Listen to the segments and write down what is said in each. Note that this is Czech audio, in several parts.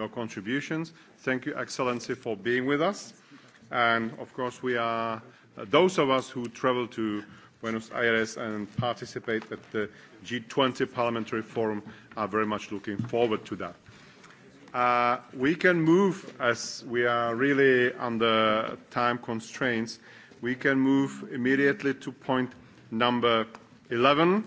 your contributions. Thank you, Excellency, for being with us. And of course, we are uh, those of us who travel to Buenos Aires and participate at the G20 Parliamentary Forum are very much looking forward to that. Uh, we can move, as we are really under time constraints, we can move immediately to point number 11,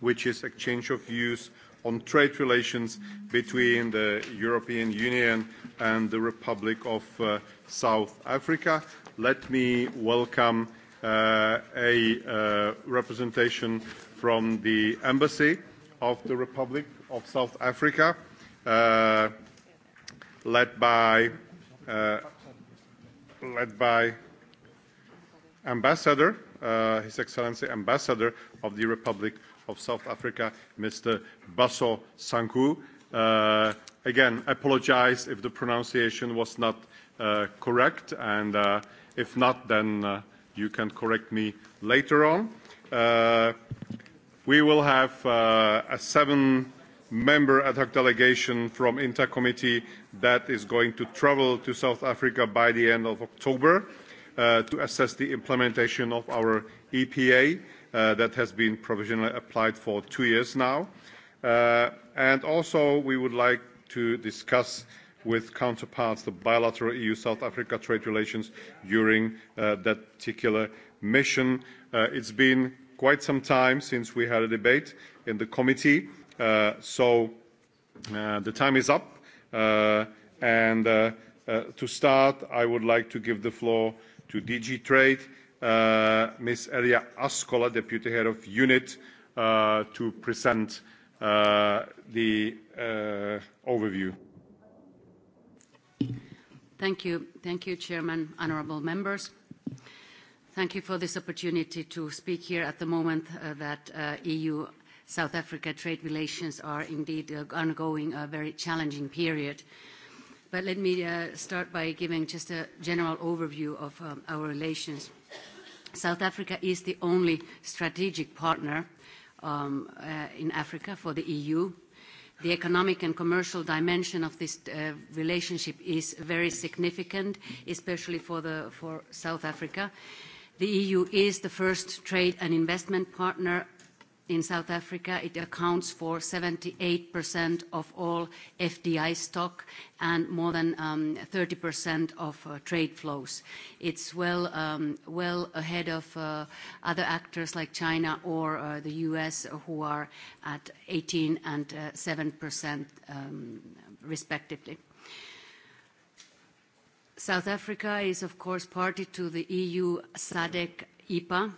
which is exchange of views on trade relations between the European Union and the Republic of uh, South Africa. Let me welcome uh, a uh, representation from the Embassy of the Republic of South Africa, uh, led by uh, led by Ambassador, uh, His Excellency Ambassador of the Republic of of South Africa, Mr. Baso Sanku. Uh, again, apologize if the pronunciation was not uh, correct, and uh, if not, then uh, you can correct me later on. Uh, we will have uh, a seven-member ad hoc delegation from INTA committee that is going to travel to South Africa by the end of October uh, to assess the implementation of our EPA uh, that has been provisionally applied for two years now. Uh, and also, we would like to discuss with counterparts the bilateral EU-South Africa trade relations during uh, that particular mission. Uh, it's been quite some time since we had a debate in the committee, uh, so uh, the time is up. Uh, and uh, uh, to start, I would like to give the floor to DG Trade, uh, Ms. Elia Ascola, Deputy Head of Unit, uh, to present uh, the uh, overview. Thank you. Thank you, Chairman, Honourable members. Thank you for this opportunity to speak here at the moment uh, that uh, EU South Africa trade relations are indeed uh, undergoing a very challenging period. But let me uh, start by giving just a general overview of um, our relations. South Africa is the only strategic partner um, uh, in Africa for the EU. The economic and commercial dimension of this uh, relationship is very significant, especially for, the, for South Africa. The EU is the first trade and investment partner in South Africa, it accounts for 78% of all FDI stock and more than 30% um, of uh, trade flows. It's well, um, well ahead of uh, other actors like China or uh, the U.S., who are at 18% and 7%, um, respectively. South Africa is, of course, party to the EU SADC-IPA,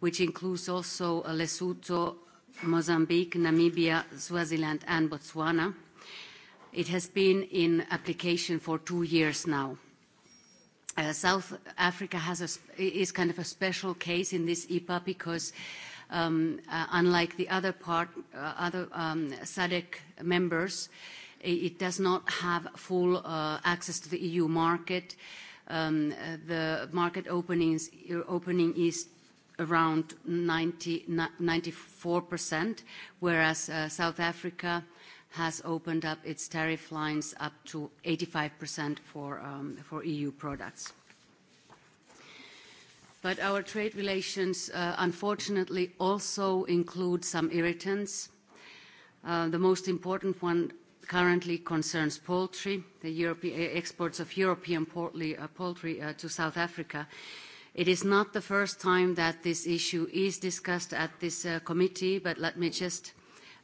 which includes also Lesotho, Mozambique, Namibia, Swaziland and Botswana. It has been in application for two years now. Uh, South Africa a, is kind of a special case in this EPA because um, uh, unlike the other, part, uh, other um, SADC members, it does not have full uh, access to the EU market. Um, uh, the market openings, uh, opening is around 94%, whereas uh, South Africa has opened up its tariff lines up to 85% for, um, EU products. But our trade relations, uh, unfortunately, also include some irritants. Uh, the most important one currently concerns poultry, the e, exports of European poultry to South Africa It is not the first time that this issue is discussed at this uh, committee, but let me just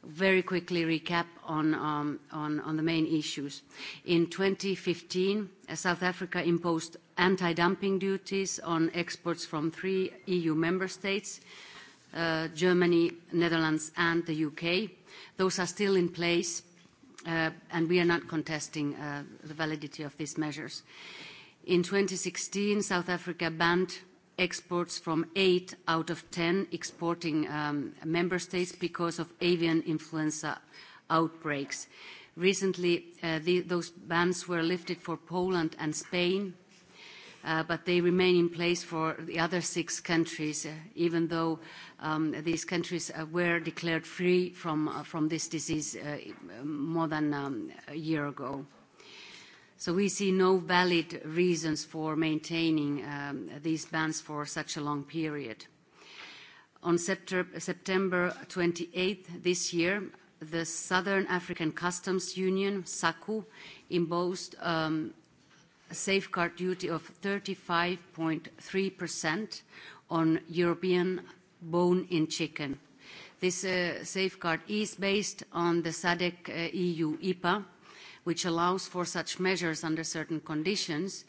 very quickly recap on, um, on, on the main issues. In 2015, uh, South Africa imposed anti-dumping duties on exports from three EU member states, uh, Germany, Netherlands, and the U.K. Those are still in place, uh, and we are not contesting uh, the validity of these measures. In 2016, South Africa banned exports from eight out of 10 exporting um, member states because of avian influenza outbreaks. Recently, uh, the, those bans were lifted for Poland and Spain, uh, but they remain in place for the other six countries, uh, even though um, these countries uh, were declared free from, uh, from this disease uh, more than um, a year ago. So we see no valid reasons for maintaining um, these bans for such a long period. On September 28th this year, the Southern African Customs Union, SACU, imposed um, a safeguard duty of 35.3% on European bone-in chicken. This uh, safeguard is based on the SADC uh, EU IPA e which allows for such measures under certain conditions,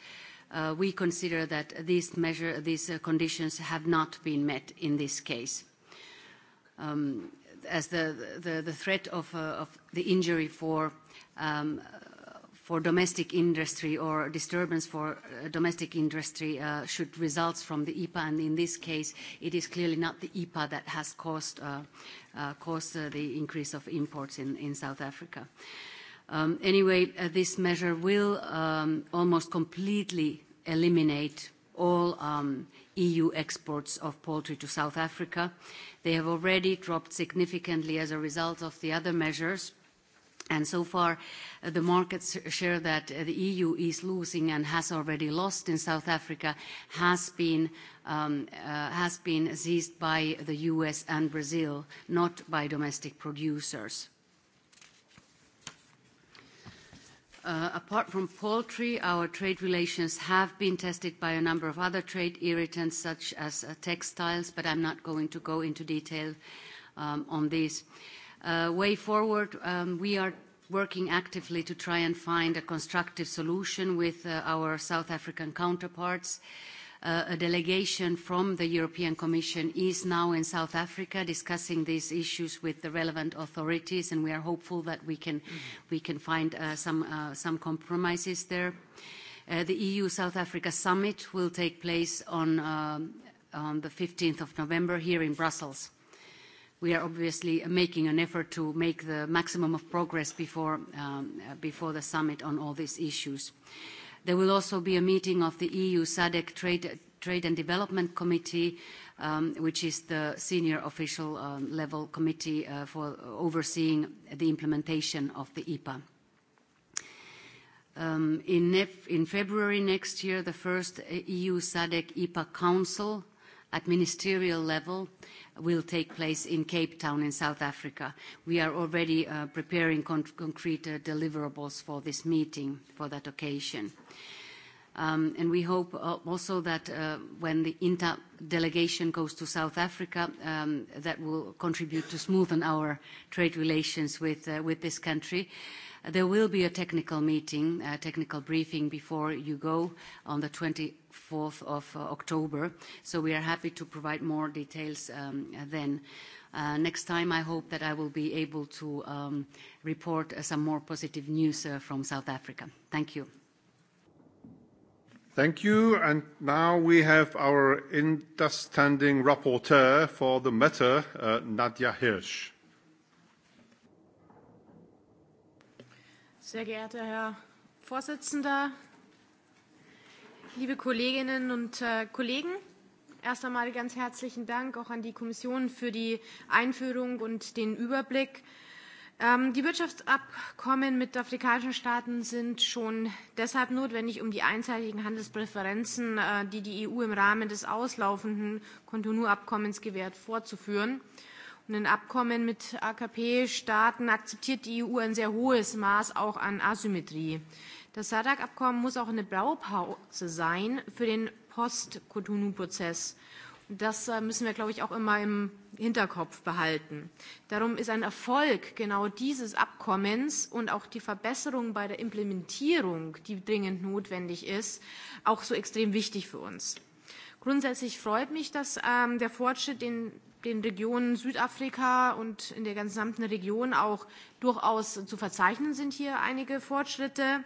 uh, we consider that these, measure, these uh, conditions have not been met in this case. Um, as the, the, the threat of, uh, of the injury for, um, for domestic industry or disturbance for uh, domestic industry uh, should result from the EPA, and in this case, it is clearly not the EPA that has caused, uh, uh caused uh, the increase of imports in, in South Africa. Um, anyway, uh, this measure will um, almost completely eliminate all um, EU exports of poultry to South Africa. They have already dropped significantly as a result of the other measures. And so far, uh, the market share that uh, the EU is losing and has already lost in South Africa has been, um, uh, has been seized by the US and Brazil, not by domestic producers. Uh, apart from poultry, our trade relations have been tested by a number of other trade irritants, such as uh, textiles, but I'm not going to go into detail um, on these. Uh, way forward, um, we are working actively to try and find a constructive solution with uh, our South African counterparts. Uh, uh, a delegation from the European Commission is now in South Africa discussing these issues with the relevant authorities, and we are hopeful that we can, we can find uh, some, uh, some compromises there. Uh, the EU-South Africa summit will take place on, um, on the 15th of November here in Brussels we are obviously making an effort to make the maximum of progress before, um, uh, before the summit on all these issues. There will also be a meeting of the EU SADC Trade, Trade and Development Committee, um, which is the senior official um, level committee uh, for overseeing the implementation of the EPA. Um, in, in February next year, the first uh, EU SADC EPA Council at ministerial level will take place in Cape Town in South Africa. We are already uh, preparing concrete uh, deliverables for this meeting for that occasion. Um, and we hope uh, also that when the INTA delegation goes to South Africa, um, that will contribute to smoothen our trade relations with, this country. There will be a technical meeting, a technical briefing before you go on the 4th of uh, October, so we are happy to provide more details um, then. Uh, next time, I hope that I will be able to um, report uh, some more positive news uh, from South Africa. Thank you. Thank you. And now we have our understanding rapporteur for the matter, uh, Nadia Hirsch. Sehr geehrter Herr Vorsitzender, liebe Kolleginnen und äh, Kollegen. Erst einmal ganz herzlichen Dank auch an die Kommission für die Einführung und den Überblick. Ähm, die Wirtschaftsabkommen mit afrikanischen Staaten sind schon deshalb notwendig, um die einseitigen Handelspräferenzen, äh, die die EU im Rahmen des auslaufenden Cotonou-Abkommens gewährt, vorzuführen. Und in Abkommen mit AKP-Staaten akzeptiert die EU ein sehr hohes Maß auch an Asymmetrie. Das SADC-Abkommen muss auch eine Blaupause sein für den Post-Cotonou-Prozess. Das äh, müssen wir, glaube ich, auch immer im Hinterkopf behalten. Darum ist ein Erfolg genau dieses Abkommens und auch die Verbesserung bei der Implementierung, die dringend notwendig ist, auch so extrem wichtig für uns. Grundsätzlich freut mich, dass ähm, der Fortschritt in den Regionen Südafrika und in der gesamten Region auch durchaus zu verzeichnen sind hier einige Fortschritte.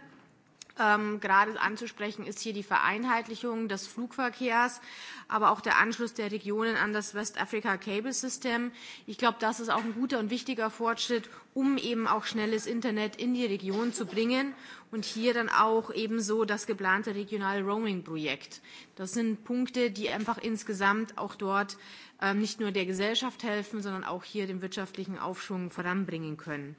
Ähm, gerade anzusprechen ist hier die Vereinheitlichung des Flugverkehrs, aber auch der Anschluss der Regionen an das West Africa Cable System. Ich glaube, das ist auch ein guter und wichtiger Fortschritt, um eben auch schnelles Internet in die Region zu bringen und hier dann auch ebenso das geplante regionale Roaming-Projekt. Das sind Punkte, die einfach insgesamt auch dort ähm, nicht nur der Gesellschaft helfen, sondern auch hier den wirtschaftlichen Aufschwung voranbringen können.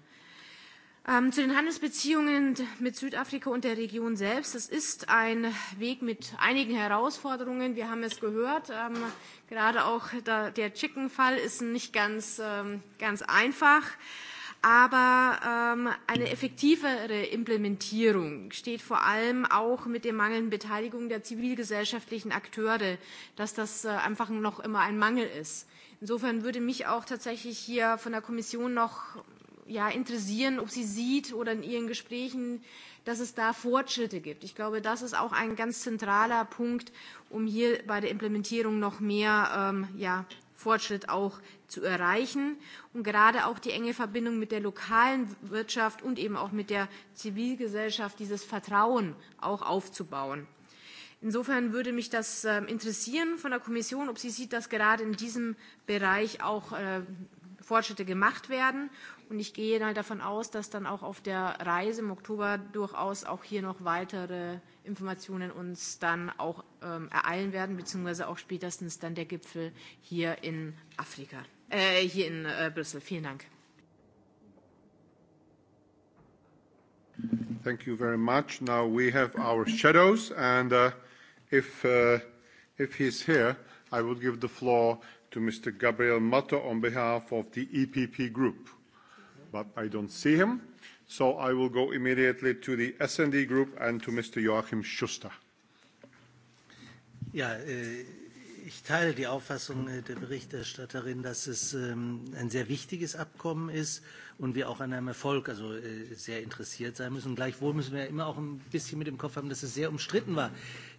Ähm, zu den Handelsbeziehungen mit Südafrika und der Region selbst. Es ist ein Weg mit einigen Herausforderungen. Wir haben es gehört. Ähm, gerade auch da, der Chicken-Fall ist nicht ganz, ähm, ganz einfach. Aber ähm, eine effektivere Implementierung steht vor allem auch mit der mangelnden Beteiligung der zivilgesellschaftlichen Akteure, dass das äh, einfach noch immer ein Mangel ist. Insofern würde mich auch tatsächlich hier von der Kommission noch ja, interessieren, ob sie sieht oder in ihren Gesprächen, dass es da Fortschritte gibt. Ich glaube, das ist auch ein ganz zentraler Punkt, um hier bei der Implementierung noch mehr ähm, ja, Fortschritt auch zu erreichen und gerade auch die enge Verbindung mit der lokalen Wirtschaft und eben auch mit der Zivilgesellschaft, dieses Vertrauen auch aufzubauen. Insofern würde mich das äh, interessieren von der Kommission, ob sie sieht, dass gerade in diesem Bereich auch äh, Fortschritte gemacht werden Und ich gehe halt davon aus, dass dann auch auf der Reise im Oktober durchaus auch hier noch weitere Informationen uns dann auch ähm, ereilen werden, beziehungsweise auch spätestens dann der Gipfel hier in Afrika, äh, hier in äh, Brüssel. Vielen Dank. Thank you very much. Now we have our shadows, and uh, if uh, if he's here, I will give the floor to Mr. Gabriel Mato on behalf of the EPP Group but I don't see him. So I will go immediately to the SND Group and to Mr. Joachim Schuster. Yeah, äh, Ich teile die Auffassung äh, der Berichterstatterin, dass es ähm, ein sehr wichtiges Abkommen ist und wir auch an einem Erfolg also äh, sehr interessiert sein müssen. Gleichwohl müssen wir immer auch ein bisschen mit dem Kopf haben, dass es sehr umstritten war,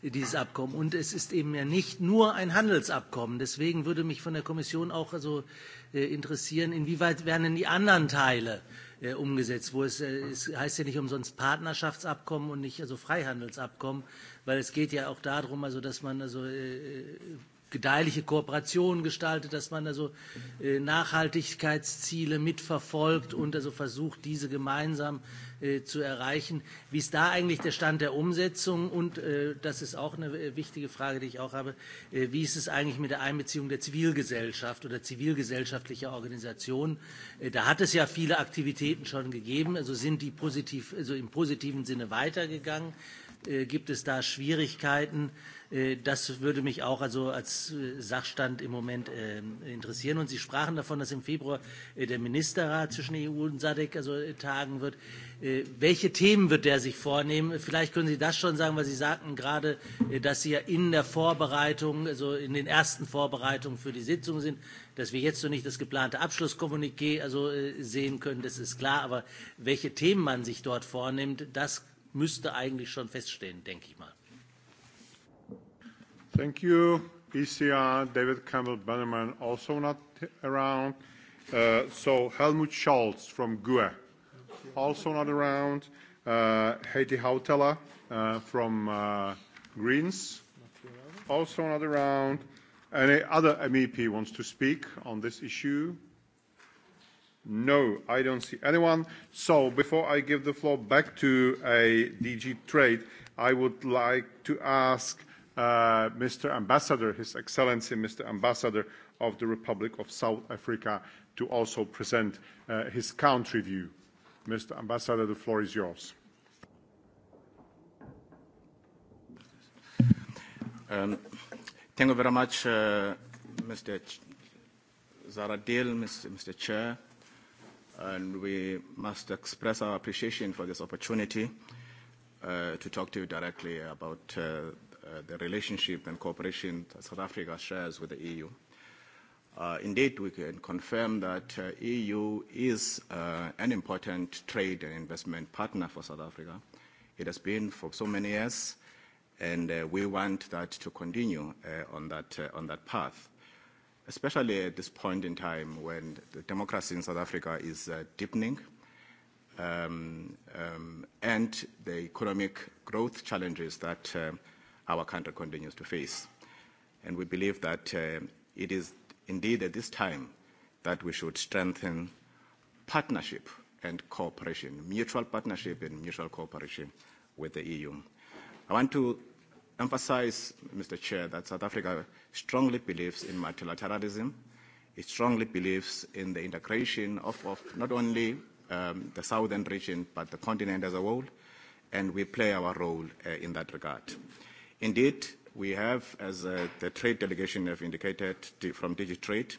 äh, dieses Abkommen. Und es ist eben ja nicht nur ein Handelsabkommen. Deswegen würde mich von der Kommission auch also interessieren, inwieweit werden denn die anderen Teile umgesetzt, wo es, es heißt ja nicht umsonst Partnerschaftsabkommen und nicht also Freihandelsabkommen, weil es geht ja auch darum, also dass man also gedeihliche Kooperation gestaltet, dass man also äh, Nachhaltigkeitsziele mitverfolgt und also versucht, diese gemeinsam äh, zu erreichen. Wie ist da eigentlich der Stand der Umsetzung? Und äh, das ist auch eine wichtige Frage, die ich auch habe. wie ist es eigentlich mit der Einbeziehung der Zivilgesellschaft oder zivilgesellschaftlicher Organisationen? da hat es ja viele Aktivitäten schon gegeben. Also sind die positiv, also im positiven Sinne weitergegangen? gibt es da Schwierigkeiten? Äh, das würde mich auch also als äh, Sachstand im Moment ähm, interessieren. Und Sie sprachen davon, dass im Februar äh, der Ministerrat zwischen EU und SADC also tagen wird. Welche Themen wird der sich vornehmen? Vielleicht können Sie das schon sagen, weil Sie sagten gerade, dass Sie ja in der Vorbereitung, also in den ersten Vorbereitungen für die Sitzung sind, dass wir jetzt noch nicht das geplante Abschlusskommuniqué also sehen können, das ist klar. Aber welche Themen man sich dort vornimmt, das müsste eigentlich schon feststehen, denke ich mal. Thank you. ECR, David Campbell-Bannerman, also not around. Uh, so Helmut Scholz from GUE, also not around. Uh, Heikki Hautala uh, from uh, Greens, also not around. Any other MEP wants to speak on this issue? No, I don't see anyone. So before I give the floor back to DG Trade, I would like to ask uh, Mr. Ambassador, His Excellency, Mr. Ambassador of the Republic of South Africa, to also present uh, his country view. Mr. Ambassador, the floor is yours. Um, thank you very much, uh, Mr. Ch Zaradil, Mr. Mr. Chair, and we must express our appreciation for this opportunity uh, to talk to you directly about uh, Uh, the relationship and cooperation that South Africa shares with the EU. Uh, indeed, we can confirm that uh, EU is uh, an important trade and investment partner for South Africa. It has been for so many years, and uh, we want that to continue uh, on, that, uh, on that path, especially at this point in time when the democracy in South Africa is uh, deepening um, um, and the economic growth challenges that uh, our country continues to face. And we believe that uh, it is indeed at this time that we should strengthen partnership and cooperation, mutual partnership and mutual cooperation with the EU. I want to emphasize, Mr. Chair, that South Africa strongly believes in multilateralism. It strongly believes in the integration of, of not only um, the southern region, but the continent as a whole, and we play our role uh, in that regard. Indeed, we have, as uh, the trade delegation have indicated from Digitrade,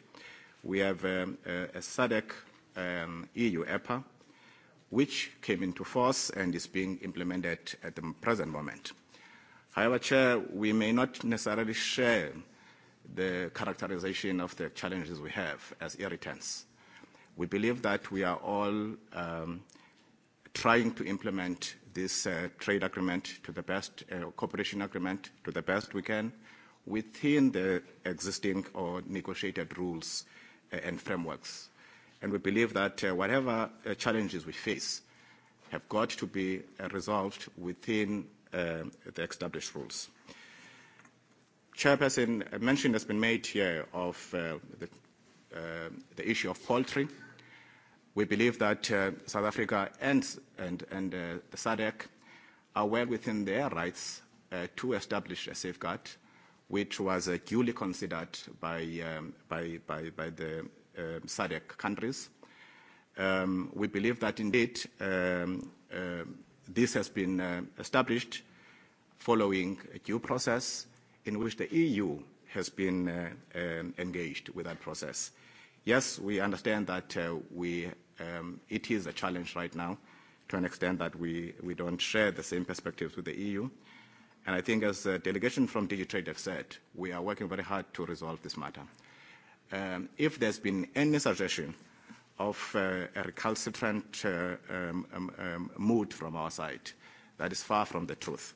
we have um, a, uh, a SADC um, EU EPA, which came into force and is being implemented at the present moment. However, Chair, we may not necessarily share the characterization of the challenges we have as irritants. We believe that we are all um, trying to implement this uh, trade agreement to the best, uh, cooperation agreement to the best we can within the existing or negotiated rules uh, and frameworks. And we believe that uh, whatever uh, challenges we face have got to be uh, resolved within uh, the established rules. Chairperson, mention has been made here of uh, the, uh, the issue of poultry. We believe that uh, South Africa and, and, and uh, the SADC are well within their rights uh, to establish a safeguard, which was uh, duly considered by, um, by, by, by the uh, SADC countries. Um, we believe that indeed um, um, this has been uh, established following a due process in which the EU has been uh, um, engaged with that process. Yes, we understand that uh, we Um, it is a challenge right now to an extent that we, we don't share the same perspectives with the EU. And I think as the delegation from DigiTrade have said, we are working very hard to resolve this matter. Um, if there's been any suggestion of uh, a recalcitrant uh, um, um, um mood from our side, that is far from the truth.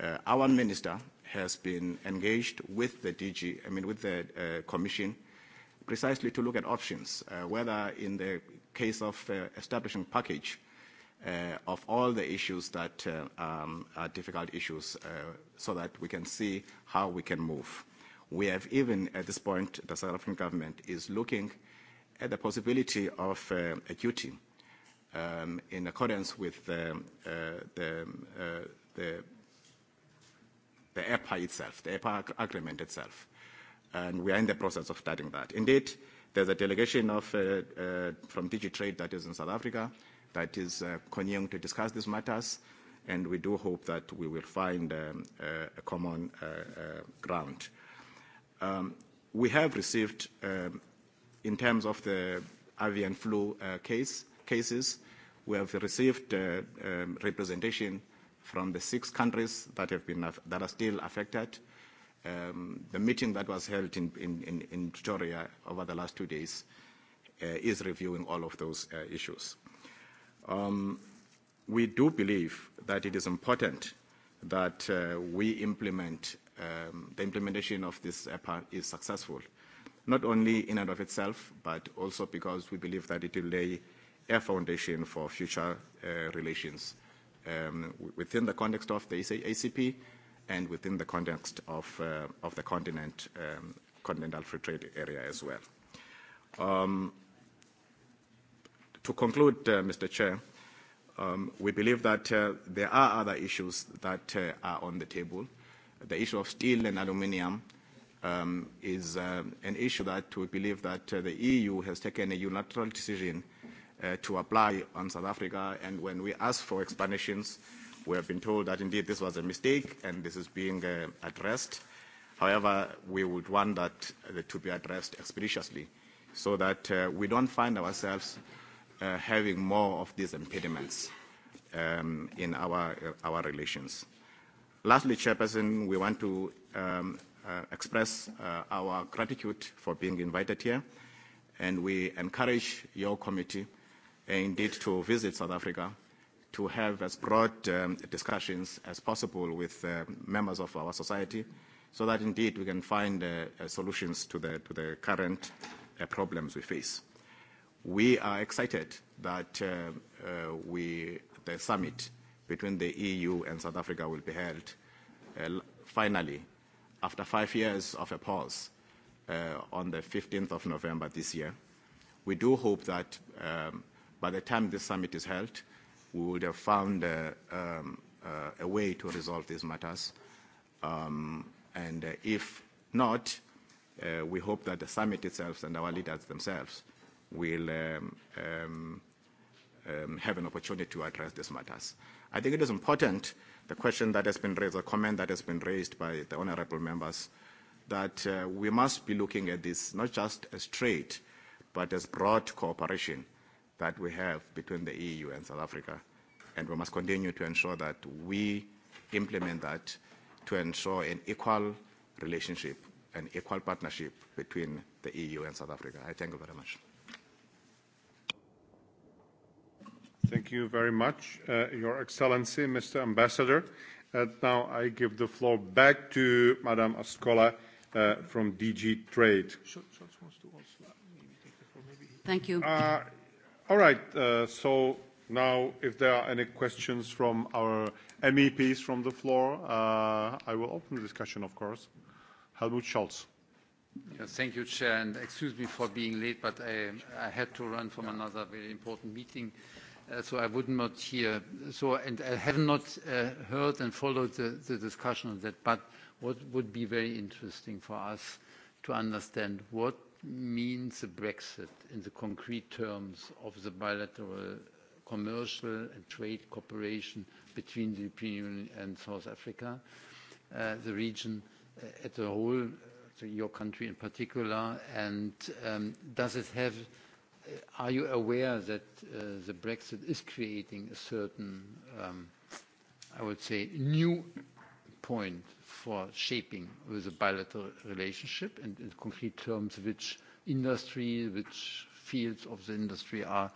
Uh, our minister has been engaged with the DG, I mean with the uh, commission, precisely to look at options, uh, whether in the case of uh, establishing package uh, of all the issues that uh, um, are difficult issues uh, so that we can see how we can move. We have even at this point, the South African government is looking at the possibility of uh, a duty um, in accordance with the, uh, the, uh, the, the EPA itself, the EPA agreement itself. And we are in the process of starting that. Indeed, There's a delegation of, uh, uh, from DigiTrade that is in South Africa that is uh, continuing to discuss these matters, and we do hope that we will find um, uh, a common uh, uh, ground. Um, we have received, um, in terms of the avian flu uh, case, cases, we have received uh, um, representation from the six countries that, have been, that are still affected. Uh, um, the meeting that was held in, in, in Pretoria over the last two days uh, is reviewing all of those uh, issues. Um, we do believe that it is important that uh, we implement um, the implementation of this EPA is successful, not only in and of itself, but also because we believe that it will lay a foundation for future uh, relations um, within the context of the ACP and within the context of, uh, of the continent, um, continental free trade area as well. Um, to conclude, uh, Mr. Chair, um, we believe that uh, there are other issues that uh, are on the table. The issue of steel and aluminium um, is uh, an issue that we believe that uh, the EU has taken a unilateral decision uh, to apply on South Africa, and when we ask for explanations, uh, We have been told that indeed this was a mistake and this is being uh, addressed. However, we would want that uh, to be addressed expeditiously so that uh, we don't find ourselves uh, having more of these impediments um, in our, uh, our relations. Lastly, Chairperson, we want to um, uh, express uh, our gratitude for being invited here, and we encourage your committee uh, indeed to visit South Africa to have as broad um, discussions as possible with uh, members of our society so that indeed we can find uh, uh, solutions to the, to the current uh, problems we face. We are excited that uh, uh, we, the summit between the EU and South Africa will be held uh, finally after five years of a pause uh, on the 15th of November this year. We do hope that um, by the time this summit is held, we would have found uh, um, uh, a way to resolve these matters. Um, and uh, if not, uh, we hope that the summit itself and our leaders themselves will um, um, um, have an opportunity to address these matters. I think it is important, the question that has been raised, the comment that has been raised by the honorable members, that uh, we must be looking at this not just as trade, but as broad cooperation that we have between the EU and South Africa. And we must continue to ensure that we implement that to ensure an equal relationship an equal partnership between the EU and South Africa. I thank you very much. Thank you very much, uh, Your Excellency, Mr. Ambassador. And uh, now I give the floor back to Madame Ascola uh, from DG Trade. Uh, thank you. Uh, All right. Uh, so now, if there are any questions from our MEPs from the floor, uh, I will open the discussion, of course. Helmut Scholz. Yeah, thank you, Chair, and excuse me for being late, but I, had to run from another very important meeting, uh, so I would not hear. So, and I have not heard and followed the discussion on that, but what would be very interesting for us to understand what means the Brexit in the concrete terms of the bilateral commercial and trade cooperation between the European Union and South Africa, uh, the region as uh, a whole, your country in particular, and um, does it have uh, are you aware that uh, the Brexit is creating a certain, um, I would say, new point for shaping the bilateral relationship and in concrete terms which industry, which fields of the industry are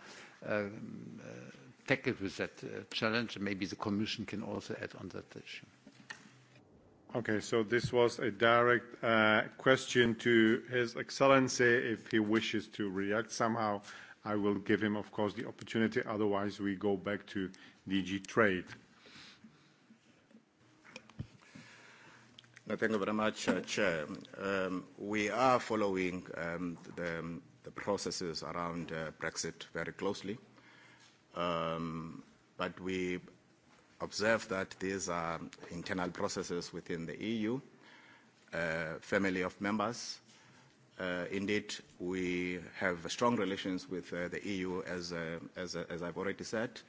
um, uh, tackled with that uh, challenge. Maybe the Commission can also add on that issue. Okay, so this was a direct uh, question to His Excellency. If he wishes to react somehow, I will give him, of course, the opportunity. Otherwise, we go back to DG Trade. No, thank you very much, uh, Chair. Um, we are following um, the, processes around uh, Brexit very closely, um, but we observe that these are internal processes within the EU, uh, family of members. indeed, we have strong relations with the EU, as, I've already said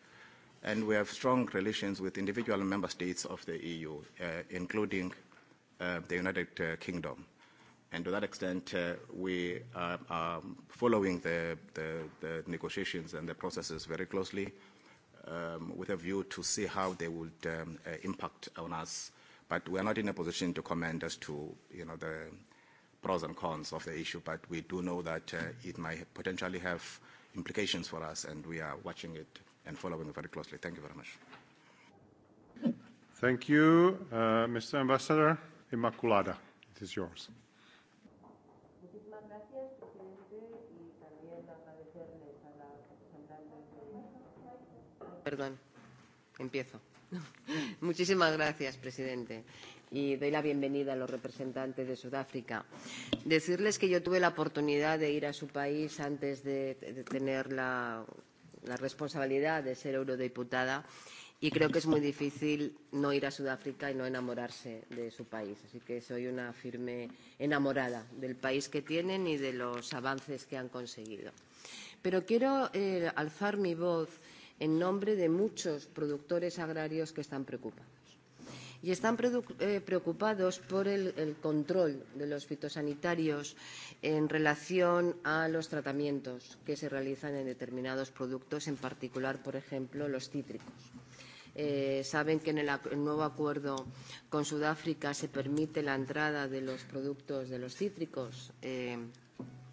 and we have strong relations with individual member states of the EU, including uh, the United uh, Kingdom. And to that extent, uh, we are, uh, are following the, the, the negotiations and the processes very closely um, with a view to see how they would um, uh, impact on us. But we are not in a position to comment as to you know, the pros and cons of the issue, but we do know that uh, it might potentially have implications for us, and we are watching it and following it very closely. Thank you very much. Thank you, uh, Mr. Ambassador. Immaculada, it is yours. Perdón, empiezo. Muchísimas gracias, presidente. Y doy la bienvenida a los representantes de Sudáfrica. Decirles que yo tuve la oportunidad de ir a su país antes de, de tener la, la responsabilidad de ser eurodiputada Y creo que es muy difícil no ir a Sudáfrica y no enamorarse de su país. Así que soy una firme enamorada del país que tienen y de los avances que han conseguido. Pero quiero eh, alzar mi voz en nombre de muchos productores agrarios que están preocupados. Y están eh, preocupados por el, el control de los fitosanitarios en relación a los tratamientos que se realizan en determinados productos, en particular, por ejemplo, los cítricos Eh, saben que en el, el nuevo acuerdo con Sudáfrica se permite la entrada de los productos de los cítricos eh,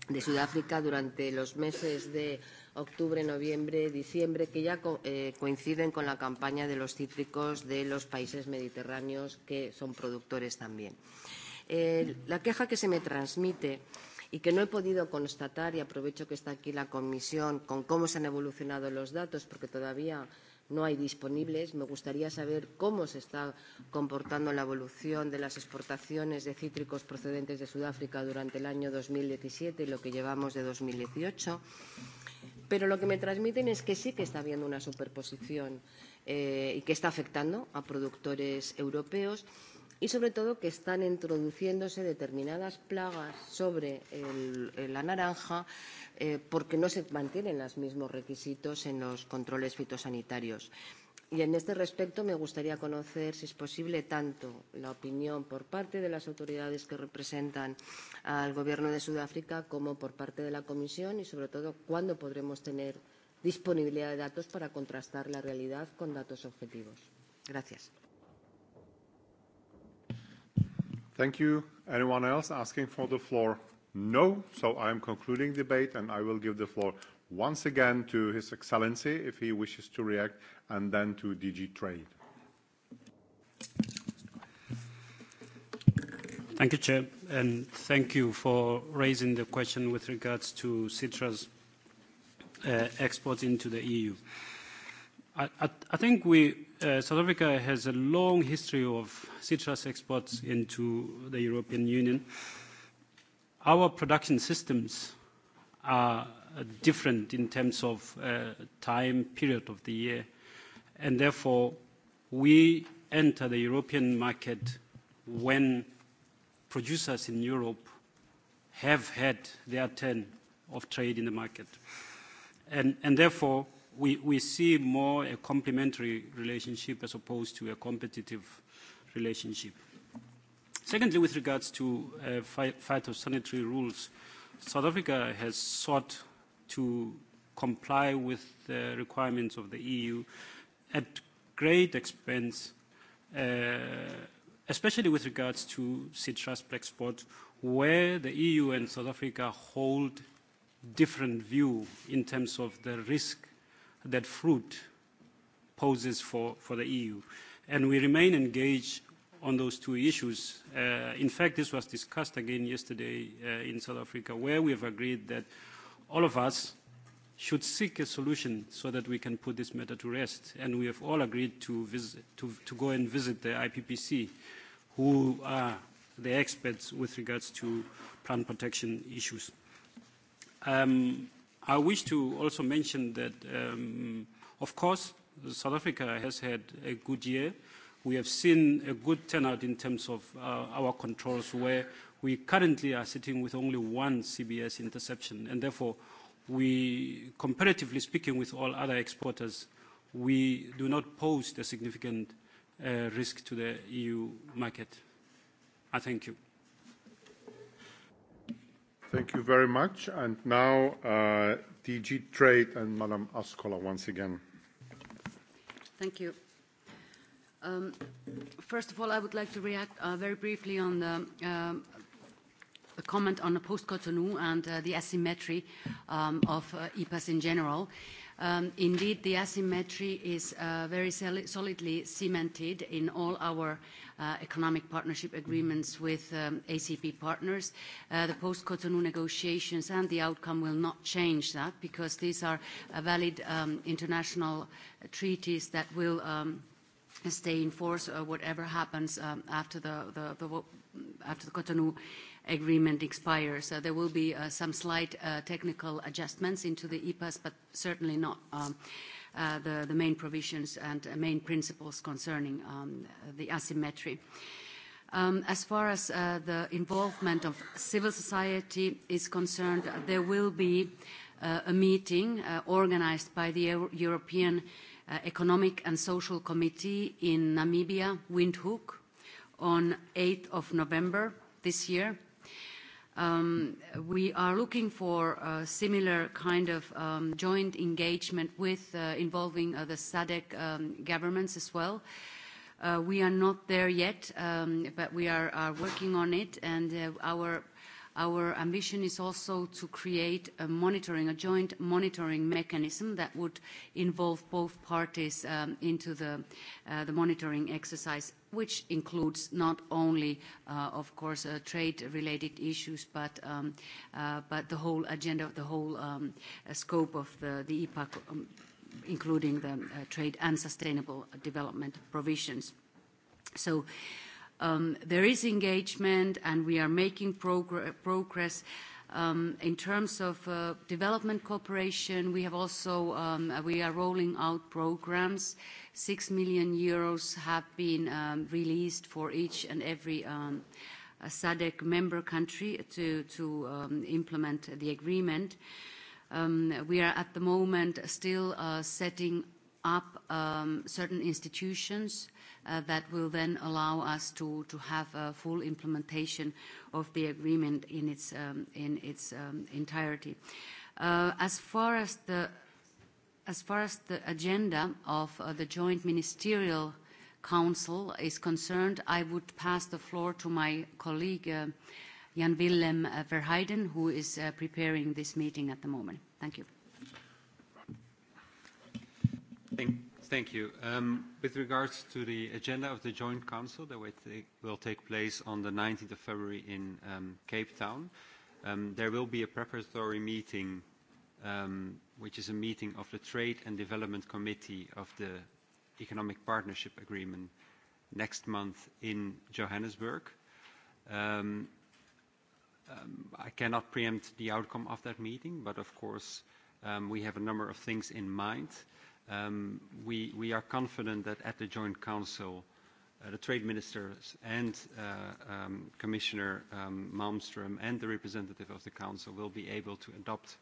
de Sudáfrica durante los meses de octubre, noviembre, diciembre, que ya co eh, coinciden con la campaña de los cítricos de los países mediterráneos que son productores también. Eh, la queja que se me transmite y que no he podido constatar, y aprovecho que está aquí la comisión, con cómo se han evolucionado los datos, porque todavía no hay disponibles. Me gustaría saber cómo se está comportando la evolución de las exportaciones de cítricos procedentes de Sudáfrica durante el año 2017 y lo que llevamos de 2018. Pero lo que me transmiten es que sí que está habiendo una superposición eh, y que está afectando a productores europeos y sobre todo que están introduciéndose determinadas plagas sobre el, el, eh, la naranja eh, porque no se mantienen los mismos requisitos en los controles fitosanitarios. Y en este respecto me gustaría conocer, si es posible, tanto la opinión por parte de las autoridades que representan al Gobierno de Sudáfrica como por parte de la Comisión y, sobre todo, cuándo podremos tener disponibilidad de datos para contrastar la realidad con datos objetivos. Gracias. Thank you. Anyone else asking for the floor? No. So I am concluding debate, and I will give the floor once again to His Excellency if he wishes to react, and then to DG Trade. Thank you, Chair, and thank you for raising the question with regards to citrus uh, export into the EU. I, think we, uh, South Africa has a long history of citrus exports into the European Union. Our production systems are different in terms of uh, time period of the year, and therefore, we enter the European market when producers in Europe have had their turn of trade in the market. and, and Therefore, we, we see more a complementary relationship as opposed to a competitive relationship. Secondly, with regards to uh, phytosanitary rules, South Africa has sought to comply with the requirements of the EU at great expense, uh, especially with regards to citrus export, where the EU and South Africa hold different view in terms of the risk that fruit poses for, for the EU. And we remain engaged on those two issues. Uh, in fact, this was discussed again yesterday uh, in South Africa, where we have agreed that all of us should seek a solution so that we can put this matter to rest. And we have all agreed to, visit, to, to go and visit the IPPC, who are the experts with regards to plant protection issues. Um, i wish to also mention that, um, of course, South Africa has had a good year. We have seen a good turnout in terms of uh, our controls, where we currently are sitting with only one CBS interception, and therefore, we, comparatively speaking with all other exporters, we do not pose a significant uh, risk to the EU market. I thank you. Thank you very much. And now, uh, DG Trade and Madame Ascola once again. Thank you. Um, first of all, I would like to react uh, very briefly on um, the comment on the post-Cotonou and uh, the asymmetry um, of EPAs in general. Um, indeed, the asymmetry is uh, very solidly cemented in all our uh, economic partnership agreements with um, ACP partners. Uh, the post-Cotonou negotiations and the outcome will not change that because these are valid um, international treaties that will stay in force whatever happens after the Cotonou agreement expires. So there will be uh, some slight uh, technical adjustments into the EPAS, but certainly not um, uh, the, the main provisions and uh, main principles concerning um, the asymmetry. Um, as far as uh, the involvement of civil society is concerned, there will be uh, a meeting organized by the Euro European Economic and Social Committee in Namibia, Windhoek, on 8th of November this year Um, we are looking for a similar kind of um, joint engagement with uh, involving uh, the SADC um, governments as well. Uh, we are not there yet, um, but we are, are working on it, and uh, our, our ambition is also to create a monitoring, a joint monitoring mechanism that would involve both parties um, into the, uh, the monitoring exercise which includes not only, uh, of course, uh, trade-related issues, but, um, uh, but the whole agenda, the whole um, uh, scope of the, the EPAC, um, including the uh, trade and sustainable development provisions. So um, there is engagement, and we are making progr progress. Um, in terms of uh, development cooperation, we have also um, we are rolling out programs 6 million euros have been um, released for each and every um, SADC member country to, um, implement the agreement. we are at the moment still uh, setting up certain institutions uh, that will then allow us to, have a full implementation of the agreement in its, entirety. Uh, as far as the As far as the agenda of uh, the Joint Ministerial Council is concerned, I would pass the floor to my colleague, uh, Jan Willem uh, Verheiden, who is uh, preparing this meeting at the moment. Thank you. Thank, thank you. Um, with regards to the agenda of the Joint Council that will take, will take place on the 19th of February in um, Cape Town, um, there will be a preparatory meeting um, which is a meeting of the Trade and Development Committee of the Economic Partnership Agreement next month in Johannesburg. Um, um, I cannot preempt the outcome of that meeting, but of course, um, we have a number of things in mind. Um, we, we are confident that at the Joint Council, uh, the trade ministers and uh, um, Commissioner um, Malmström and the representative of the Council will be able to adopt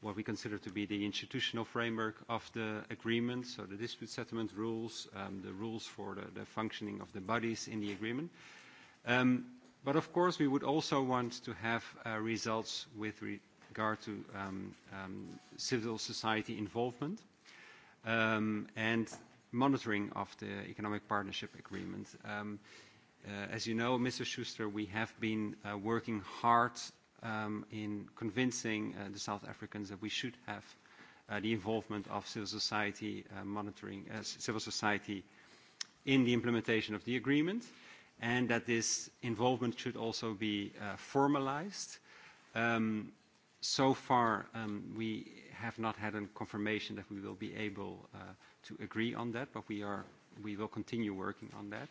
what we consider to be the institutional framework of the agreement, so the dispute settlement rules, um, the rules for the, the functioning of the bodies in the agreement. Um, but of course, we would also want to have uh, results with regard to um, um, civil society involvement um, and monitoring of the economic partnership agreement. Um, Uh, as you know, Mr. Schuster, we have been uh, working hard um, in convincing uh, the South Africans that we should have uh, the involvement of civil society uh, monitoring, uh, civil society in the implementation of the agreement, and that this involvement should also be uh, formalized. Um, so far, um, we have not had a confirmation that we will be able uh, to agree on that, but we, are, we will continue working on that.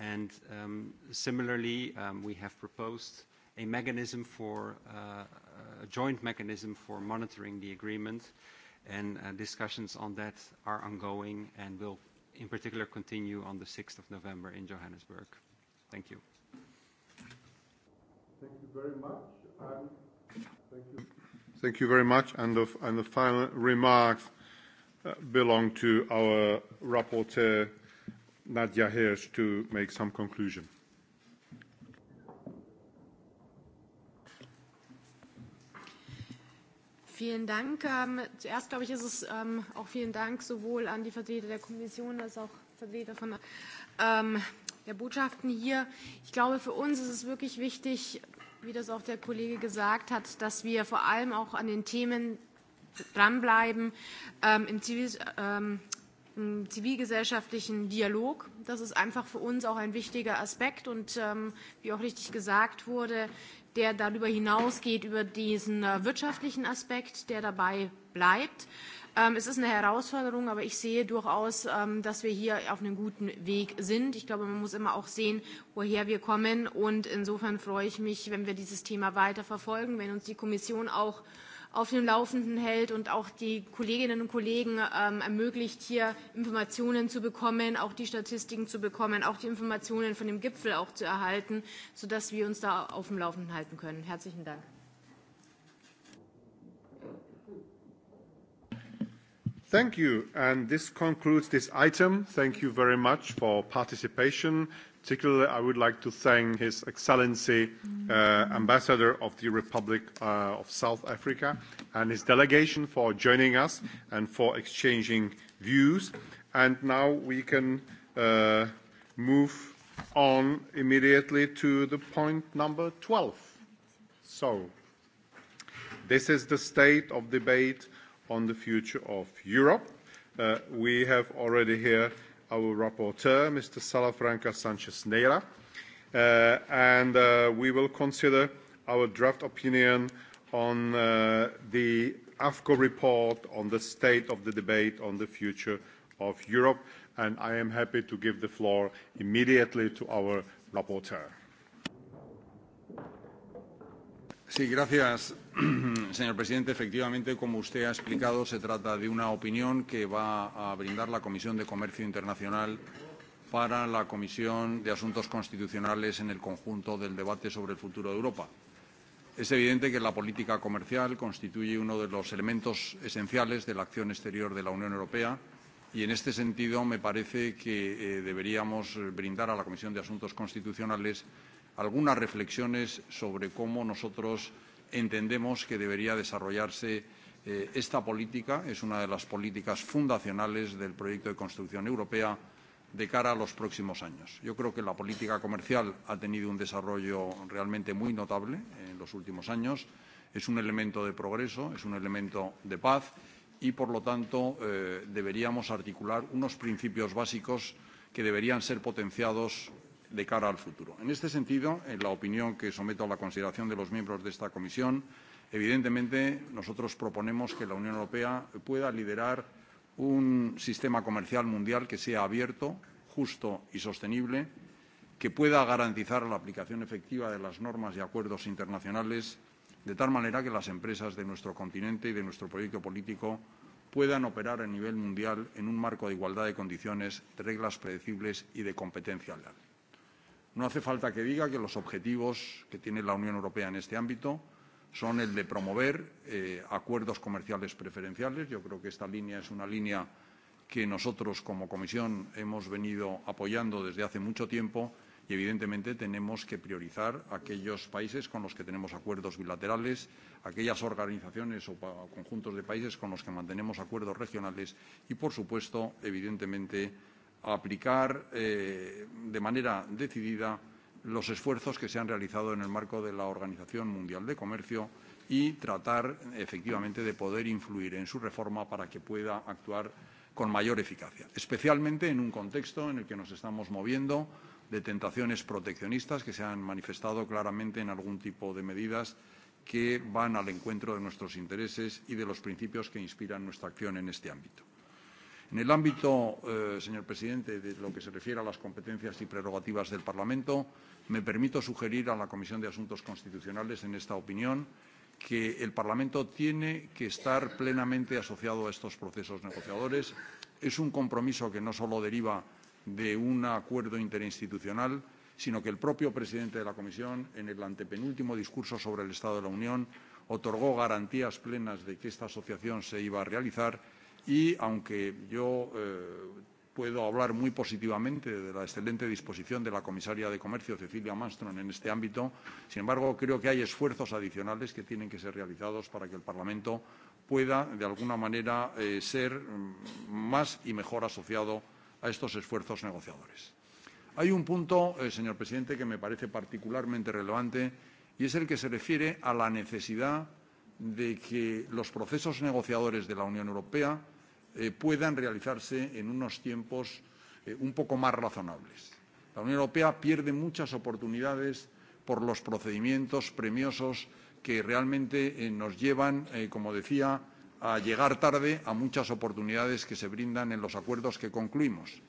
And um, similarly, um, we have proposed uh, a mechanism for uh, a joint mechanism for monitoring the agreement, and uh, discussions on that are ongoing and will, in particular, continue on the 6th of November in Johannesburg. Thank you. Thank you very much. Um, thank you. Thank you very much. And the, and the final remarks uh, belong to our rapporteur, Nadia Hirsch, to make some conclusion. vielen Dank. Ähm, zuerst, glaube ich, ist es ähm, auch vielen Dank sowohl an die Vertreter der Kommission als auch Vertreter von ähm, der Botschaften hier. Ich glaube, für uns ist es wirklich wichtig, wie das auch der Kollege gesagt hat, dass wir vor allem auch an den Themen dranbleiben ähm, im, Zivil, ähm, im zivilgesellschaftlichen Dialog. Das ist einfach für uns auch ein wichtiger Aspekt. Und ähm, wie auch richtig gesagt wurde, der darüber hinausgeht, über diesen äh, wirtschaftlichen Aspekt, der dabei bleibt. Ähm, es ist eine Herausforderung, aber ich sehe durchaus, ähm, dass wir hier auf einem guten Weg sind. Ich glaube, man muss immer auch sehen, woher wir kommen. Und insofern freue ich mich, wenn wir dieses Thema weiter verfolgen, wenn uns die Kommission auch auf dem Laufenden hält und auch die Kolleginnen und Kollegen ähm, ermöglicht, hier Informationen zu bekommen, auch die Statistiken zu bekommen, auch die Informationen von dem Gipfel auch zu erhalten, sodass wir uns da auf dem Laufenden halten können. Herzlichen Dank. Thank you. And this concludes this item. Thank you very much for participation. Particularly, I would like to thank His Excellency, uh, Ambassador of the Republic uh, of South Africa, and his delegation for joining us and for exchanging views. And now we can uh, move on immediately to the point number 12. So this is the state of debate on the future of Europe. Uh, we have already here our rapporteur, Mr. Salafranca Sanchez Neira, uh, and uh, we will consider our draft opinion on uh, the AFCO report on the state of the debate on the future of Europe, and I am happy to give the floor immediately to our rapporteur. Sí, gracias, Señor presidente, efectivamente, como usted ha explicado, se trata de una opinión que va a brindar la Comisión de Comercio Internacional para la Comisión de Asuntos Constitucionales en el conjunto del debate sobre el futuro de Europa. Es evidente que la política comercial constituye uno de los elementos esenciales de la acción exterior de la Unión Europea y, en este sentido, me parece que eh, deberíamos brindar a la Comisión de Asuntos Constitucionales algunas reflexiones sobre cómo nosotros entendemos que debería desarrollarse eh, esta política. Es una de las políticas fundacionales del proyecto de construcción europea de cara a los próximos años. Yo creo que la política comercial ha tenido un desarrollo realmente muy notable en los últimos años. Es un elemento de progreso, es un elemento de paz y, por lo tanto, eh, deberíamos articular unos principios básicos que deberían ser potenciados de cara al futuro. En este sentido, en la opinión que someto a la consideración de los miembros de esta comisión, evidentemente nosotros proponemos que la Unión Europea pueda liderar un sistema comercial mundial que sea abierto, justo y sostenible, que pueda garantizar la aplicación efectiva de las normas y acuerdos internacionales, de tal manera que las empresas de nuestro continente y de nuestro proyecto político puedan operar a nivel mundial en un marco de igualdad de condiciones, de reglas predecibles y de competencia leal. No hace falta que diga que los objetivos que tiene la Unión Europea en este ámbito son el de promover eh, acuerdos comerciales preferenciales. Yo creo que esta línea es una línea que nosotros como Comisión hemos venido apoyando desde hace mucho tiempo y evidentemente tenemos que priorizar aquellos países con los que tenemos acuerdos bilaterales, aquellas organizaciones o conjuntos de países con los que mantenemos acuerdos regionales y, por supuesto, evidentemente, a aplicar eh, de manera decidida los esfuerzos que se han realizado en el marco de la Organización Mundial de Comercio y tratar efectivamente de poder influir en su reforma para que pueda actuar con mayor eficacia, especialmente en un contexto en el que nos estamos moviendo de tentaciones proteccionistas que se han manifestado claramente en algún tipo de medidas que van al encuentro de nuestros intereses y de los principios que inspiran nuestra acción en este ámbito. En el ámbito, eh, señor presidente, de lo que se refiere a las competencias y prerrogativas del Parlamento, me permito sugerir a la Comisión de Asuntos Constitucionales, en esta opinión, que el Parlamento tiene que estar plenamente asociado a estos procesos negociadores. Es un compromiso que no solo deriva de un acuerdo interinstitucional, sino que el propio presidente de la Comisión, en el antepenúltimo discurso sobre el Estado de la Unión, otorgó garantías plenas de que esta asociación se iba a realizar y aunque yo eh, puedo hablar muy positivamente de la excelente disposición de la comisaria de Comercio, Cecilia Manstron, en este ámbito. Sin embargo, creo que hay esfuerzos adicionales que tienen que ser realizados para que el Parlamento pueda, de alguna manera, eh, ser mm, más y mejor asociado a estos esfuerzos negociadores. Hay un punto, eh, señor presidente, que me parece particularmente relevante y es el que se refiere a la necesidad de que los procesos negociadores de la Unión Europea eh, puedan realizarse en unos tiempos eh, un poco más razonables. La Unión Europea pierde muchas oportunidades por los procedimientos premiosos que realmente eh, nos llevan, eh, como decía, a llegar tarde a muchas oportunidades que se brindan en los acuerdos que concluimos.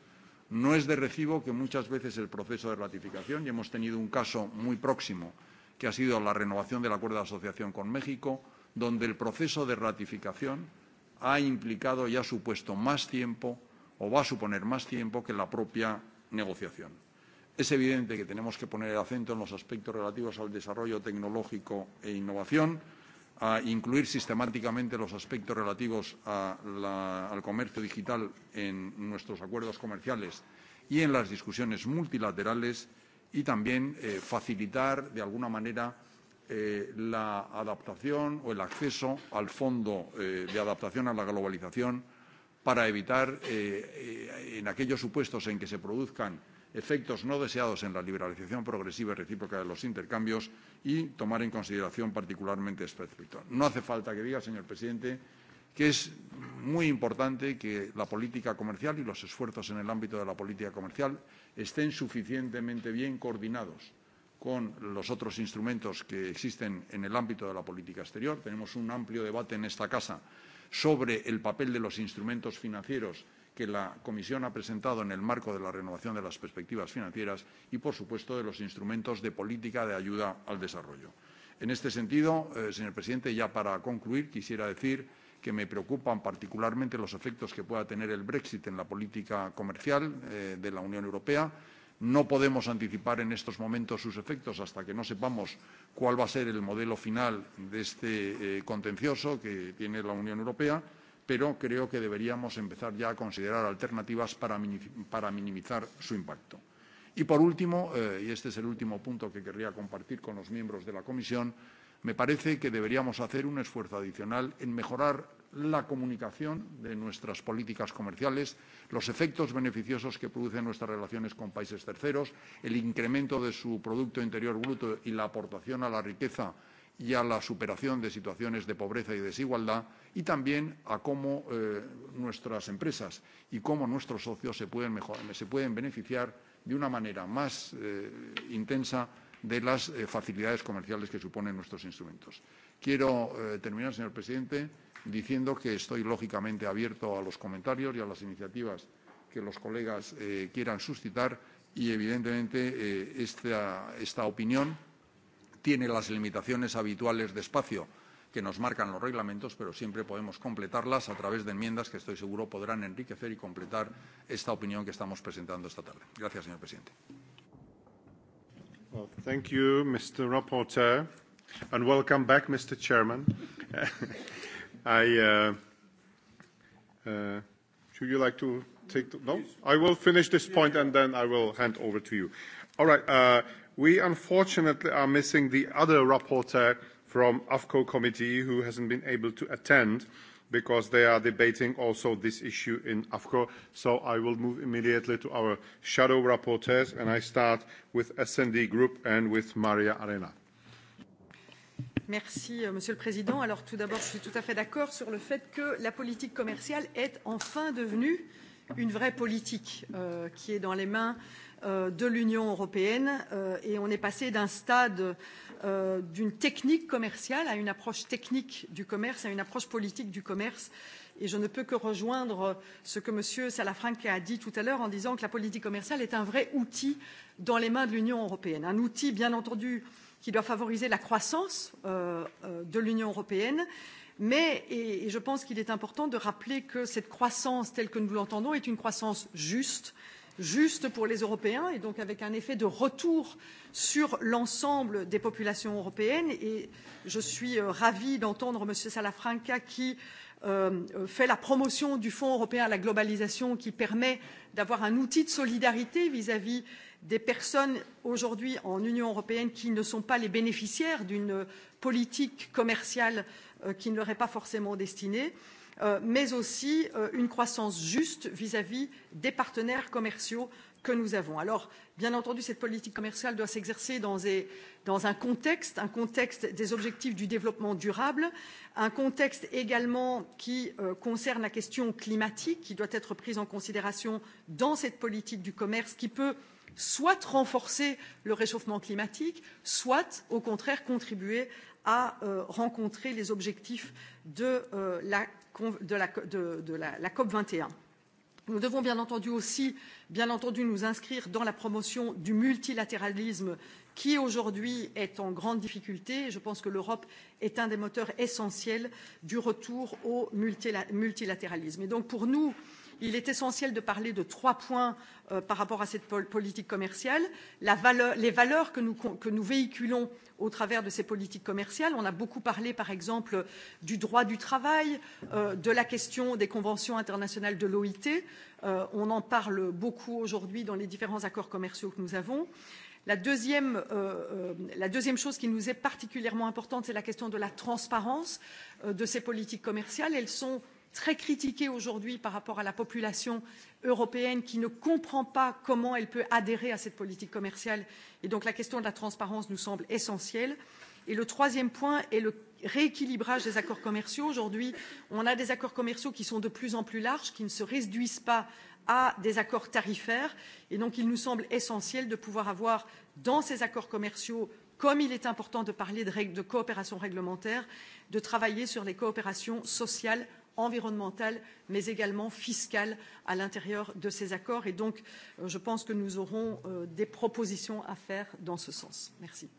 No es de recibo que muchas veces el proceso de ratificación, y hemos tenido un caso muy próximo, que ha sido la renovación del acuerdo de asociación con México, donde el proceso de ratificación ha implicado y ha supuesto más tiempo o va a suponer más tiempo que la propia negociación. Es evidente que tenemos que poner el acento en los aspectos relativos al desarrollo tecnológico e innovación, a incluir sistemáticamente los aspectos relativos a la, al comercio digital en nuestros acuerdos comerciales y en las discusiones multilaterales y también eh, facilitar de alguna manera eh, la adaptación o el acceso al Fondo eh, de Adaptación a la Globalización para evitar, eh, eh, en aquellos supuestos en que se produzcan efectos no deseados en la liberalización progresiva y recíproca de los intercambios y tomar en consideración particularmente este aspecto. No hace falta que diga, señor presidente, que es muy importante que la política comercial y los esfuerzos en el ámbito de la política comercial estén suficientemente bien coordinados con los otros instrumentos que existen en el ámbito de la política exterior. Tenemos un amplio debate en esta casa sobre el papel de los instrumentos financieros que la Comisión ha presentado en el marco de la renovación de las perspectivas financieras y, por supuesto, de los instrumentos de política de ayuda al desarrollo. En este sentido, eh, señor presidente, ya para concluir, quisiera decir que me preocupan particularmente los efectos que pueda tener el Brexit en la política comercial eh, de la Unión Europea No podemos anticipar en estos momentos sus efectos hasta que no sepamos cuál va a ser el modelo final de este eh, contencioso que tiene la Unión Europea, pero creo que deberíamos empezar ya a considerar alternativas para, para minimizar su impacto. Y por último, eh, y este es el último punto que querría compartir con los miembros de la Comisión, me parece que deberíamos hacer un esfuerzo adicional en mejorar la comunicación de nuestras políticas comerciales, los efectos beneficiosos que producen nuestras relaciones con países terceros, el incremento de su Producto Interior Bruto y la aportación a la riqueza y a la superación de situaciones de pobreza y desigualdad y también a cómo eh, nuestras empresas y cómo nuestros socios se pueden, mejor, se pueden beneficiar de una manera más eh, intensa de las eh, facilidades comerciales que suponen nuestros instrumentos. Quiero eh, terminar, señor presidente diciendo que estoy lógicamente abierto a los comentarios y a las iniciativas que los colegas eh, quieran suscitar y evidentemente eh, esta, esta opinión tiene las limitaciones habituales de espacio que nos marcan los reglamentos, pero siempre podemos completarlas a través de enmiendas que estoy seguro podrán enriquecer y completar esta opinión que estamos presentando esta tarde. Gracias, señor presidente. Well, thank you, Mr. Rapporteur, and welcome back, Mr. Chairman. I, uh, uh, should you like to take the, no? I will finish this point and then I will hand over to you. All right. Uh, we unfortunately are missing the other rapporteur from AFCO committee who hasn't been able to attend because they are debating also this issue in AFCO. So I will move immediately to our shadow rapporteurs and I start with SND Group and with Maria Arena. Merci, euh, Monsieur le Président. Alors, tout d'abord, je suis tout à fait d'accord sur le fait que la politique commerciale est enfin devenue une vraie politique euh, qui est dans les mains euh, de l'Union européenne euh, et on est passé d'un stade euh, d'une technique commerciale à une approche technique du commerce, à une approche politique du commerce. Et je ne peux que rejoindre ce que M. Salafranca a dit tout à l'heure en disant que la politique commerciale est un vrai outil dans les mains de l'Union européenne. Un outil, bien entendu, euh, qui doit favoriser la croissance euh, euh, de l'Union européenne. Mais, et, et je pense qu'il est important de rappeler que cette croissance telle que nous l'entendons est une croissance juste, euh, juste pour les Européens et donc avec un effet de retour sur l'ensemble des populations européennes. Et je suis euh, ravie d'entendre M. Salafranca qui euh, fait la promotion du Fonds européen à la globalisation qui permet d'avoir un outil de solidarité vis-à-vis -vis des personnes aujourd'hui en Union européenne qui ne sont pas les bénéficiaires d'une politique commerciale euh, qui ne leur est pas forcément destinée. Euh, Euh, mais aussi euh, une croissance juste vis à vis des partenaires commerciaux que nous avons. Alors, bien entendu, cette politique commerciale doit s'exercer dans, dans un contexte, un contexte des objectifs du développement durable, un contexte également qui euh, concerne la question climatique, qui doit être prise en considération dans cette politique du commerce, qui peut soit renforcer le réchauffement climatique, soit, au contraire, contribuer à euh, rencontrer les objectifs de euh, la de la, de, de la, la COP 21. Nous devons bien entendu aussi, bien entendu, nous inscrire dans la promotion du multilatéralisme qui aujourd'hui est en grande difficulté. Je pense que l'Europe est un des moteurs essentiels du retour au multilatéralisme. Et donc pour nous, euh, Il est essentiel de parler de trois points euh, par rapport à cette politique commerciale. La valeur, les valeurs que nous, que nous véhiculons au travers de ces politiques commerciales. On a beaucoup parlé, par exemple, du droit du travail, euh, de la question des conventions internationales de l'OIT. Euh, on en parle beaucoup aujourd'hui dans les différents accords commerciaux que nous avons. La deuxième, euh, euh, la deuxième chose qui nous est particulièrement importante, c'est la question de la transparence euh, de ces politiques commerciales. Elles sont très critiquée aujourd'hui par rapport à la population européenne qui ne comprend pas comment elle peut adhérer à cette politique commerciale et donc la question de la transparence nous semble essentielle. Et le troisième point est le rééquilibrage des accords commerciaux. Aujourd'hui, on a des accords commerciaux qui sont de plus en plus larges, qui ne se réduisent pas à des accords tarifaires. Et donc, il nous semble essentiel de pouvoir avoir dans ces accords commerciaux, comme il est important de parler de règles de coopération réglementaire, de travailler sur les coopérations sociales environnementales, mais également fiscales à l'intérieur de ces accords. Et donc, euh, je pense que nous aurons euh, des propositions à faire dans ce sens. Merci.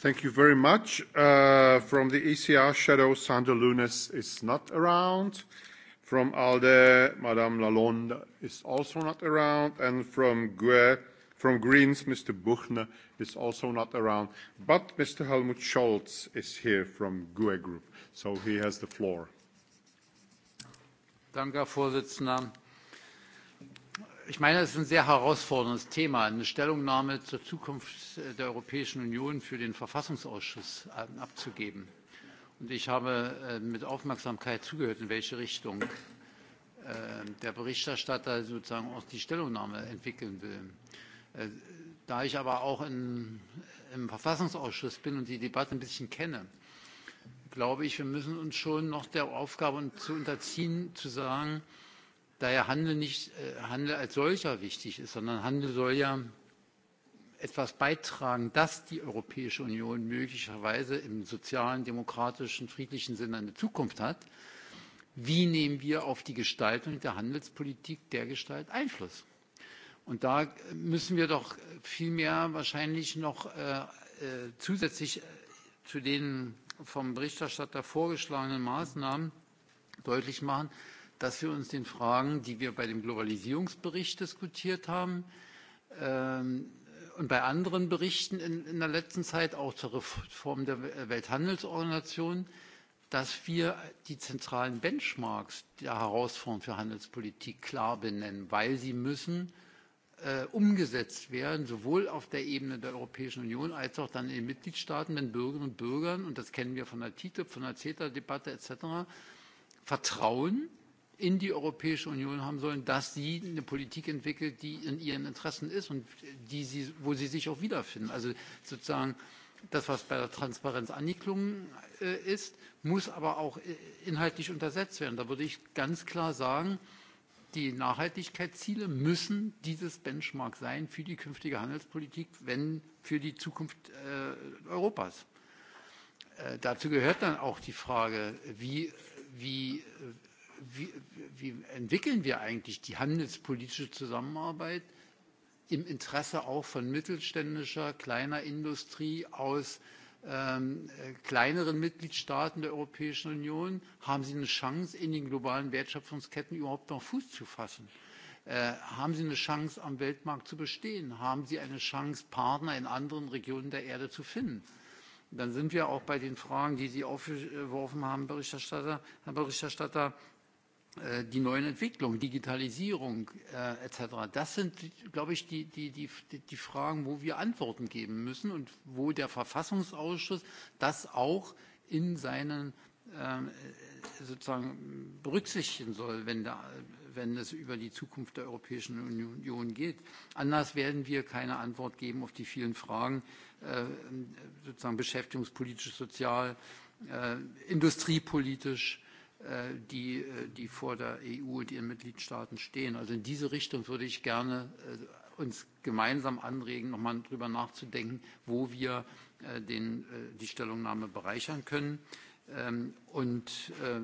Thank you very much. Uh, from the ECR shadow, Sandra Lunas is not around. From ALDE, Madame Lalonde is also not around. And from GUE, uh, From Greens, Mr. Buchner is also not around, but Mr. Helmut Scholz is here from GUE Group, so he has the floor. Danke, Herr Vorsitzender. Ich meine, es ist ein sehr herausforderndes Thema. Eine Stellungnahme zur Zukunft der Europäischen Union für den Verfassungsausschuss ähm, abzugeben. Und ich habe äh, mit Aufmerksamkeit zugehört, in welche Richtung äh, der Berichterstatter sozusagen auch die Stellungnahme entwickeln will. Äh, da ich aber auch in, im Verfassungsausschuss bin und die Debatte ein bisschen kenne, glaube ich, wir müssen uns schon noch der Aufgabe zu unterziehen, zu sagen, da ja Handel nicht äh, Handel als solcher wichtig ist, sondern Handel soll ja etwas beitragen, dass die Europäische Union möglicherweise im sozialen, demokratischen, friedlichen Sinne eine Zukunft hat. Wie nehmen wir auf die Gestaltung der Handelspolitik dergestalt Einfluss? Und da müssen wir doch vielmehr wahrscheinlich noch äh, äh zusätzlich äh, zu den vom Berichterstatter vorgeschlagenen Maßnahmen deutlich machen, dass wir uns den Fragen, die wir bei dem Globalisierungsbericht diskutiert haben ähm, und bei anderen Berichten in, in der letzten Zeit, auch zur Reform der äh, Welthandelsorganisation, dass wir die zentralen Benchmarks der Herausforderungen für Handelspolitik klar benennen, weil sie müssen Äh, umgesetzt werden sowohl auf der ebene der europäischen union als auch dann in den mitgliedstaaten wenn bürgerinnen und bürger und das kennen wir von der ttip e von der ceta debatte etc. vertrauen in die europäische union haben sollen dass sie eine politik entwickelt die in ihren interessen ist und die sie, wo sie sich auch wiederfinden. also sozusagen das was bei der transparenz angeklungen äh, ist muss aber auch äh, inhaltlich untersetzt werden. da würde ich ganz klar sagen die Nachhaltigkeitsziele müssen dieses Benchmark sein für die künftige Handelspolitik, wenn für die Zukunft äh, Europas. Äh, dazu gehört dann auch die Frage, wie, wie, äh, wie, wie entwickeln wir eigentlich die handelspolitische Zusammenarbeit im Interesse auch von mittelständischer, kleiner Industrie aus äh, Ähm, kleineren Mitgliedstaaten der Europäischen Union haben sie eine Chance, in den globalen Wertschöpfungsketten überhaupt noch Fuß zu fassen? Äh, haben sie eine Chance, am Weltmarkt zu bestehen? Haben sie eine Chance, Partner in anderen Regionen der Erde zu finden? Dann sind wir auch bei den Fragen, die Sie aufgeworfen haben, Berichterstatter, Herr Berichterstatter, Äh, die neuen Entwicklungen, Digitalisierung äh, etc. Das sind, glaube ich, die, die, die, die Fragen, wo wir Antworten geben müssen und wo der Verfassungsausschuss das auch in seinen ähm, äh, sozusagen berücksichtigen soll, wenn, da, wenn es über die Zukunft der Europäischen Union geht. Anders werden wir keine Antwort geben auf die vielen Fragen, äh, sozusagen beschäftigungspolitisch, sozial, äh, industriepolitisch, Äh, die, äh, die vor der EU und ihren Mitgliedstaaten stehen. Also in diese Richtung würde ich gerne äh, uns gemeinsam anregen, nochmal darüber nachzudenken, wo wir den, die Stellungnahme bereichern können. Ähm, und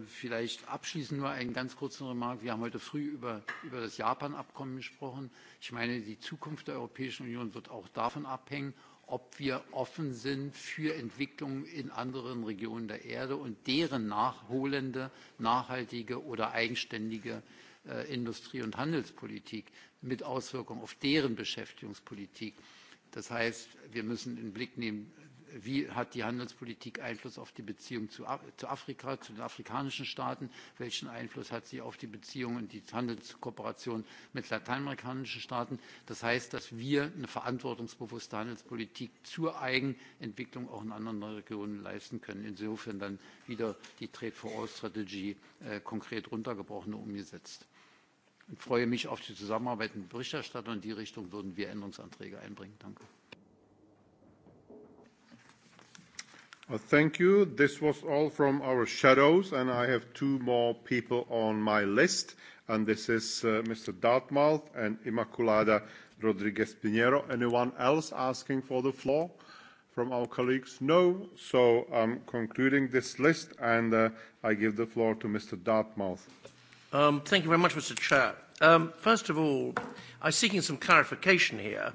vielleicht abschließend nur einen ganz kurzen Remark. Wir haben heute früh über, über das Japan-Abkommen gesprochen. Ich meine, die Zukunft der Europäischen Union wird auch davon abhängen, ob wir offen sind für Entwicklungen in anderen Regionen der Erde und deren nachholende, nachhaltige oder eigenständige äh, Industrie- und Handelspolitik mit Auswirkungen auf deren Beschäftigungspolitik. Das heißt, wir müssen in den Blick nehmen, wie hat die Handelspolitik Einfluss auf die Beziehung zu, Afrika, zu den afrikanischen Staaten? Welchen Einfluss hat sie auf die Beziehungen und die Handelskooperation mit lateinamerikanischen Staaten? Das heißt, dass wir eine verantwortungsbewusste Handelspolitik zur Eigenentwicklung auch in anderen Regionen leisten können. Insofern dann wieder die Trade for All Strategie äh, konkret runtergebrochen und umgesetzt. Ich freue mich auf die Zusammenarbeit mit Berichterstatter. In die Richtung würden wir Änderungsanträge einbringen. Danke. Well, uh, thank you. This was all from our shadows, and I have two more people on my list, and this is uh, Mr. Dartmouth and Immaculada Rodriguez Pinheiro. Anyone else asking for the floor from our colleagues? No. So I'm concluding this list, and uh, I give the floor to Mr. Dartmouth. Um, thank you very much, Mr. Chair. Um, first of all, I'm seeking some clarification here.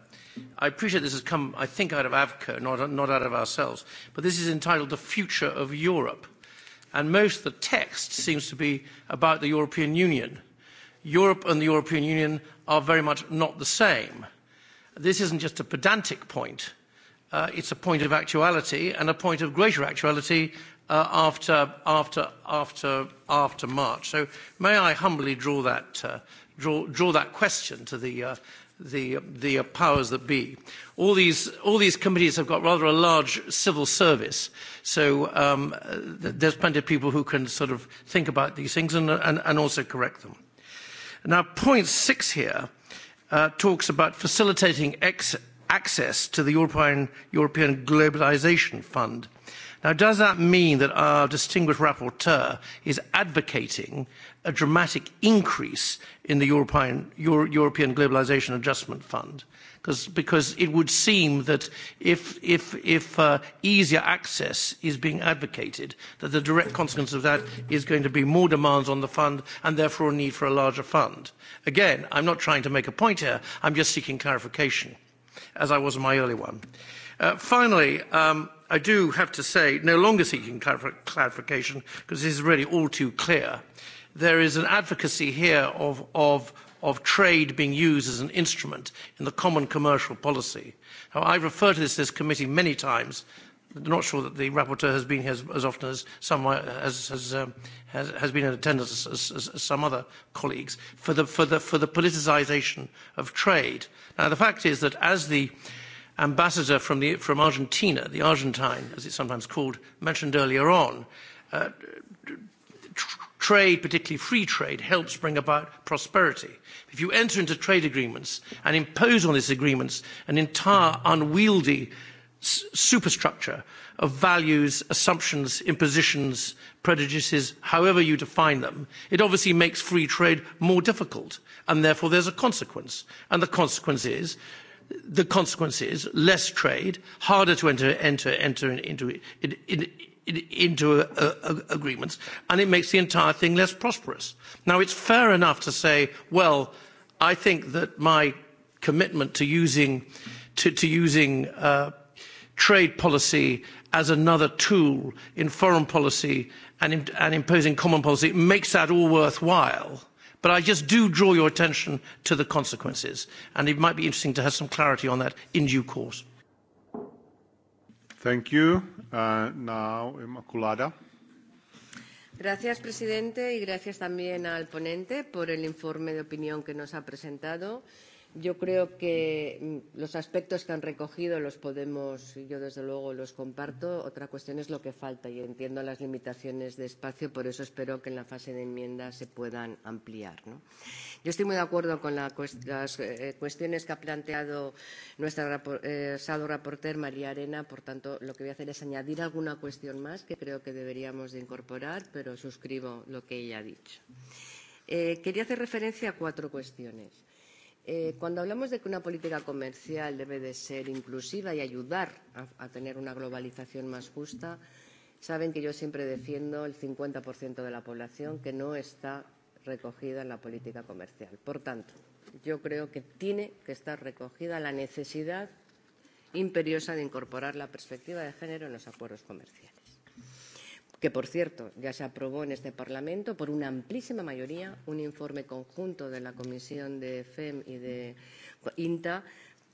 I appreciate this has come, I think, out of AVCO, not, not out of ourselves, but this is entitled The Future of Europe. And most of the text seems to be about the European Union. Europe and the European Union are very much not the same. This isn't just a pedantic point. Uh, it's a point of actuality and a point of greater actuality uh, after, after, after, after March. So may I humbly draw that uh, draw, draw that question to the, uh, the, the uh, powers that be. All these, all these committees have got rather a large civil service, so um, there's plenty of people who can sort of think about these things and, and, and also correct them. Now, point six here uh, talks about facilitating ex- access to the European, European Globalization Fund. Now, does that mean that our distinguished rapporteur is advocating a dramatic increase in the European, Euro, European Globalization Adjustment Fund. Because, because it would seem that if, if, if uh, easier access is being advocated, that the direct consequence of that is going to be more demands on the fund and therefore a need for a larger fund. Again, I'm not trying to make a point here. I'm just seeking clarification, as I was in my early one. Uh, finally, um, I do have to say, no longer seeking clarification, because this is really all too clear there is an advocacy here of, of, of trade being used as an instrument in the common commercial policy. Now, I refer to this, this committee many times. I'm not sure that the rapporteur has been here as, as often as some has, uh, has, um, has, has been in attendance as, as, as some other colleagues for the, for the, for the politicization of trade. Now, the fact is that as the ambassador from, the, from Argentina, the Argentine, as it's sometimes called, mentioned earlier on, uh, Trade, particularly free trade, helps bring about prosperity. If you enter into trade agreements and impose on these agreements an entire unwieldy superstructure of values, assumptions, impositions, prejudices, however you define them, it obviously makes free trade more difficult. And therefore, there's a consequence. And the consequence is the consequence is less trade, harder to enter, enter, enter into, in, into a, a, a agreements, and it makes the entire thing less prosperous. Now, it's fair enough to say, well, I think that my commitment to using, to, to using uh, trade policy as another tool in foreign policy and, in, and imposing common policy it makes that all worthwhile. But I just do draw your attention to the consequences, and it might be interesting to have some clarity on that in due course. Thank you. Uh, now, Immaculada. Gracias, presidente, y gracias también al ponente por el informe de opinión que nos ha presentado. Yo creo que mm, los aspectos que han recogido los podemos, yo desde luego los comparto. Otra cuestión es lo que falta y entiendo las limitaciones de espacio, por eso espero que en la fase de enmienda se puedan ampliar. ¿no? Yo estoy muy de acuerdo con la, cuest las eh, eh, cuestiones que ha planteado nuestra rapor, eh, Sado Reporter María Arena, por tanto lo que voy a hacer es añadir alguna cuestión más que creo que deberíamos de incorporar, pero suscribo lo que ella ha dicho. Eh, quería hacer referencia a cuatro cuestiones. Eh, cuando hablamos de que una política comercial debe de ser inclusiva y ayudar a, a tener una globalización más justa, saben que yo siempre defiendo el 50% de la población que no está recogida en la política comercial. Por tanto, yo creo que tiene que estar recogida la necesidad imperiosa de incorporar la perspectiva de género en los acuerdos comerciales que, por cierto, ya se aprobó en este Parlamento por una amplísima mayoría un informe conjunto de la Comisión de FEM y de INTA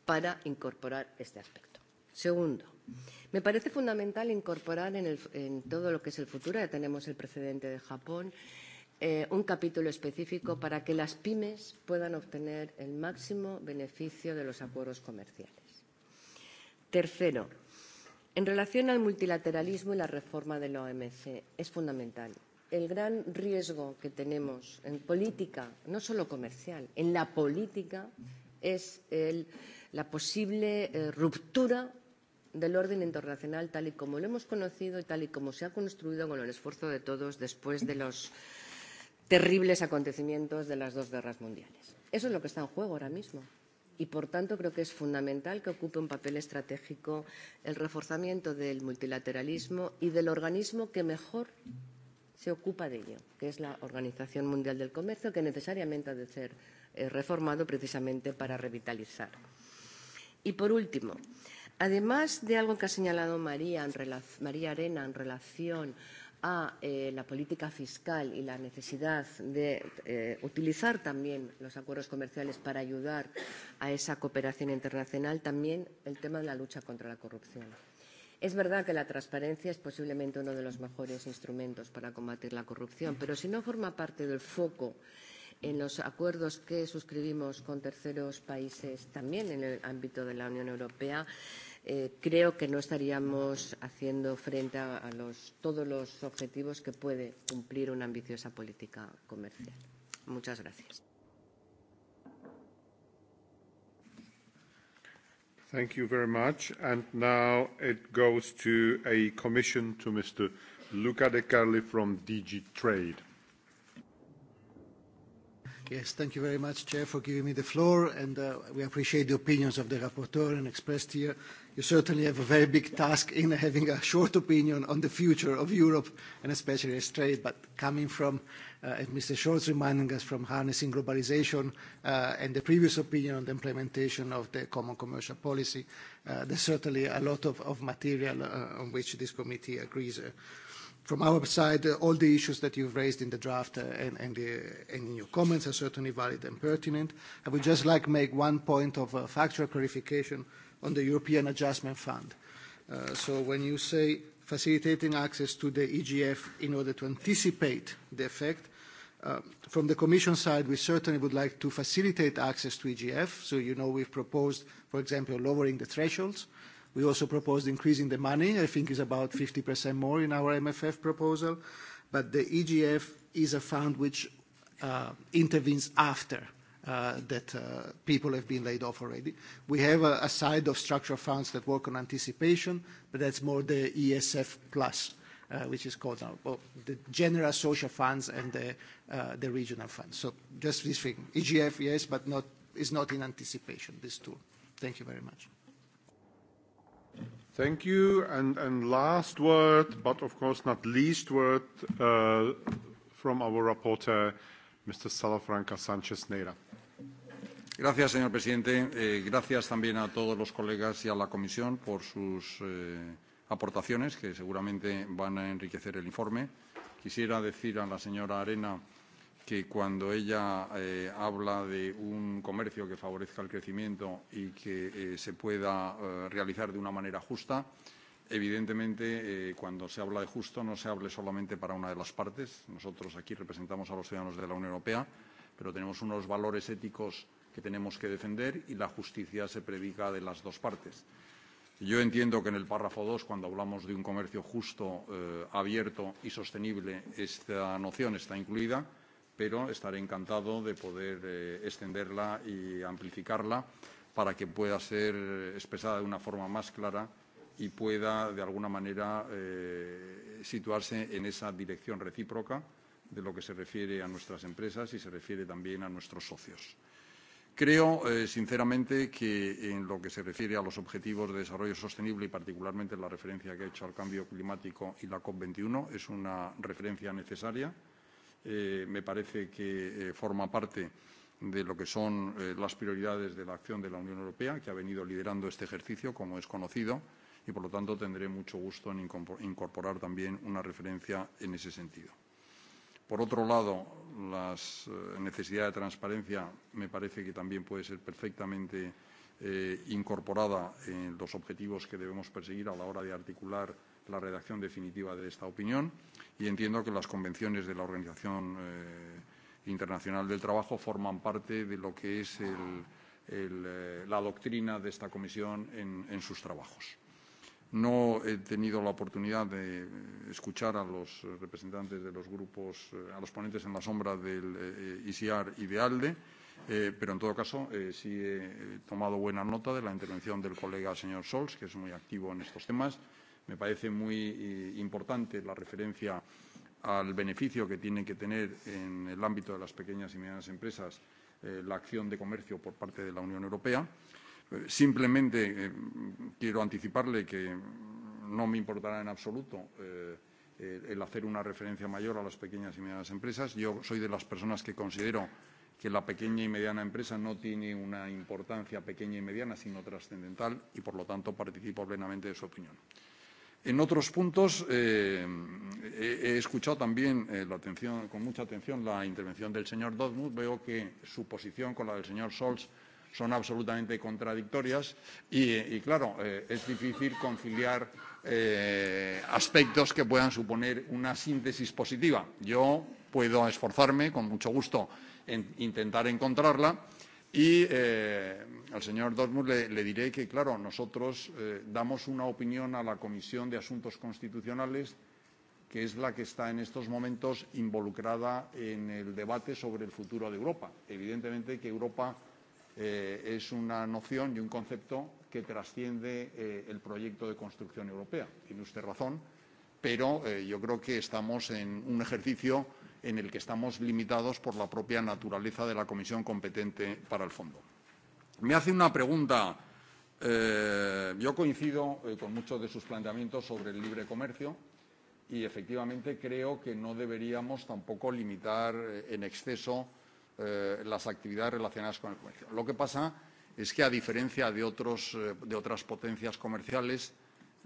para incorporar este aspecto. Segundo, me parece fundamental incorporar en, el, en todo lo que es el futuro, ya tenemos el precedente de Japón, eh, un capítulo específico para que las pymes puedan obtener el máximo beneficio de los acuerdos comerciales. Tercero, En relación al multilateralismo y la reforma de la OMC, es fundamental. El gran riesgo que tenemos en política, no solo comercial, en la política, es el, la posible eh, ruptura del orden internacional tal y como lo hemos conocido y tal y como se ha construido con el esfuerzo de todos después de los terribles acontecimientos de las dos guerras mundiales. Eso es lo que está en juego ahora mismo y, por tanto, creo que es fundamental que ocupe un papel estratégico el reforzamiento del multilateralismo y del organismo que mejor se ocupa de ello, que es la Organización Mundial del Comercio, que necesariamente ha de ser eh, reformado precisamente para revitalizar. Y, por último, además de algo que ha señalado María, en María Arena en relación a a eh, la política fiscal y la necesidad de eh, utilizar también los acuerdos comerciales para ayudar a esa cooperación internacional, también el tema de la lucha contra la corrupción. Es verdad que la transparencia es posiblemente uno de los mejores instrumentos para combatir la corrupción, pero si no forma parte del foco en los acuerdos que suscribimos con terceros países, también en el ámbito de la Unión Europea, eh, creo que no estaríamos haciendo frente a, a los, todos los objetivos que puede cumplir una ambiciosa política comercial. Muchas gracias. Thank you very much. And now it goes to a commission to Mr. Luca De Carli from DG Trade. Yes, thank you very much, Chair, for giving me the floor, and uh, we appreciate the opinions of the rapporteur and expressed here you certainly have a very big task in having a short opinion on the future of Europe and especially its trade. But coming from, uh, as Mr. Scholz reminding us, from harnessing globalization uh, and the previous opinion on the implementation of the common commercial policy, uh, there's certainly a lot of, of material uh, on which this committee agrees. Uh, from our side, uh, all the issues that you've raised in the draft uh, and, and, the, and in your comments are certainly valid and pertinent. I would just like to make one point of uh, factual clarification on the European Adjustment Fund. Uh, so when you say facilitating access to the EGF in order to anticipate the effect, uh, from the Commission side, we certainly would like to facilitate access to EGF. So you know we've proposed, for example, lowering the thresholds. We also proposed increasing the money. I think it's about 50% more in our MFF proposal. But the EGF is a fund which uh, intervenes after Uh, that uh, people have been laid off already. We have a, side of structural funds that work on anticipation, but that's more the ESF plus, uh, which is called now well, the general social funds and the, regional funds. So just this thing, EGF, yes, but not is not in anticipation. This tool. Thank you very much. Thank you. And, last word, but of course not least word, from our rapporteur, Mr. Salafranca Sanchez-Neira. Gracias, señor presidente. Eh, gracias también a todos los colegas y a la comisión por sus eh, aportaciones, que seguramente van a enriquecer el informe. Quisiera decir a la señora Arena que cuando ella eh, habla de un comercio que favorezca el crecimiento y que eh, se pueda eh, realizar de una manera justa, evidentemente eh, cuando se habla de justo no se hable solamente para una de las partes. Nosotros aquí representamos a los ciudadanos de la Unión Europea, pero tenemos unos valores éticos que tenemos que defender y la justicia se predica de las dos partes. Yo entiendo que en el párrafo 2, cuando hablamos de un comercio justo, eh, abierto y sostenible, esta noción está incluida, pero estaré encantado de poder eh, extenderla y amplificarla para que pueda ser expresada de una forma más clara y pueda, de alguna manera, eh, situarse en esa dirección recíproca de lo que se refiere a nuestras empresas y se refiere también a nuestros socios. Creo, eh, sinceramente, que en lo que se refiere a los objetivos de desarrollo sostenible y particularmente la referencia que ha hecho al cambio climático y la COP21 es una referencia necesaria. Eh, me parece que eh, forma parte de lo que son eh, las prioridades de la acción de la Unión Europea, que ha venido liderando este ejercicio, como es conocido, y por lo tanto tendré mucho gusto en incorporar también una referencia en ese sentido. Por otro lado, la eh, necesidad de transparencia me parece que también puede ser perfectamente eh, incorporada en los objetivos que debemos perseguir a la hora de articular la redacción definitiva de esta opinión y entiendo que las convenciones de la Organización eh, Internacional del Trabajo forman parte de lo que es el, el, eh, la doctrina de esta comisión en, en sus trabajos. No he tenido la oportunidad de eh, escuchar a los representantes de los grupos, eh, a los ponentes en la sombra del eh, ICIAR y de ALDE, eh, pero en todo caso eh, sí he tomado buena nota de la intervención del colega señor Sols, que es muy activo en estos temas. Me parece muy eh, importante la referencia al beneficio que tiene que tener en el ámbito de las pequeñas y medianas empresas eh, la acción de comercio por parte de la Unión Europea. Simplemente eh, quiero anticiparle que no me importará en absoluto eh, el hacer una referencia mayor a las pequeñas y medianas empresas. Yo soy de las personas que considero que la pequeña y mediana empresa no tiene una importancia pequeña y mediana, sino trascendental, y por lo tanto participo plenamente de su opinión. En otros puntos eh, he, escuchado también eh, la atención, con mucha atención la intervención del señor Dodmuth. Veo que su posición con la del señor Scholz son absolutamente contradictorias y, y claro, eh, es difícil conciliar eh, aspectos que puedan suponer una síntesis positiva. Yo puedo esforzarme con mucho gusto en intentar encontrarla y eh, al señor Dortmund le, le diré que, claro, nosotros eh, damos una opinión a la Comisión de Asuntos Constitucionales que es la que está en estos momentos involucrada en el debate sobre el futuro de Europa. Evidentemente que Europa eh, es una noción y un concepto que trasciende eh, el proyecto de construcción europea. Tiene usted razón, pero eh, yo creo que estamos en un ejercicio en el que estamos limitados por la propia naturaleza de la comisión competente para el fondo. Me hace una pregunta. Eh, yo coincido eh, con muchos de sus planteamientos sobre el libre comercio y efectivamente creo que no deberíamos tampoco limitar eh, en exceso eh, Eh, las actividades relacionadas con el comercio. Lo que pasa es que, a diferencia de, otros, eh, de otras potencias comerciales,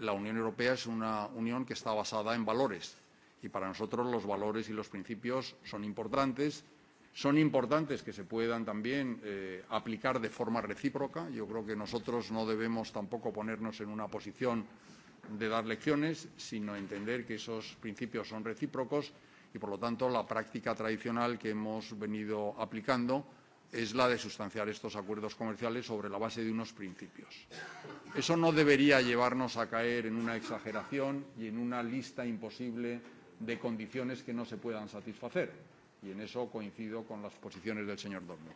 la Unión Europea es una unión que está basada en valores. Y para nosotros los valores y los principios son importantes. Son importantes que se puedan también eh, aplicar de forma recíproca. Yo creo que nosotros no debemos tampoco ponernos en una posición de dar lecciones, sino entender que esos principios son recíprocos y, por lo tanto, la práctica tradicional que hemos venido aplicando es la de sustanciar estos acuerdos comerciales sobre la base de unos principios. Eso no debería llevarnos a caer en una exageración y en una lista imposible de condiciones que no se puedan satisfacer. Y en eso coincido con las posiciones del señor Dormo.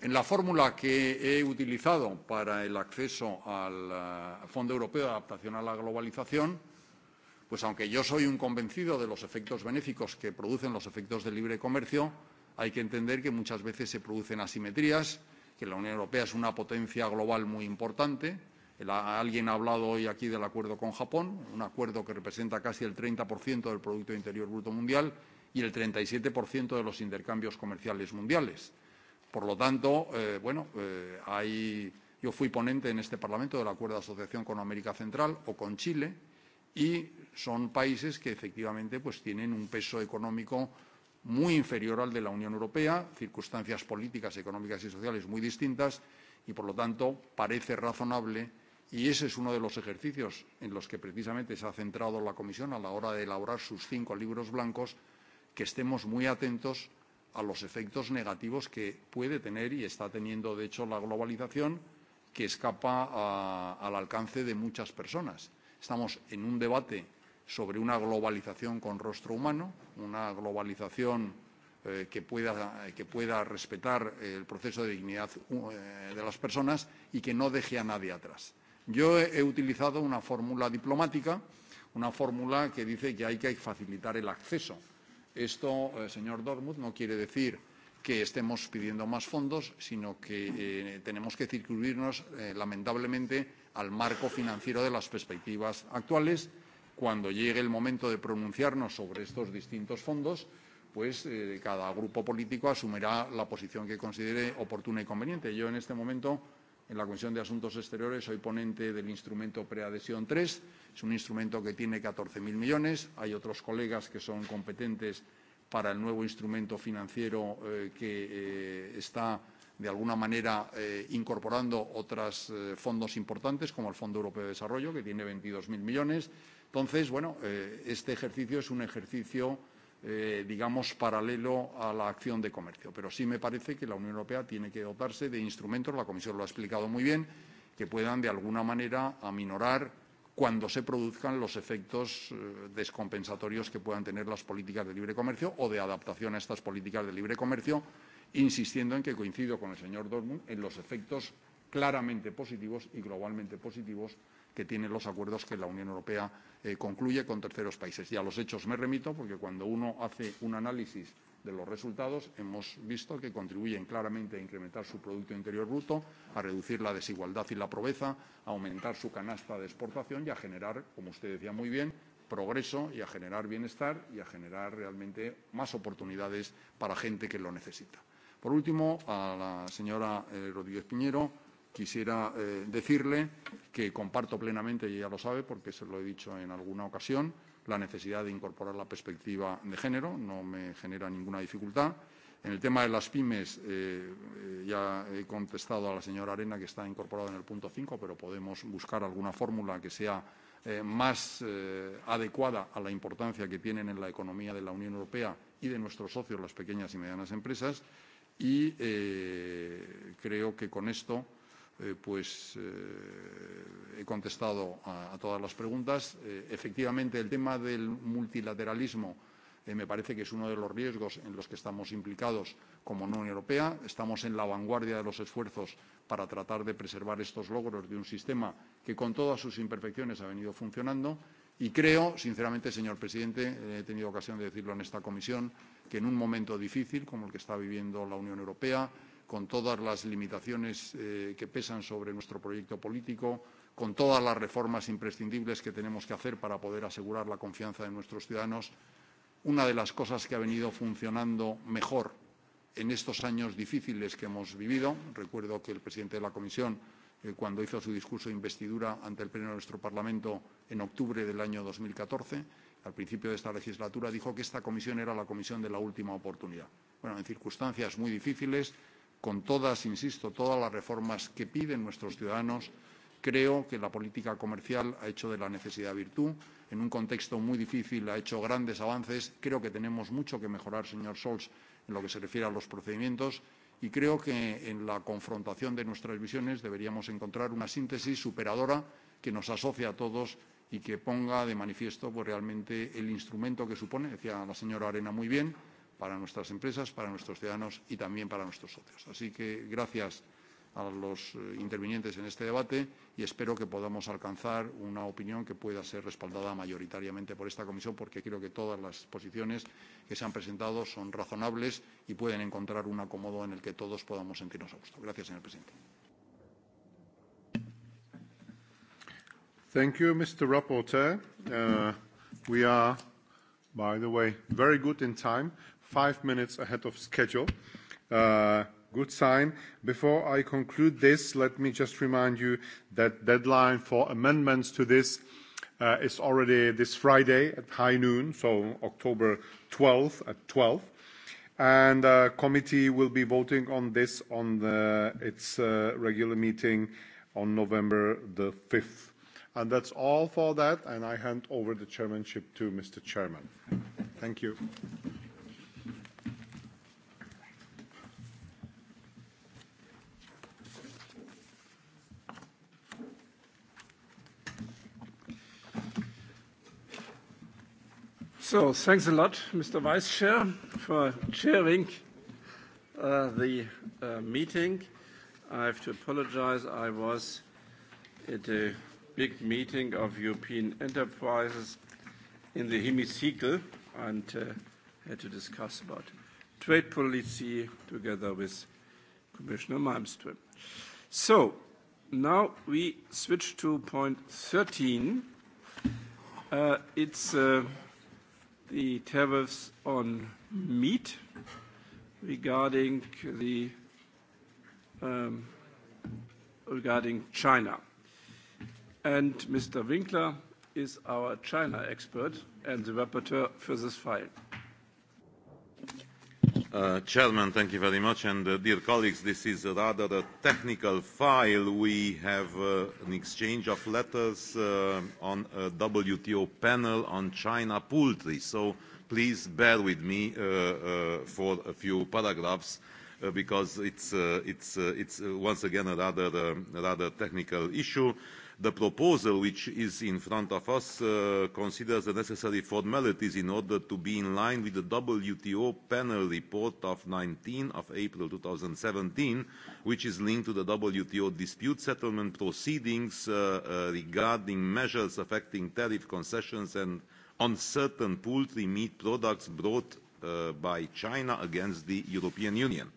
En la fórmula que he utilizado para el acceso al eh, Fondo Europeo de Adaptación a la Globalización, Pues aunque yo soy un convencido de los efectos benéficos que producen los efectos del libre comercio, hay que entender que muchas veces se producen asimetrías, que la Unión Europea es una potencia global muy importante. El, alguien ha hablado hoy aquí del acuerdo con Japón, un acuerdo que representa casi el 30% del Producto Interior Bruto Mundial y el 37% de los intercambios comerciales mundiales. Por lo tanto, eh, bueno, eh, hay, yo fui ponente en este Parlamento del acuerdo de asociación con América Central o con Chile y son países que efectivamente pues, tienen un peso económico muy inferior al de la Unión Europea, circunstancias políticas, económicas y sociales muy distintas y, por lo tanto, parece razonable y ese es uno de los ejercicios en los que precisamente se ha centrado la Comisión a la hora de elaborar sus cinco libros blancos, que estemos muy atentos a los efectos negativos que puede tener y está teniendo, de hecho, la globalización que escapa a, al alcance de muchas personas Estamos en un debate sobre una globalización con rostro humano, una globalización eh, que, pueda, que pueda respetar el proceso de dignidad eh, de las personas y que no deje a nadie atrás. Yo he, he utilizado una fórmula diplomática, una fórmula que dice que hay que facilitar el acceso. Esto, eh, señor Dormuth, no quiere decir que estemos pidiendo más fondos, sino que eh, tenemos que circunscribirnos, eh, lamentablemente, al marco financiero de las perspectivas actuales. Cuando llegue el momento de pronunciarnos sobre estos distintos fondos, pues eh, cada grupo político asumirá la posición que considere oportuna y conveniente. Yo en este momento, en la Comisión de Asuntos Exteriores, soy ponente del instrumento preadhesión 3. Es un instrumento que tiene 14.000 millones. Hay otros colegas que son competentes para el nuevo instrumento financiero eh, que eh, está de alguna manera eh, incorporando otros eh, fondos importantes, como el Fondo Europeo de Desarrollo, que tiene 22.000 millones. Entonces, bueno, eh, este ejercicio es un ejercicio, eh, digamos, paralelo a la acción de comercio. Pero sí me parece que la Unión Europea tiene que dotarse de instrumentos, la Comisión lo ha explicado muy bien, que puedan de alguna manera aminorar cuando se produzcan los efectos eh, descompensatorios que puedan tener las políticas de libre comercio o de adaptación a estas políticas de libre comercio insistiendo en que coincido con el señor Dortmund en los efectos claramente positivos y globalmente positivos que tienen los acuerdos que la Unión Europea eh, concluye con terceros países. Y a los hechos me remito porque cuando uno hace un análisis de los resultados hemos visto que contribuyen claramente a incrementar su Producto Interior Bruto, a reducir la desigualdad y la pobreza, a aumentar su canasta de exportación y a generar, como usted decía muy bien, progreso y a generar bienestar y a generar realmente más oportunidades para gente que lo necesita. Por último, a la señora eh, Rodríguez Piñero quisiera eh, decirle que comparto plenamente, y ella lo sabe porque se lo he dicho en alguna ocasión, la necesidad de incorporar la perspectiva de género. No me genera ninguna dificultad. En el tema de las pymes, eh, eh ya he contestado a la señora Arena que está incorporado en el punto 5, pero podemos buscar alguna fórmula que sea eh, más eh, adecuada a la importancia que tienen en la economía de la Unión Europea y de nuestros socios, las pequeñas y medianas empresas y eh, creo que con esto eh, pues eh, he contestado a, a todas las preguntas. Eh, efectivamente, el tema del multilateralismo eh, me parece que es uno de los riesgos en los que estamos implicados como Unión Europea. Estamos en la vanguardia de los esfuerzos para tratar de preservar estos logros de un sistema que, con todas sus imperfecciones, ha venido funcionando. Y creo, sinceramente, señor presidente, eh, he tenido ocasión de decirlo en esta comisión, que en un momento difícil como el que está viviendo la Unión Europea, con todas las limitaciones eh, que pesan sobre nuestro proyecto político, con todas las reformas imprescindibles que tenemos que hacer para poder asegurar la confianza de nuestros ciudadanos, una de las cosas que ha venido funcionando mejor en estos años difíciles que hemos vivido, recuerdo que el presidente de la Comisión, eh, cuando hizo su discurso de investidura ante el Pleno de nuestro Parlamento en octubre del año 2014, al principio de esta legislatura, dijo que esta comisión era la comisión de la última oportunidad. Bueno, en circunstancias muy difíciles, con todas, insisto, todas las reformas que piden nuestros ciudadanos, creo que la política comercial ha hecho de la necesidad virtud. En un contexto muy difícil ha hecho grandes avances. Creo que tenemos mucho que mejorar, señor Solz, en lo que se refiere a los procedimientos y creo que en la confrontación de nuestras visiones deberíamos encontrar una síntesis superadora que nos asocie a todos y que ponga de manifiesto pues, realmente el instrumento que supone, decía la señora Arena muy bien, para nuestras empresas, para nuestros ciudadanos y también para nuestros socios. Así que gracias a los eh, intervinientes en este debate y espero que podamos alcanzar una opinión que pueda ser respaldada mayoritariamente por esta comisión, porque creo que todas las posiciones que se han presentado son razonables y pueden encontrar un acomodo en el que todos podamos sentirnos a gusto. Gracias, señor presidente. Thank you, Mr. Rapporteur. Uh, we are, by the way, very good in time, five minutes ahead of schedule. Uh, good sign. Before I conclude this, let me just remind you that deadline for amendments to this uh, is already this Friday at high noon, so October 12th at 12. And the committee will be voting on this on its regular meeting on November the 5th. And that's all for that, and I hand over the chairmanship to Mr. Chairman. Thank you. So thanks a lot, Mr. Vice Chair, for chairing uh, the uh, meeting. I have to apologize. I was at a big meeting of European enterprises in the hemicycle and uh, had to discuss about trade policy together with Commissioner Malmström. So now we switch to point 13. Uh, it's uh, the tariffs on meat regarding the um, regarding China. And Mr. Winkler is our China expert and the rapporteur for this file. Uh, Chairman, thank you very much. And uh, dear colleagues, this is rather a technical file. We have uh, an exchange of letters uh, on a WTO panel on China poultry. So please bear with me uh, uh, for a few paragraphs uh, because it's, uh, it's, uh, it's uh, once again a rather, uh, rather technical issue. The proposal which is in front of us uh, considers the necessary formalities in order to be in line with the WTO panel report of 19 of April 2017, which is linked to the WTO dispute settlement proceedings uh, uh, regarding measures affecting tariff concessions and on certain poultry meat products brought uh, by China against the European Union.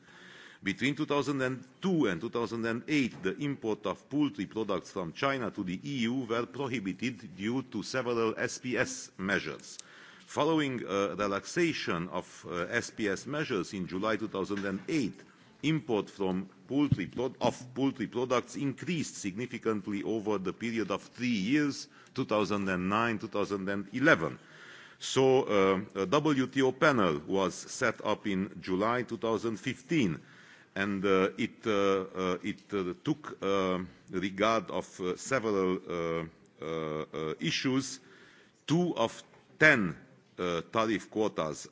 Between 2002 and 2008, the import of poultry products from China to the EU were prohibited due to several SPS measures. Following a uh, relaxation of SPS uh, measures in July 2008, import from poultry of poultry products increased significantly over the period of three years, 2009, 2011. So, uh, a WTO panel was set up in July 2015 and uh, it, uh, uh it uh, took uh, regard of several issues two of ten tariff quotas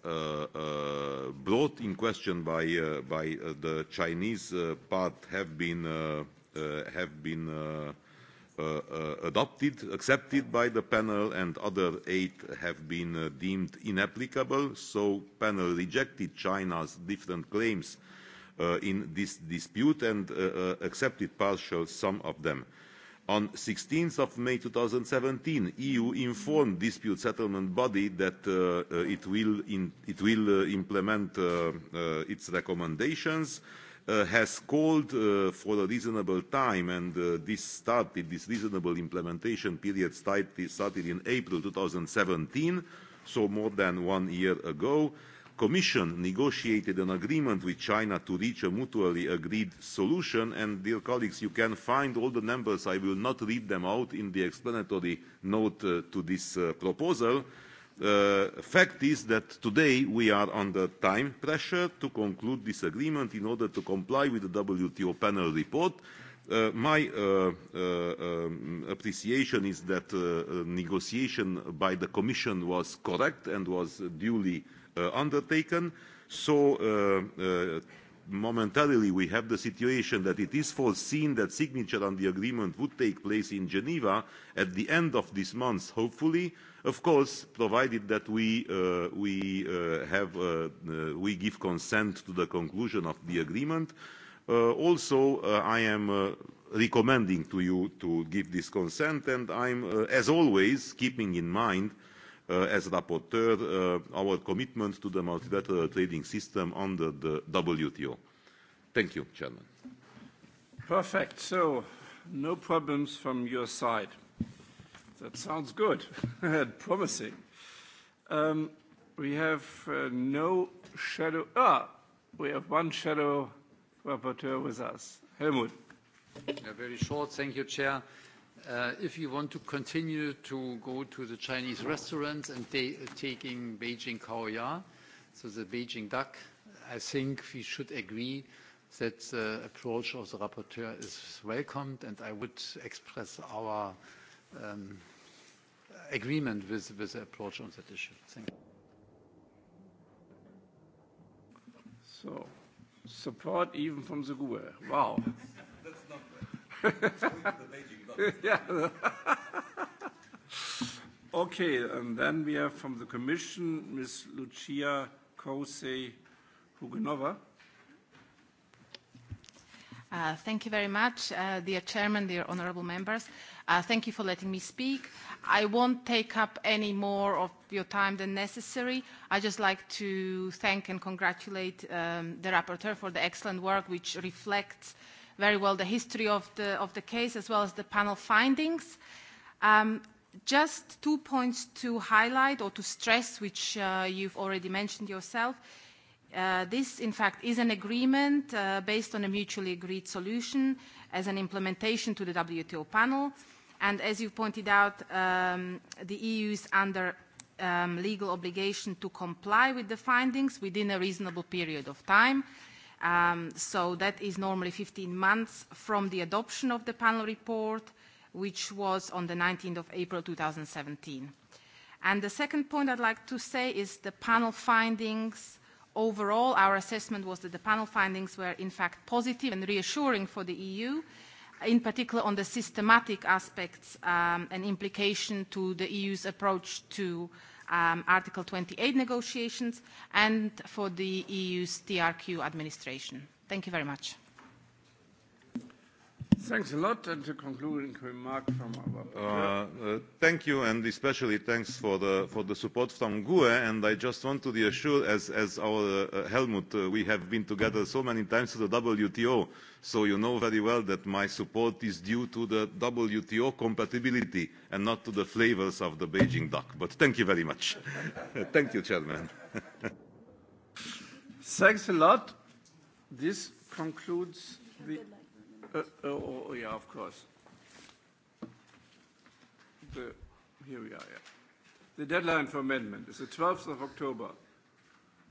brought in question by, by the Chinese part have been, have been adopted, accepted by the panel, and other eight have been deemed inapplicable. So panel rejected China's different claims uh, in this dispute and uh, uh accepted partial some of them. On 16th of May 2017, EU informed dispute settlement body that uh, uh, it will, in, it will uh, implement uh, uh, its recommendations, uh, has called uh, for a reasonable time, and uh, this started, this reasonable implementation period started, started in April 2017, so more than one year ago Commission negotiated an agreement with China to reach a mutually agreed solution. And dear colleagues, you can find all the numbers. I will not read them out in the explanatory note uh, to this uh, proposal. Uh, fact is that today we are under time pressure to conclude this agreement in order to comply with the WTO panel report. Uh, my uh, uh, um, appreciation is that uh, uh, negotiation by the Commission was correct and was duly uh, Uh, undertaken. So uh, uh, momentarily we have the situation that it is foreseen that signature on the agreement would take place in Geneva at the end of this month, hopefully, of course, provided that we, uh, we, uh, have, uh, we give consent to the conclusion of the agreement. also, I am recommending to you to give this consent, and I'm, as always, keeping in mind uh, as rapporteur uh, our commitment to the multilateral trading system under the WTO. Thank you, Chairman. Perfect. So, no problems from your side. That sounds good and promising. Um, we have uh, no shadow. Ah, we have one shadow rapporteur with us. Helmut. Yeah, very short. Thank you, Chair. Uh, if you want to continue to go to the Chinese restaurants and taking Beijing Kaoya, so the Beijing duck, I think we should agree that the approach of the rapporteur is welcomed, and I would express our um, agreement with, the approach on that issue. Thank you. So, support even from the GUE. Wow. That's not bad. okay, and then we have from the Commission Ms. Lucia Kosei Hugenova. Uh, thank you very much, uh, dear Chairman, dear honourable members. Uh, thank you for letting me speak. I won't take up any more of your time than necessary. I'd just like to thank and congratulate um, the rapporteur for the excellent work which reflects uh, very well the history of the, of the case as well as the panel findings. Um, just two points to highlight or to stress, which uh, you've already mentioned yourself. Uh, this, in fact, is an agreement uh, based on a mutually agreed solution as an implementation to the WTO panel. And as you pointed out, um, the EU is under um, legal obligation to comply with the findings within a reasonable period of time. Um, that is normally 15 months from the adoption of the panel report, which was on the 19th of April 2017. the second point I'd like to say is the panel findings. Overall, our assessment was that the panel findings were in fact positive and reassuring for the EU, in particular on the systematic aspects um, and implication to the EU's approach to um, Article 28 negotiations and for the EU's TRQ administration. Thank you very much. Thanks a lot, and a concluding remark from our uh, uh, Thank you, and especially thanks for the for the support from GUE. And I just want to reassure, as as our uh, Helmut, uh, we have been together so many times to the WTO, so you know very well that my support is due to the WTO compatibility and not to the flavors of the Beijing duck. But thank you very much. thank you, Chairman. thanks a lot. This concludes the. Uh, uh, oh, oh, yeah, of course. The, here we are, yeah. The deadline for amendment is the 12th of October,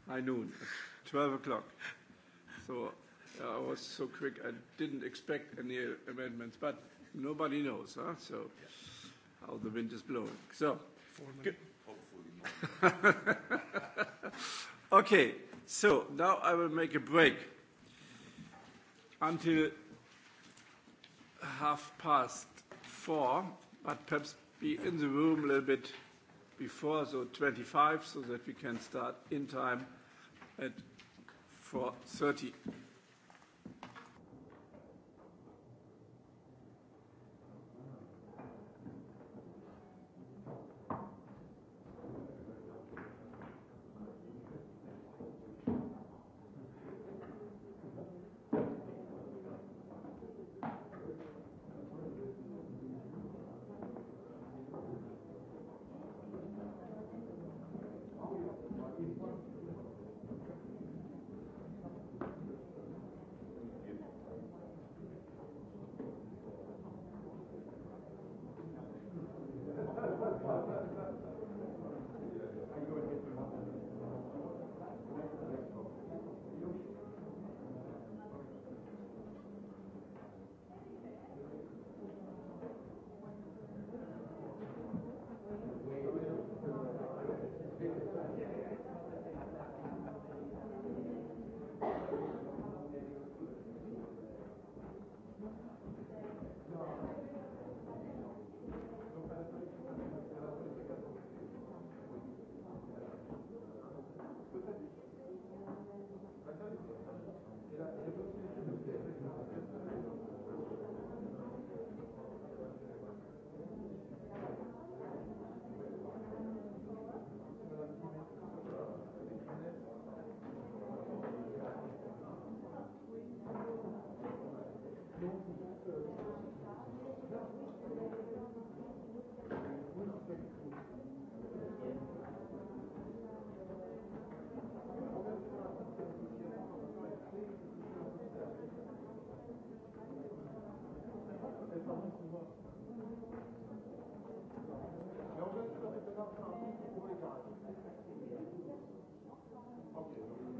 high noon, 12 o'clock. So uh, I was so quick, I didn't expect any amendments, but nobody knows, huh? So how the wind is blowing. So. Hopefully not. okay, so now I will make a break until half past four, but perhaps be in the room a little bit before, so 25, so that we can start in time at 4:30 Okay.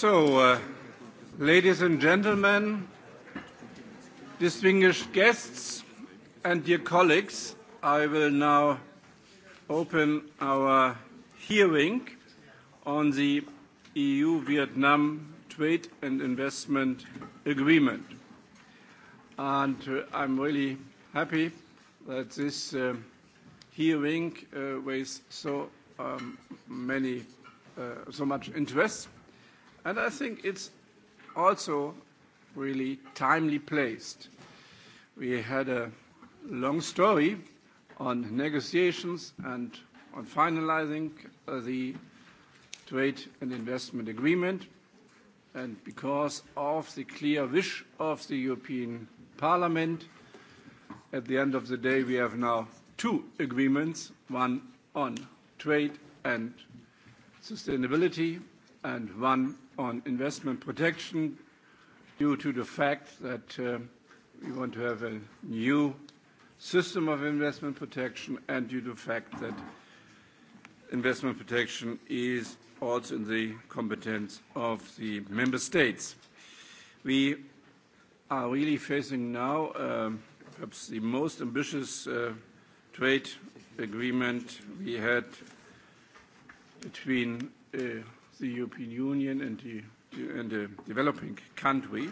So, uh, ladies and gentlemen, distinguished guests and dear colleagues, I will now open our hearing on the EU-Vietnam Trade and Investment Agreement. And uh, I'm really happy that this uh, hearing uh, raised so um, many, uh, so much interest And I think it's also really timely placed. We had a long story on negotiations and on finalizing the trade and investment agreement. And because of the clear wish of the European Parliament, at the end of the day, we have now two agreements, one on trade and sustainability, and one on investment protection due to the fact that uh, we want to have a new system of investment protection and due to the fact that investment protection is also in the competence of the member states. We are really facing now uh, perhaps the most ambitious uh, trade agreement we had between uh, the European Union and the, and the developing country,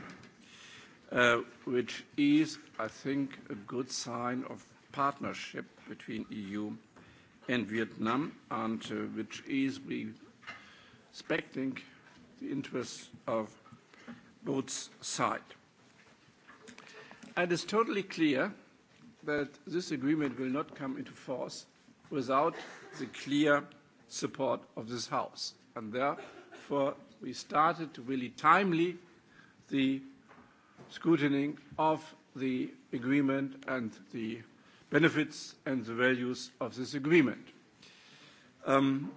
uh, which is, I think, a good sign of partnership between EU and Vietnam, and uh, which is respecting the interests of both sides. It is totally clear that this agreement will not come into force without the clear support of this House. And therefore, we started to really timely the scrutiny of the agreement and the benefits and the values of this agreement. Um,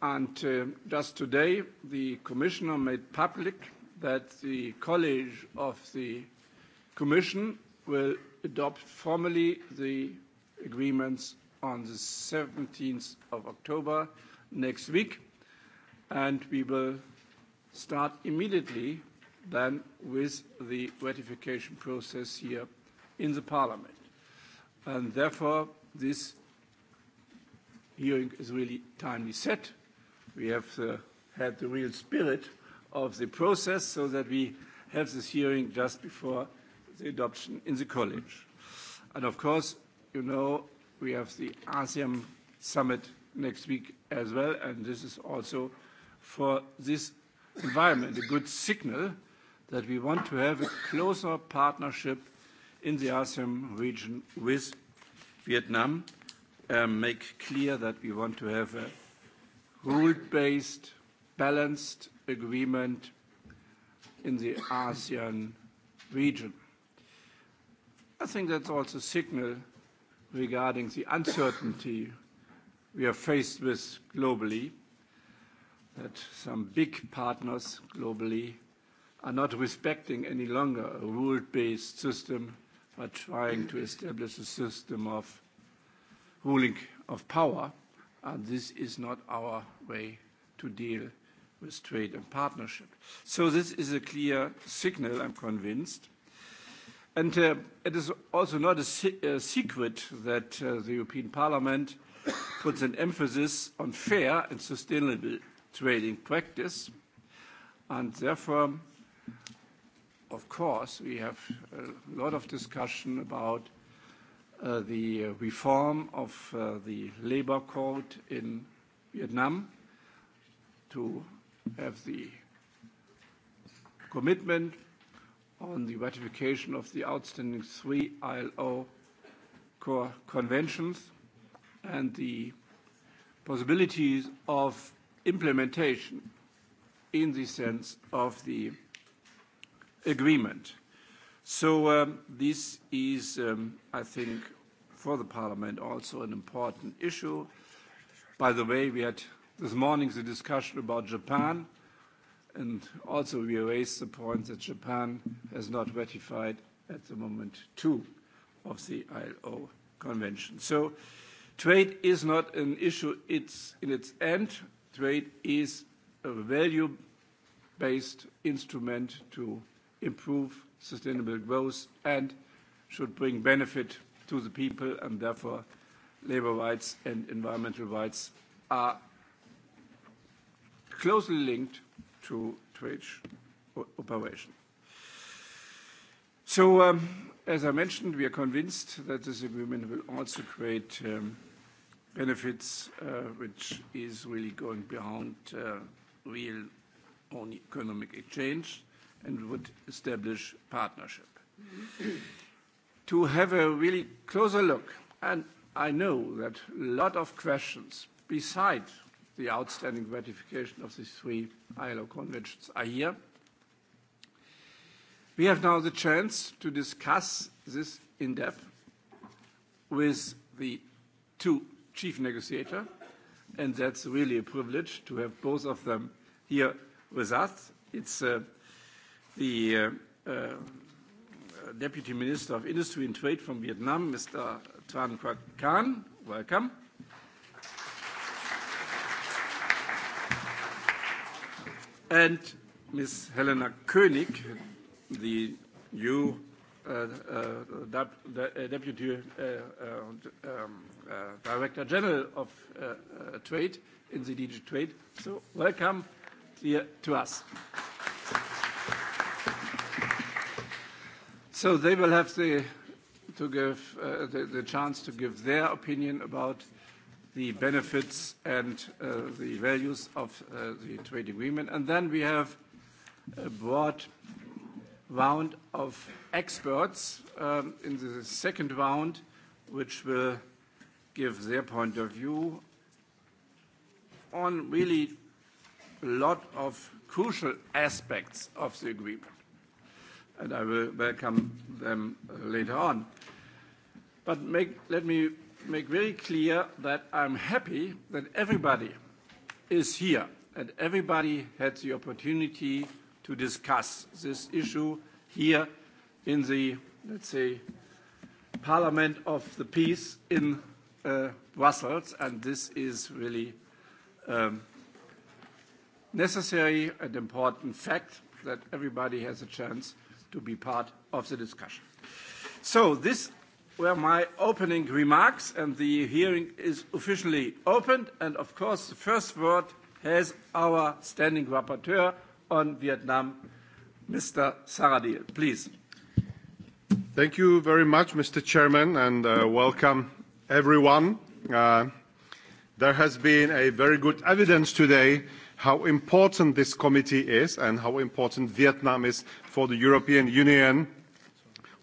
and uh, just today, the commissioner made public that the college of the commission will adopt formally the agreements on the 17th of October next week and we will start immediately then with the ratification process here in the parliament. And therefore, this hearing is really timely set. We have uh, had the real spirit of the process so that we have this hearing just before the adoption in the college. And of course, you know, we have the ASEAN summit next week as well, and this is also for this environment, a good signal that we want to have a closer partnership in the ASEAN region with Vietnam, um, make clear that we want to have a rule-based, balanced agreement in the ASEAN region. I think that's also a signal regarding the uncertainty we are faced with globally that some big partners globally are not respecting any longer a rule-based system, but trying to establish a system of ruling of power. And this is not our way to deal with trade and partnership. So this is a clear signal, I'm convinced. And uh, it is also not a, se a secret that uh, the European Parliament puts an emphasis on fair and sustainable trading practice. And therefore, of course, we have a lot of discussion about uh, the reform of uh, the labor code in Vietnam to have the commitment on the ratification of the outstanding three ILO core conventions and the possibilities of implementation in the sense of the agreement. So um, this is, um, I think, for the Parliament also an important issue. By the way, we had this morning the discussion about Japan, and also we raised the point that Japan has not ratified at the moment two of the ILO convention. So trade is not an issue it's in its end trade is a value-based instrument to improve sustainable growth and should bring benefit to the people, and therefore, labor rights and environmental rights are closely linked to trade operation. So, um, as I mentioned, we are convinced that this agreement will also create um, benefits, uh, which is really going beyond uh, real on economic exchange and would establish partnership. to have a really closer look, and I know that a lot of questions beside the outstanding ratification of these three ILO conventions are here. We have now the chance to discuss this in depth with the two chief negotiator, and that's really a privilege to have both of them here with us. It's uh, the uh, uh, Deputy Minister of Industry and Trade from Vietnam, Mr. Tran Quoc Khan. Welcome. And Ms. Helena König, the new Uh, uh, uh, deputy um, Director General of Trade in the DG Trade. So welcome here to us. So they will have the to give uh, the, the chance to give their opinion about the benefits and uh, the values of uh, the trade agreement. And then we have a broad round of experts um, in the second round, which will give their point of view on really a lot of crucial aspects of the agreement. And I will welcome them later on. But make, let me make very clear that I'm happy that everybody is here and everybody had the opportunity to discuss this issue here in the, let's say, Parliament of the Peace in uh, Brussels, and this is really um, necessary and important fact that everybody has a chance to be part of the discussion. So this were my opening remarks, and the hearing is officially opened. And of course, the first word has our standing rapporteur, on Vietnam. Mr. Saradil, please. Thank you very much, Mr. Chairman, and uh, welcome everyone. Uh, there has been a very good evidence today how important this committee is and how important Vietnam is for the European Union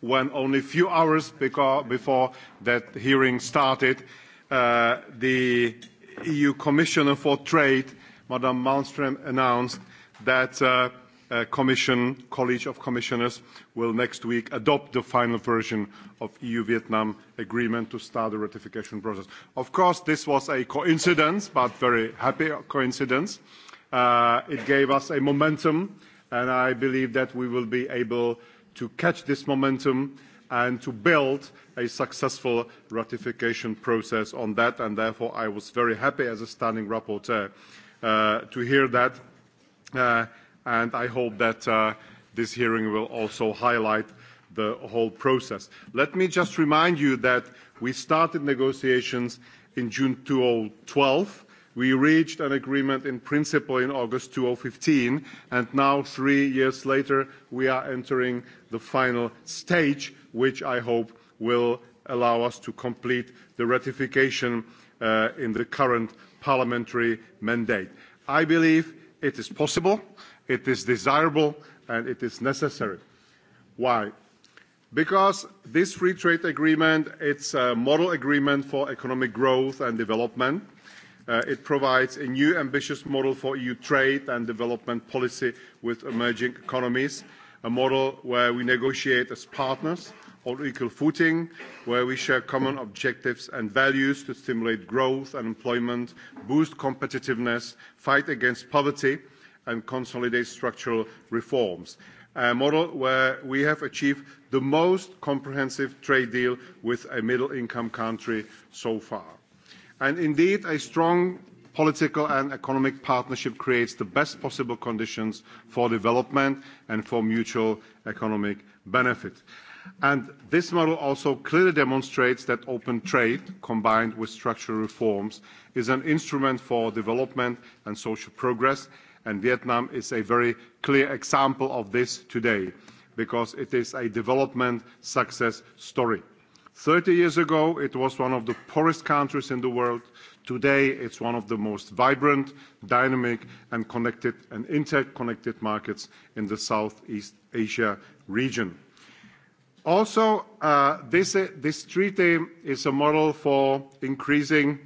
when only a few hours before that hearing started, uh, the EU Commissioner for Trade, Madame Malmström, announced that uh, uh, Commission, College of Commissioners, will next week adopt the final version of EU-Vietnam agreement to start the ratification process. Of course, this was a coincidence, but very happy coincidence. Uh, it gave us a momentum, and I believe that we will be able to catch this momentum and to build a successful ratification process on that. And therefore, I was very happy as a standing rapporteur uh, to hear that Uh, and I hope that uh, this hearing will also highlight the whole process. Let me just remind you that we started negotiations in June 2012. We reached an agreement in principle in August 2015, and now, three years later, we are entering the final stage, which I hope will allow us to complete the ratification uh, in the current parliamentary mandate. I believe It is possible, it is desirable, and it is necessary. Why? Because this free trade agreement, it's a model agreement for economic growth and development. Uh, it provides a new ambitious model for EU trade and development policy with emerging economies, a model where we negotiate as partners, on equal footing, where we share common objectives and values to stimulate growth and employment, boost competitiveness, fight against poverty, and consolidate structural reforms. A model where we have achieved the most comprehensive trade deal with a middle-income country so far. And indeed, a strong political and economic partnership creates the best possible conditions for development and for mutual economic benefit. And this model also clearly demonstrates that open trade, combined with structural reforms, is an instrument for development and social progress, and Vietnam is a very clear example of this today, because it is a development success story. 30 years ago, it was one of the poorest countries in the world. Today, it's one of the most vibrant, dynamic, and connected and interconnected markets in the Southeast Asia region. Also, uh, this, uh, this treaty is a model for increasing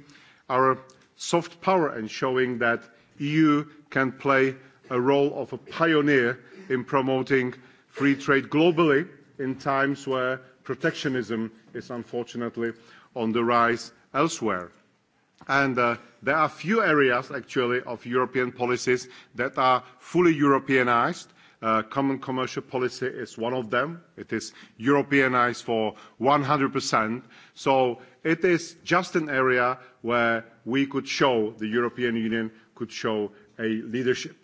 our soft power and showing that EU can play a role of a pioneer in promoting free trade globally in times where protectionism is unfortunately on the rise elsewhere. And uh, there are few areas actually of European policies that are fully Europeanized Uh, common commercial policy is one of them. It is Europeanized for 100%. So it is just an area where we could show, the European Union could show a leadership.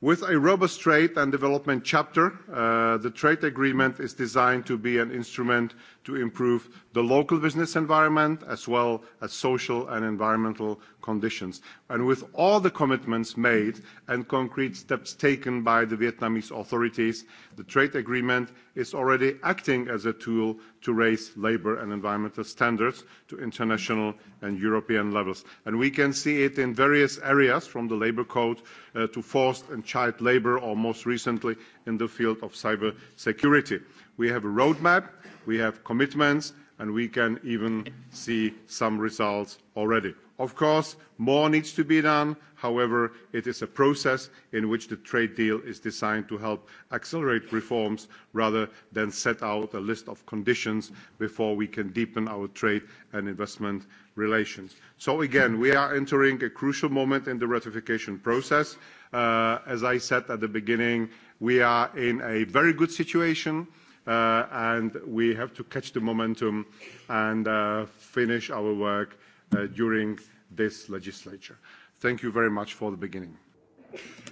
With a robust trade and development chapter, uh, the trade agreement is designed to be an instrument to improve the local business environment as well as social and environmental conditions. And with all the commitments made and concrete steps taken by the Vietnamese authorities, the trade agreement is already acting as a tool to raise labor and environmental standards to international and European levels. And we can see it in various areas, from the labor code uh, to forced and child labor, or most recently in the field of cyber security. We have a roadmap, we have commitments, and we can even see some results already. Of course, more needs to be done. However, it is a process in which the trade deal is designed to help accelerate reforms rather than set out a list of conditions before we can deepen our trade and investment relations. So again, we are entering a crucial moment in the ratification process. Uh, as I said at the beginning, we are in a very good situation. Uh, and we have to catch the momentum and uh, finish our work Uh, during this legislature. Thank you very much for the beginning.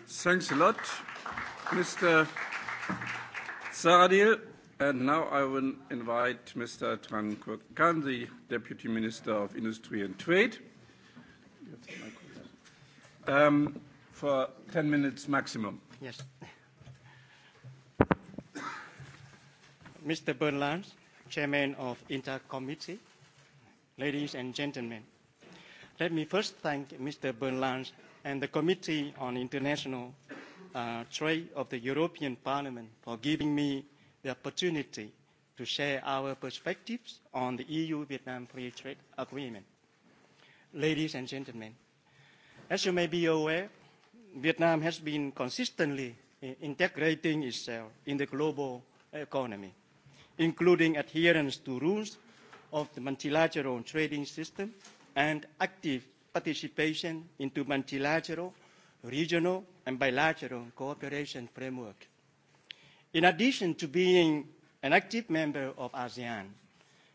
Thanks a lot, Mr. Saradil. And now I will invite Mr. Tran Khan, the Deputy Minister of Industry and Trade, um, for 10 minutes maximum. Yes. Mr. Bernland, Chairman of Inter Committee, ladies and gentlemen, Let me first thank Mr. Bernlange and the Committee on International uh, Trade of the European Parliament for giving me the opportunity to share our perspectives on the EU-Vietnam Free Trade Agreement. Ladies and gentlemen, as you may be aware, Vietnam has been consistently integrating itself in the global economy, including adherence to rules of the multilateral trading system and active participation into multilateral, regional, and bilateral cooperation framework. In addition to being an active member of ASEAN,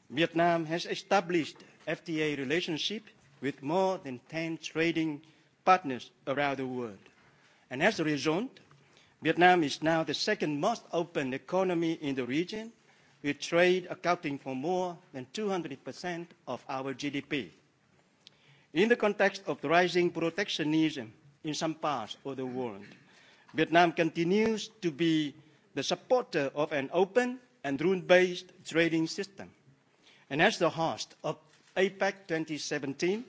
Vietnam has established FTA relationship with more than 10 trading partners around the world. And as a result, Vietnam is now the second most open economy in the region, with trade accounting for more than 200% of our GDP. In the context of the rising protectionism in some parts of the world, Vietnam continues to be the supporter of an open and rule-based trading system. And as the host of APEC 2017,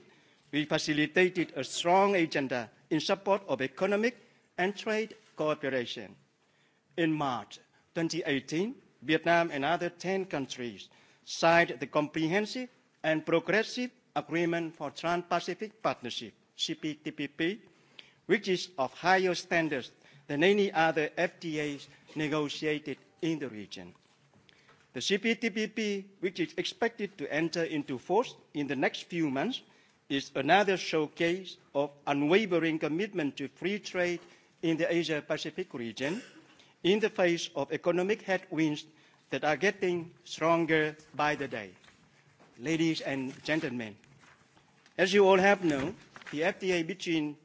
we facilitated a strong agenda in support of economic and trade cooperation. In March 2018, Vietnam and other 10 countries signed the Comprehensive and Progressive Agreement for Trans-Pacific Partnership, CPTPP, which is of higher standards than any other FTAs negotiated in the region. The CPTPP, which is expected to enter into force in the next few months, is another showcase of unwavering commitment to free trade in the Asia-Pacific region in the face of economic headwinds that are getting stronger by the day. Ladies and gentlemen, As you all have known, the FTA between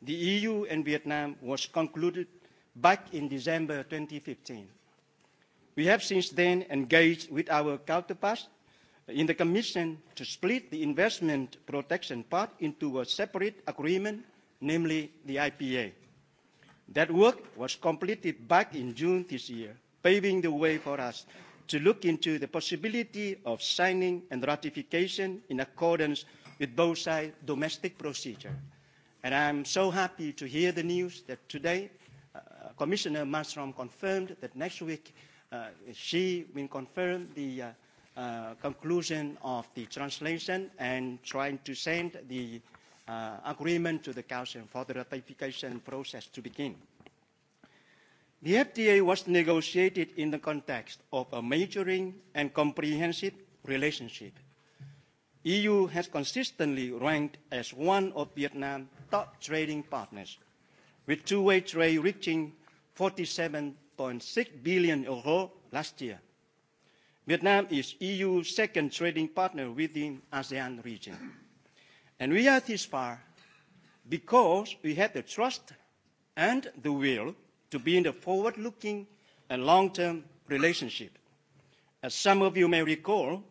the EU and Vietnam was concluded back in December 2015. We have since then engaged with our counterparts in the Commission to split the investment protection part into a separate agreement, namely the IPA. That work was completed back in June this year, paving the way for us to look into the possibility of signing and ratification in accordance with both sides domestic procedure. And I'm so happy to hear the news that today uh, uh, Commissioner Malmström confirmed that next week uh, she will confirm the uh, uh, conclusion of the translation and trying to send the uh, agreement to the Council for the ratification process to begin. The FTA was negotiated in the context of a majoring and comprehensive relationship EU has consistently ranked as one of Vietnam's top trading partners, with two-way trade reaching 47.6 billion euro last year. Vietnam is EU's second trading partner within ASEAN region. And we are this far because we have the trust and the will to be in a forward-looking and long-term relationship. As some of you may recall,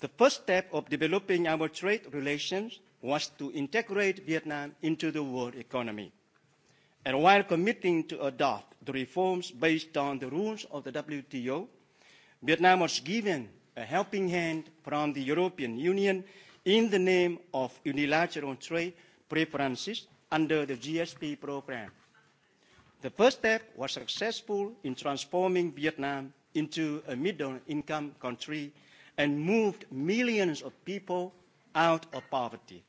The first step of developing our trade relations was to integrate Vietnam into the world economy. And while committing to adopt the reforms based on the rules of the WTO, Vietnam was given a helping hand from the European Union in the name of unilateral trade preferences under the GSP program. The first step was successful in transforming Vietnam into a middle-income country and moved millions of people out of poverty.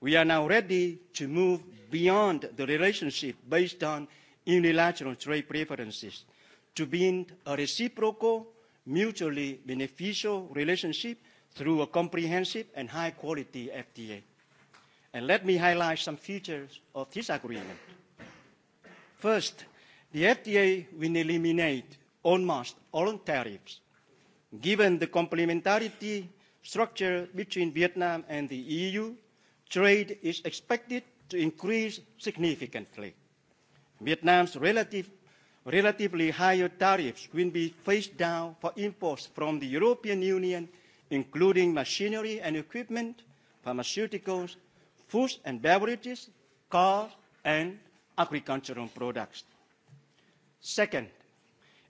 We are now ready to move beyond the relationship based on unilateral trade preferences to build a reciprocal, mutually beneficial relationship through a comprehensive and high-quality FTA. And let me highlight some features of this agreement. First, the FTA will eliminate almost all tariffs Given the complementarity structure between Vietnam and the EU, trade is expected to increase significantly. Vietnam's relative, relatively higher tariffs will be phased down for imports from the European Union, including machinery and equipment, pharmaceuticals, foods and beverages, cars, and agricultural products. Second,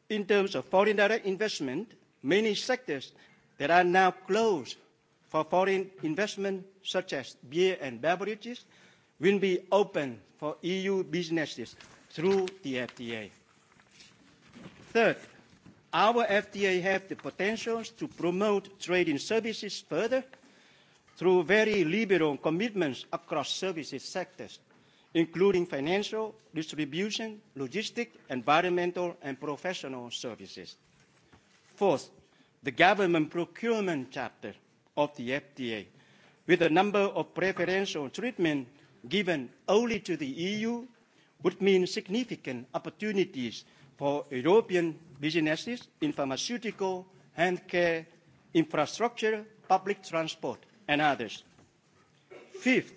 in terms of foreign direct investment, many sectors that are now closed for foreign investment, such as beer and beverages, will be open for EU businesses through the FTA. Third, our FTA have the potential to promote trading services further through very liberal commitments across services sectors, including financial, distribution, logistic, environmental, and professional services. First, the government procurement chapter of the FTA, with a number of preferential treatment given only to the EU, would mean significant opportunities for European businesses in pharmaceutical, healthcare, infrastructure, public transport, and others. Fifth,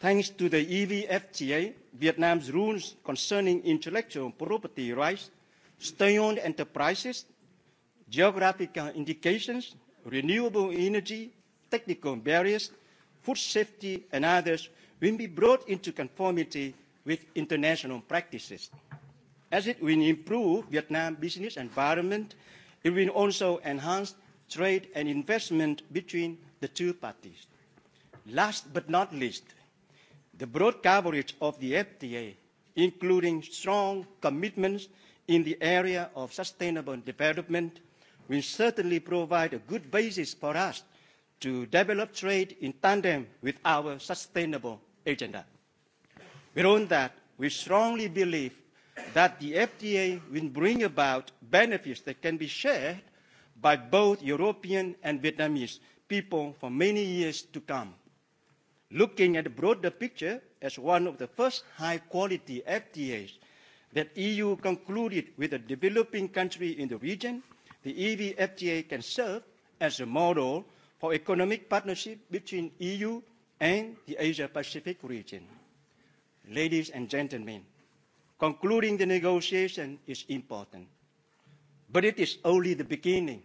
thanks to the EVFTA, Vietnam's rules concerning intellectual property rights, state-owned enterprises geographic indications, renewable energy, technical barriers, food safety and others will be brought into conformity with international practices. As it will improve Vietnam's business environment, it will also enhance trade and investment between the two parties. Last but not least, the broad coverage of the FTA, including strong commitments in the area of sustainable development, will certainly provide a good basis for us to develop trade in tandem with our sustainable agenda. Beyond that, we strongly believe that the FTA will bring about benefits that can be shared by both European and Vietnamese people for many years to come. Looking at the broader picture as one of the first high-quality FTAs that EU concluded with a developing country in the region, the EV FTA can serve as a model for economic partnership between EU and the Asia-Pacific region. Ladies and gentlemen, concluding the negotiation is important, but it is only the beginning.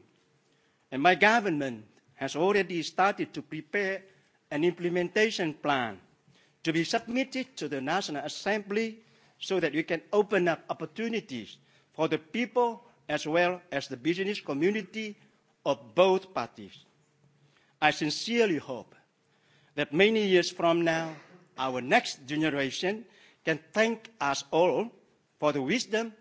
And my government has already started to prepare an implementation plan to be submitted to the National Assembly so that we can open up opportunities for the people as well as the business community of both parties. I sincerely hope that many years from now, our next generation can thank us all for the wisdom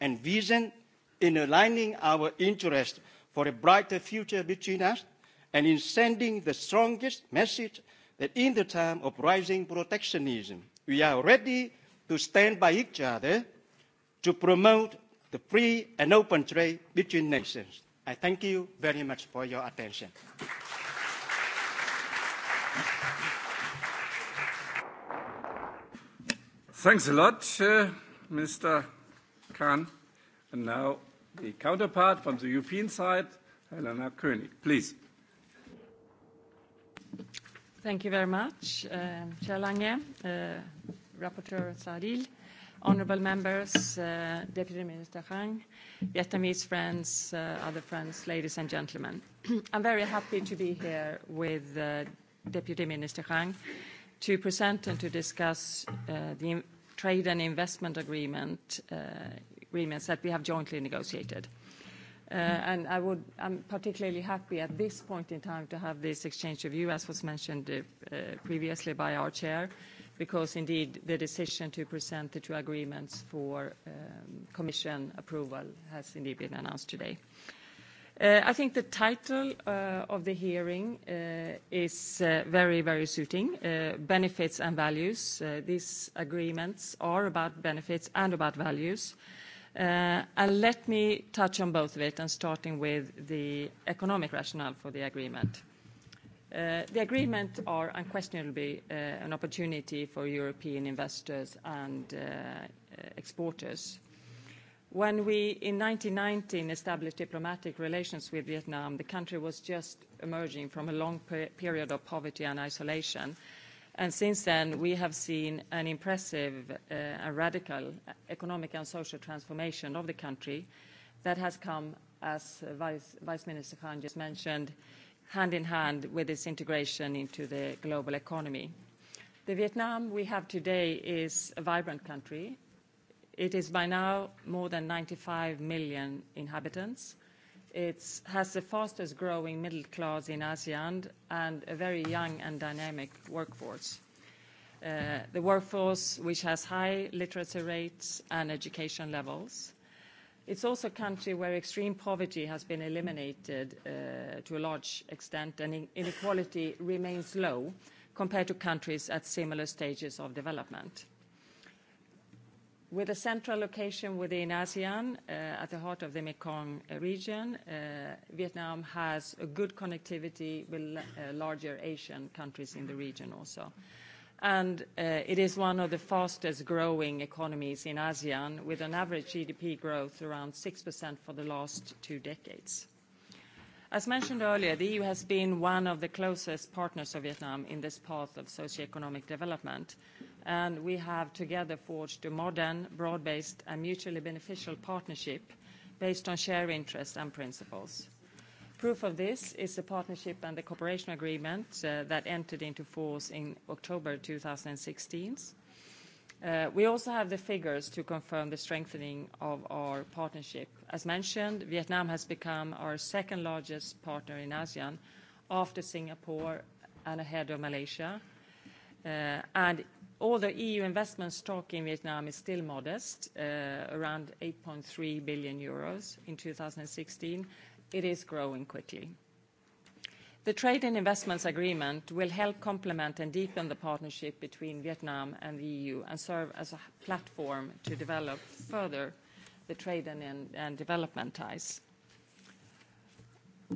and vision in aligning our interests for a brighter future between us and in sending the strongest message that in the time of rising protectionism, we are ready to stand by each other to promote The free and open trade between nations. I thank you very much for your attention. Thanks a lot, uh, Mr. Khan. And now the counterpart from the European side, Helena König, please. Thank you very much, uh, Chair Lange, uh, Rapporteur Sadil honorable members, uh, Deputy Minister Hang, Vietnamese friends, uh, other friends, ladies and gentlemen. I'm very happy to be here with uh, Deputy Minister Hang to present and to discuss uh, the trade and investment agreement uh, agreements that we have jointly negotiated. Uh, and I would, I'm particularly happy at this point in time to have this exchange of view, as was mentioned uh, previously by our chair, uh, because indeed the decision to present the two agreements for um, Commission approval has indeed been announced today. Uh, I think the title uh, of the hearing uh, is uh, very, very suiting, uh, Benefits and Values. Uh, these agreements are about benefits and about values. And let me touch on both of it, and starting with the economic rationale for the agreement. Uh, the agreement are unquestionably uh, an opportunity for European investors and uh, uh exporters. When we, in 1919, established diplomatic relations with Vietnam, the country was just emerging from a long per period of poverty and isolation. And since then, we have seen an impressive uh, and radical economic and social transformation of the country that has come, as Vice, Vice Minister Khan just mentioned, hand in hand with its integration into the global economy. The Vietnam we have today is a vibrant country. It is by now more than 95 million inhabitants. It has the fastest growing middle class in ASEAN and a very young and dynamic workforce. Uh, the workforce, which has high literacy rates and education levels, It's also a country where extreme poverty has been eliminated uh, to a large extent, and inequality remains low compared to countries at similar stages of development. With a central location within ASEAN, uh, at the heart of the Mekong uh, region, uh, Vietnam has a good connectivity with uh, larger Asian countries in the region also and uh, it is one of the fastest-growing economies in ASEAN, with an average GDP growth around 6% for the last two decades. As mentioned earlier, the EU has been one of the closest partners of Vietnam in this path of socioeconomic development, and we have together forged a modern, broad-based, and mutually beneficial partnership based on shared interests and principles. Proof of this is the partnership and the cooperation agreement uh, that entered into force in October 2016. Uh, we also have the figures to confirm the strengthening of our partnership. As mentioned, Vietnam has become our second-largest partner in ASEAN after Singapore and ahead of Malaysia. Uh, and all the EU investment stock in Vietnam is still modest, around 8.3 billion euros in 2016, it is growing quickly. The Trade and Investments Agreement will help complement and deepen the partnership between Vietnam and the EU and serve as a platform to develop further the trade and, development ties.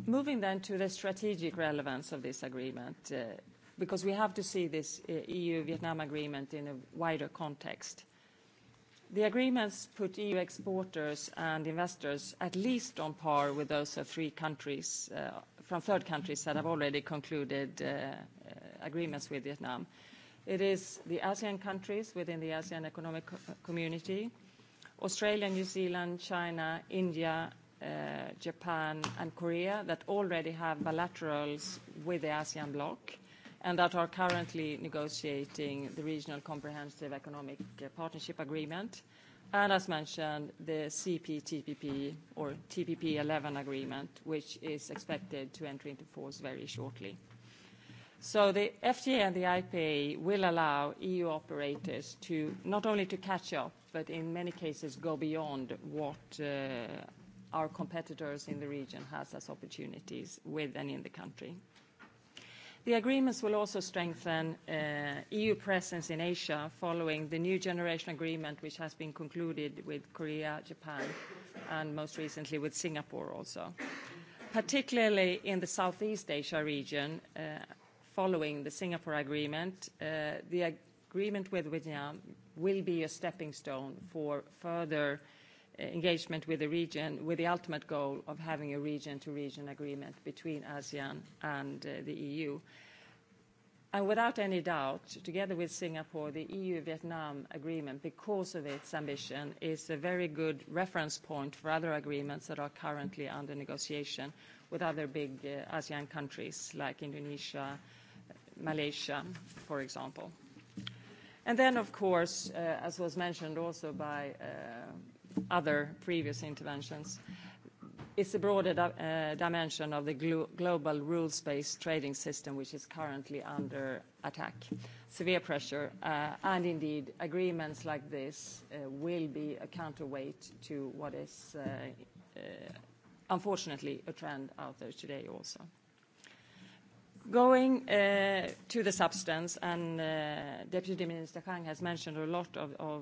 Moving then to the strategic relevance of this agreement, uh, because we have to see this uh, EU-Vietnam agreement in a wider context. The agreements put EU exporters and investors at least on par with those of three countries uh, from third countries that have already concluded uh, uh, agreements with Vietnam. It is the ASEAN countries within the ASEAN Economic Co Community, Australia, New Zealand, China, India, uh, Japan, and Korea that already have bilaterals with the ASEAN bloc and that are currently negotiating the Regional Comprehensive Economic Partnership Agreement, and as mentioned, the CPTPP or TPP-11 agreement, which is expected to enter into force very shortly. So the FTA and the IPA will allow EU operators to not only to catch up, but in many cases, go beyond what uh, our competitors in the region has as opportunities with and in the country. The agreements will also strengthen uh, EU presence in Asia following the new generation agreement, which has been concluded with Korea, Japan, and most recently with Singapore also. Particularly in the Southeast Asia region, uh, following the Singapore agreement, uh, the agreement with Vietnam will be a stepping stone for further Uh, engagement with the region with the ultimate goal of having a region-to-region -region agreement between ASEAN and uh, the EU. And without any doubt, together with Singapore, the EU-Vietnam agreement, because of its ambition, is a very good reference point for other agreements that are currently under negotiation with other big uh, ASEAN countries like Indonesia, Malaysia, for example. And then, of course, uh, as was mentioned also by uh, other previous interventions is the broader uh, dimension of the global rules-based trading system, which is currently under attack. Severe pressure, uh, and indeed, agreements like this uh, will be a counterweight to what is, unfortunately, a trend out there today also. Going uh, to the substance, and uh, Deputy Minister Kang has mentioned a lot of, uh,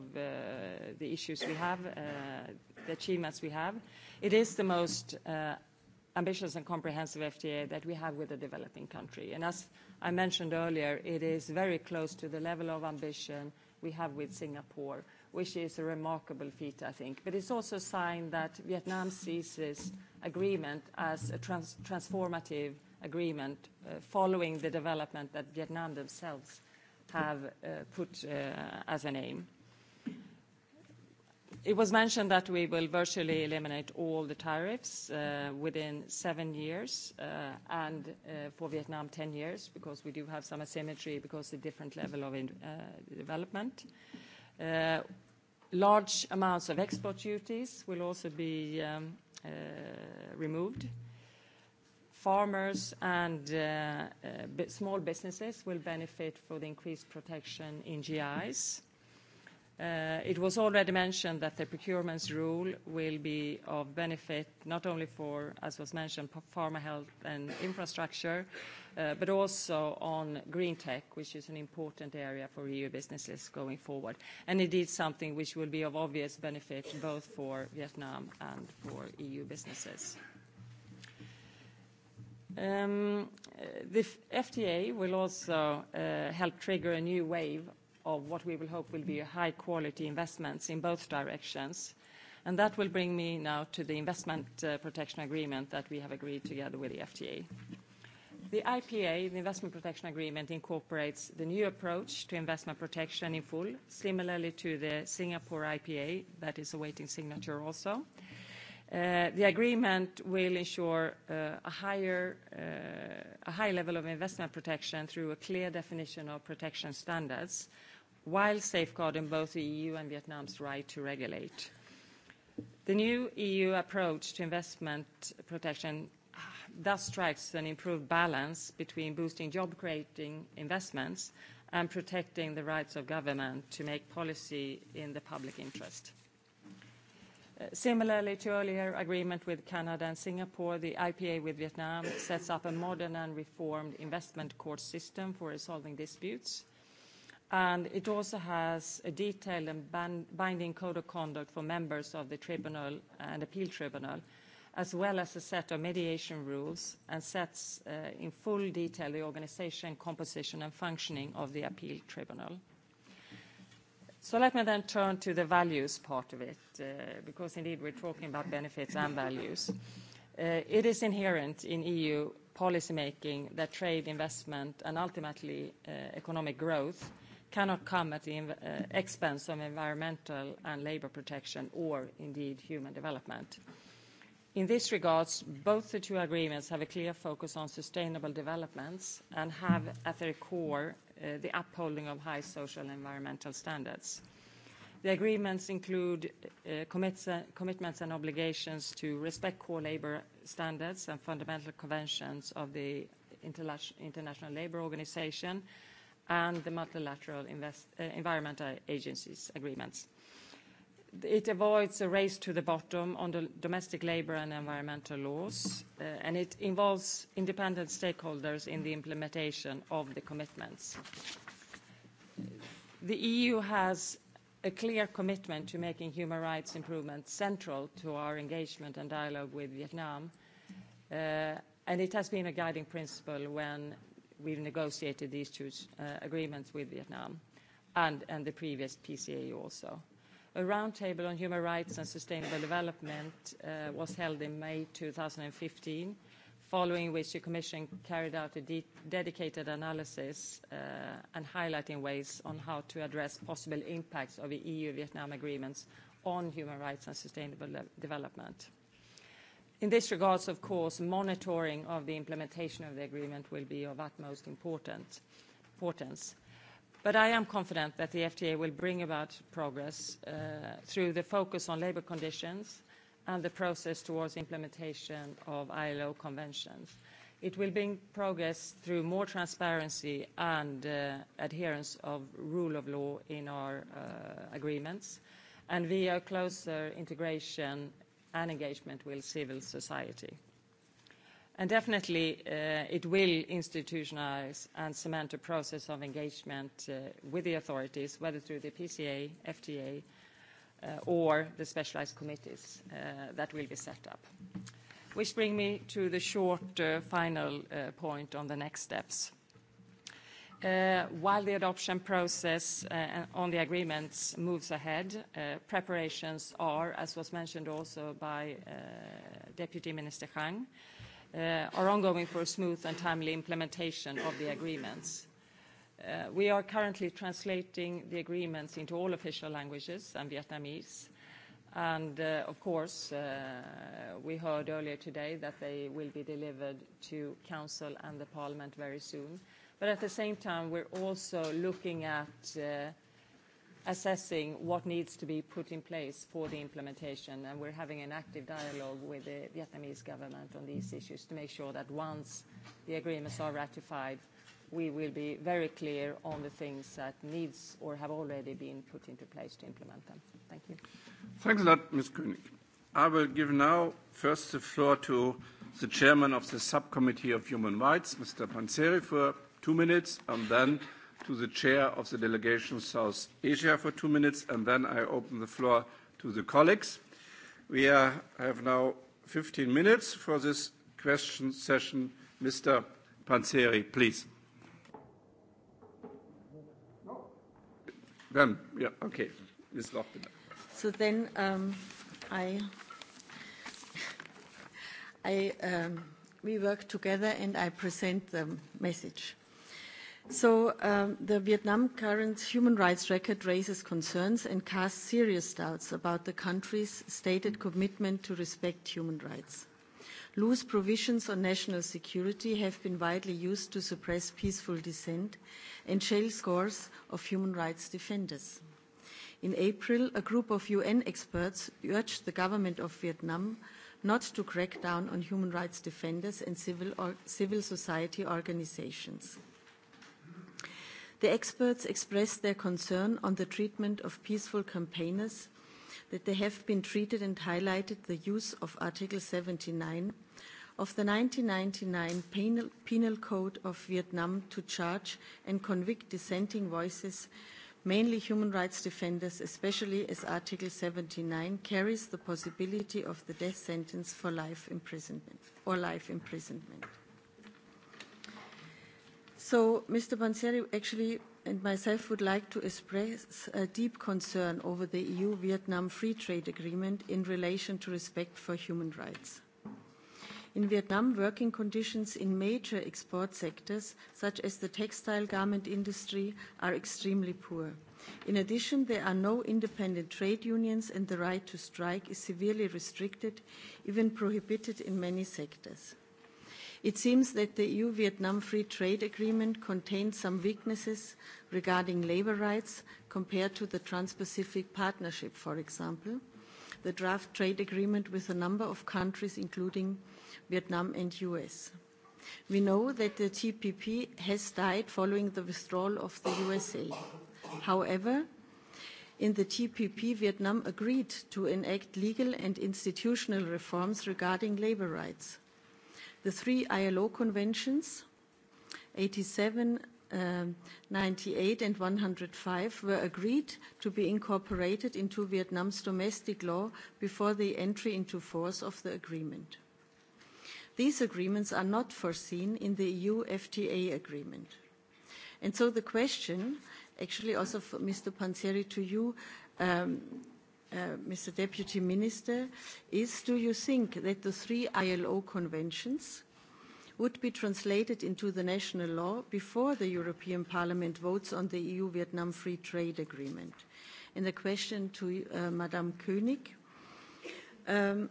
the issues we have, the achievements we have. It is the most ambitious and comprehensive FTA that we have with a developing country. And as I mentioned earlier, it is very close to the level of ambition we have with Singapore, which is a remarkable feat, I think. But it's also a sign that Vietnam sees this agreement as a transformative agreement uh, following the development that Vietnam themselves have uh, put uh, as an aim. It was mentioned that we will virtually eliminate all the tariffs uh, within seven years, uh, and uh, for Vietnam, 10 years, because we do have some asymmetry because of the different level of uh, development. Uh, large amounts of export duties will also be um, uh, removed farmers and uh, uh, small businesses will benefit from the increased protection in GIs. Uh, it was already mentioned that the procurement rule will be of benefit not only for, as was mentioned, pharma health and infrastructure, uh, but also on green tech, which is an important area for EU businesses going forward. And is something which will be of obvious benefit both for Vietnam and for EU businesses. Um, the FTA will also uh, help trigger a new wave of what we will hope will be high-quality investments in both directions. and That will bring me now to the investment uh, protection agreement that we have agreed together with the FTA. The IPA, the investment protection agreement, incorporates the new approach to investment protection in full, similarly to the Singapore IPA that is awaiting signature also. Uh, the agreement will ensure uh, a, higher, uh, a high level of investment protection through a clear definition of protection standards, while safeguarding both the EU and Vietnam's right to regulate. The new EU approach to investment protection uh, thus strikes an improved balance between boosting job-creating investments and protecting the rights of government to make policy in the public interest. Similarly to earlier agreement with Canada and Singapore, the IPA with Vietnam sets up a modern and reformed investment court system for resolving disputes. and It also has a detailed and binding code of conduct for members of the tribunal and appeal tribunal, as well as a set of mediation rules, and sets uh, in full detail the organization, composition, and functioning of the appeal tribunal. So let me then turn to the values part of it, uh, because indeed we're talking about benefits and values. Uh, it is inherent in EU policymaking that trade, investment, and ultimately uh, economic growth cannot come at the uh, expense of environmental and labor protection or indeed human development. In this regards, both the two agreements have a clear focus on sustainable developments and have at their core Uh, the upholding of high social and environmental standards. The agreements include uh, uh, commitments and obligations to respect core labor standards and fundamental conventions of the International Labour Organization and the multilateral environmental agencies agreements. It avoids a race to the bottom on the domestic labor and environmental laws, uh, and it involves independent stakeholders in the implementation of the commitments. The EU has a clear commitment to making human rights improvement central to our engagement and dialogue with Vietnam, uh, and it has been a guiding principle when we've negotiated these two uh, agreements with Vietnam and, and the previous PCA also. A roundtable on human rights and sustainable development uh, was held in May 2015, following which the Commission carried out a de dedicated analysis uh, and highlighting ways on how to address possible impacts of the EU-Vietnam agreements on human rights and sustainable development. In this regards, of course, monitoring of the implementation of the agreement will be of utmost importance. But I am confident that the FDA will bring about progress uh, through the focus on labor conditions and the process towards implementation of ILO conventions. It will bring progress through more transparency and uh, adherence of rule of law in our uh, agreements, and via closer integration and engagement with civil society. And definitely, uh, it will institutionalize and cement a process of engagement uh, with the authorities, whether through the PCA, FTA, uh, or the specialized committees uh, that will be set up. Which bring me to the short uh, final uh, point on the next steps. While the adoption process on the agreements moves ahead, preparations are, as was mentioned also by Deputy Minister Hang. Uh, are ongoing for a smooth and timely implementation of the agreements. Uh, we are currently translating the agreements into all official languages and Vietnamese. And uh, of course, uh, we heard earlier today that they will be delivered to Council and the Parliament very soon. But at the same time, we're also looking at uh, assessing what needs to be put in place for the implementation, and we're having an active dialogue with the Vietnamese government on these issues to make sure that once the agreements are ratified, we will be very clear on the things that needs or have already been put into place to implement them. Thank you. Thanks a lot, Ms. König. I will give now first the floor to the chairman of the Subcommittee of Human Rights, Mr. Panzeri, for two minutes, and then to the chair of the delegation South Asia for two minutes, and then I open the floor to the colleagues. We are, have now 15 minutes for this question session. Mr. Panzeri, please. No. Then, yeah, okay. Ms. Lochbihler. So then, um, I, I, um, we work together, and I present the message. So um, the Vietnam current human rights record raises concerns and casts serious doubts about the country's stated commitment to respect human rights. Loose provisions on national security have been widely used to suppress peaceful dissent and jail scores of human rights defenders. In April, a group of UN experts urged the government of Vietnam not to crack down on human rights defenders and civil, or, civil society organizations. The experts expressed their concern on the treatment of peaceful campaigners, that they have been treated and highlighted the use of Article 79 of the 1999 Penal, Penal Code of Vietnam to charge and convict dissenting voices mainly human rights defenders, especially as Article 79 carries the possibility of the death sentence for life imprisonment or life imprisonment. So, Mr. Panseri, actually, and myself would like to express a deep concern over the EU-Vietnam Free Trade Agreement in relation to respect for human rights. In Vietnam, working conditions in major export sectors, such as the textile garment industry, are extremely poor. In addition, there are no independent trade unions and the right to strike is severely restricted, even prohibited in many sectors. It seems that the EU-Vietnam Free Trade Agreement contains some weaknesses regarding labor rights compared to the Trans-Pacific Partnership, for example. The draft trade agreement with a number of countries, including Vietnam and US. We know that the TPP has died following the withdrawal of the USA. However, in the TPP, Vietnam agreed to enact legal and institutional reforms regarding labor rights the three ILO conventions, 87, uh, 98 and 105 were agreed to be incorporated into Vietnam's domestic law before the entry into force of the agreement. These agreements are not foreseen in the EU FTA agreement. And so the question, actually also for Mr. Panzeri to you, um, Uh, Mr. Deputy Minister, is do you think that the three ILO conventions would be translated into the national law before the European Parliament votes on the EU-Vietnam Free Trade Agreement? And the question to uh, Madame Koenig, um,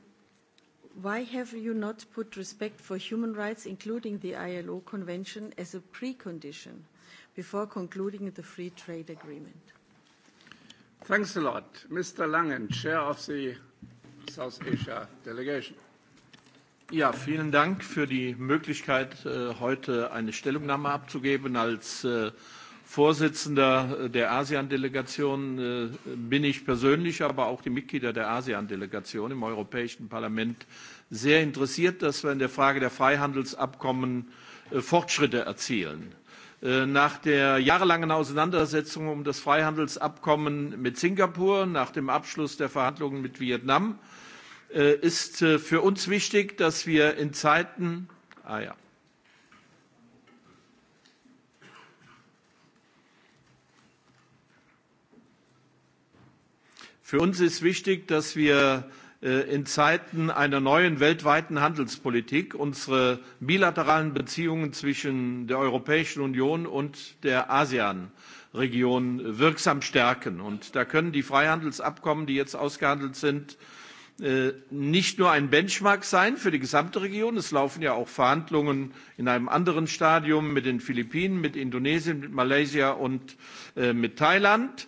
why have you not put respect for human rights, including the ILO Convention, as a precondition before concluding the Free Trade Agreement? Thanks a lot. Mr. Langen, Chair of the South Asia Delegation. Ja, vielen Dank für die Möglichkeit, äh, heute eine Stellungnahme abzugeben. Als äh, Vorsitzender äh, der ASEAN-Delegation bin ich persönlich, aber auch die Mitglieder der ASEAN-Delegation im Europäischen Parlament sehr interessiert, dass wir in der Frage der Freihandelsabkommen Fortschritte erzielen. Äh, nach der jahrelangen Auseinandersetzung um das Freihandelsabkommen mit Singapur, nach dem Abschluss der Verhandlungen mit Vietnam, äh, ist äh, für uns wichtig, dass wir in Zeiten ah ja. Für uns ist wichtig, dass wir Äh, in Zeiten einer neuen weltweiten Handelspolitik unsere bilateralen Beziehungen zwischen der Europäischen Union und der ASEAN-Region wirksam stärken. Und da können die Freihandelsabkommen, die jetzt ausgehandelt sind, äh, nicht nur ein Benchmark sein für die gesamte Region. Es laufen ja auch Verhandlungen in einem anderen Stadium mit den Philippinen, mit Indonesien, mit Malaysia und äh, mit Thailand.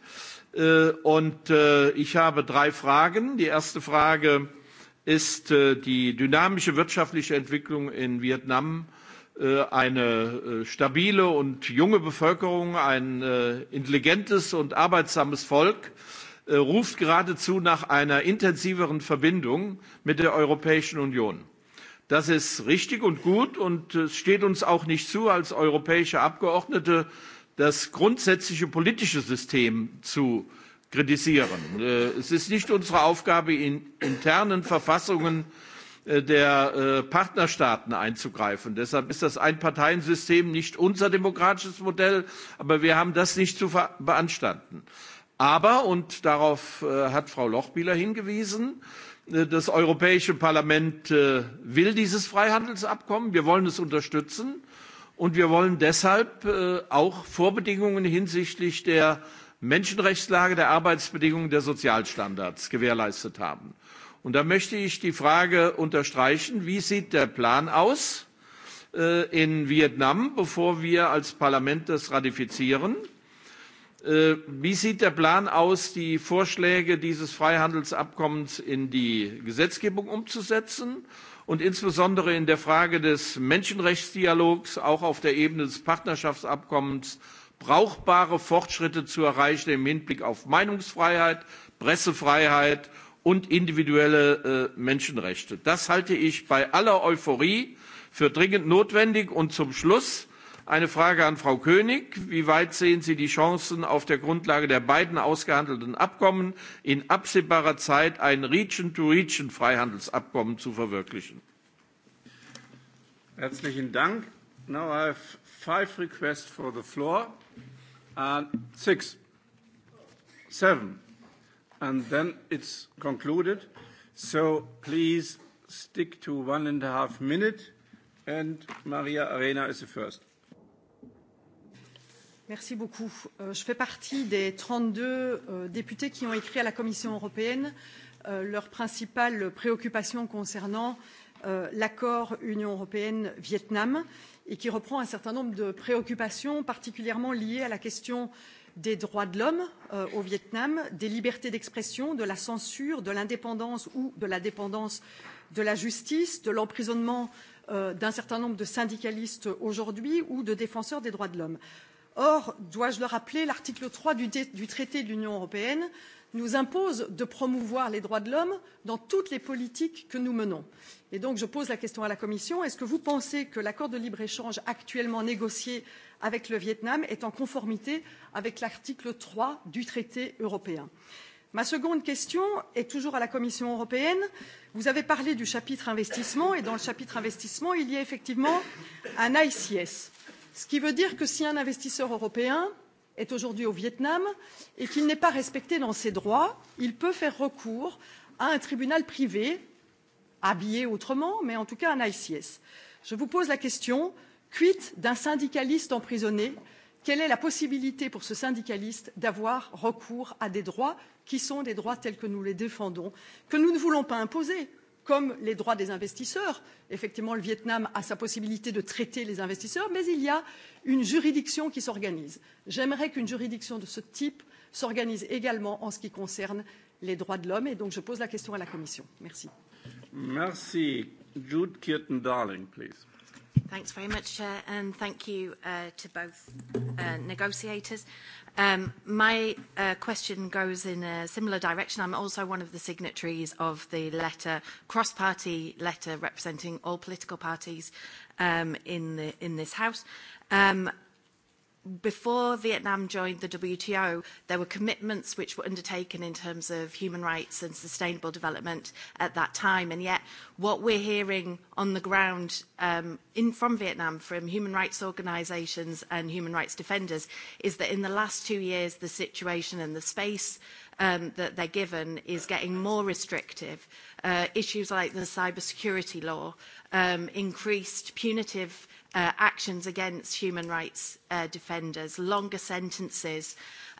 Äh, und äh, ich habe drei Fragen. Die erste Frage ist äh, die dynamische wirtschaftliche Entwicklung in Vietnam eine stabile und junge Bevölkerung, ein intelligentes und arbeitsames Volk ruft geradezu nach einer intensiveren Verbindung mit der Europäischen Union. Das ist richtig und gut und es steht uns auch nicht zu, als europäische Abgeordnete das grundsätzliche politische System zu kritisieren. Äh, es ist nicht unsere Aufgabe, in internen Verfassungen äh, der äh, Partnerstaaten einzugreifen. Deshalb ist das Einparteiensystem nicht unser demokratisches Modell, aber wir haben das nicht zu beanstanden. Aber, und darauf hat Frau Lochbihler hingewiesen, das Europäische Parlament will dieses Freihandelsabkommen. Wir wollen es unterstützen. Und wir wollen deshalb äh, auch Vorbedingungen hinsichtlich der Menschenrechtslage, der Arbeitsbedingungen, der Sozialstandards gewährleistet haben. Und da möchte ich die Frage unterstreichen, wie sieht der Plan aus äh, in Vietnam, bevor wir als Parlament das ratifizieren? Äh, wie sieht der Plan aus, die Vorschläge dieses Freihandelsabkommens in die Gesetzgebung umzusetzen und insbesondere in der Frage des Menschenrechtsdialogs auch auf der Ebene des Partnerschaftsabkommens brauchbare Fortschritte zu erreichen im Hinblick auf Meinungsfreiheit, Pressefreiheit und individuelle äh, Menschenrechte? Das halte ich bei aller Euphorie für dringend notwendig. Und zum Schluss Eine Frage an Frau König. Wie weit sehen Sie die Chancen, auf der Grundlage der beiden ausgehandelten Abkommen in absehbarer Zeit ein Region-to-Region-Freihandelsabkommen zu verwirklichen? Herzlichen Dank. Now I have five requests for the floor. Uh, six, seven. And then it's concluded. So please stick to one and a half minute. And Maria Arena is the first. Merci beaucoup. Euh, je fais partie des 32 euh, députés qui ont écrit à la Commission européenne euh, leurs principales préoccupations concernant euh, l'accord Union européenne-Vietnam et qui reprend un certain nombre de préoccupations particulièrement liées à la question des droits de l'homme euh, au Vietnam, des libertés d'expression, de la censure, de l'indépendance ou de la dépendance de la justice, de l'emprisonnement euh, d'un certain nombre de syndicalistes aujourd'hui ou de défenseurs des droits de l'homme. Or, dois je le rappeler, l'article 3 du, du traité de l'Union européenne nous impose de promouvoir les droits de l'homme dans toutes les politiques que nous menons. Et donc, je pose la question à la Commission est ce que vous pensez que l'accord de libre échange actuellement négocié avec le Vietnam est en conformité avec l'article 3 du traité européen? Ma seconde question est toujours à la Commission européenne. Vous avez parlé du chapitre investissement et dans le chapitre investissement, il y a effectivement un ICS Ce qui veut dire que si un investisseur européen est aujourd'hui au Vietnam et qu'il n'est pas respecté dans ses droits, il peut faire recours à un tribunal privé, habillé autrement, mais en tout cas un ICS. Je vous pose la question, quid d'un syndicaliste emprisonné Quelle est la possibilité pour ce syndicaliste d'avoir recours à des droits qui sont des droits tels que nous les défendons, que nous ne voulons pas imposer comme les droits des investisseurs. Effectivement, le Vietnam a sa possibilité de traiter les investisseurs, mais il y a une juridiction qui s'organise. J'aimerais qu'une juridiction de ce type s'organise également en ce qui concerne les droits de l'homme, et donc je pose la question à la Commission. Merci. Merci. Jude Kirton Darling, please. Thanks very much, Chair, and thank you uh, to both uh, negotiators. Um, my uh, question goes in a similar direction. I'm also one of the signatories of the letter, cross-party letter representing all political parties um, in, the, in this House. Um, before Vietnam joined the WTO, there were commitments which were undertaken in terms of human rights and sustainable development at that time. And yet, what we're hearing on the ground um, in, from Vietnam, from human rights organisations and human rights defenders, is that in the last two years, the situation and the space um, that they're given is getting more restrictive. Uh, issues like the cybersecurity law um, increased punitive uh, actions against human rights uh, defenders, longer sentences,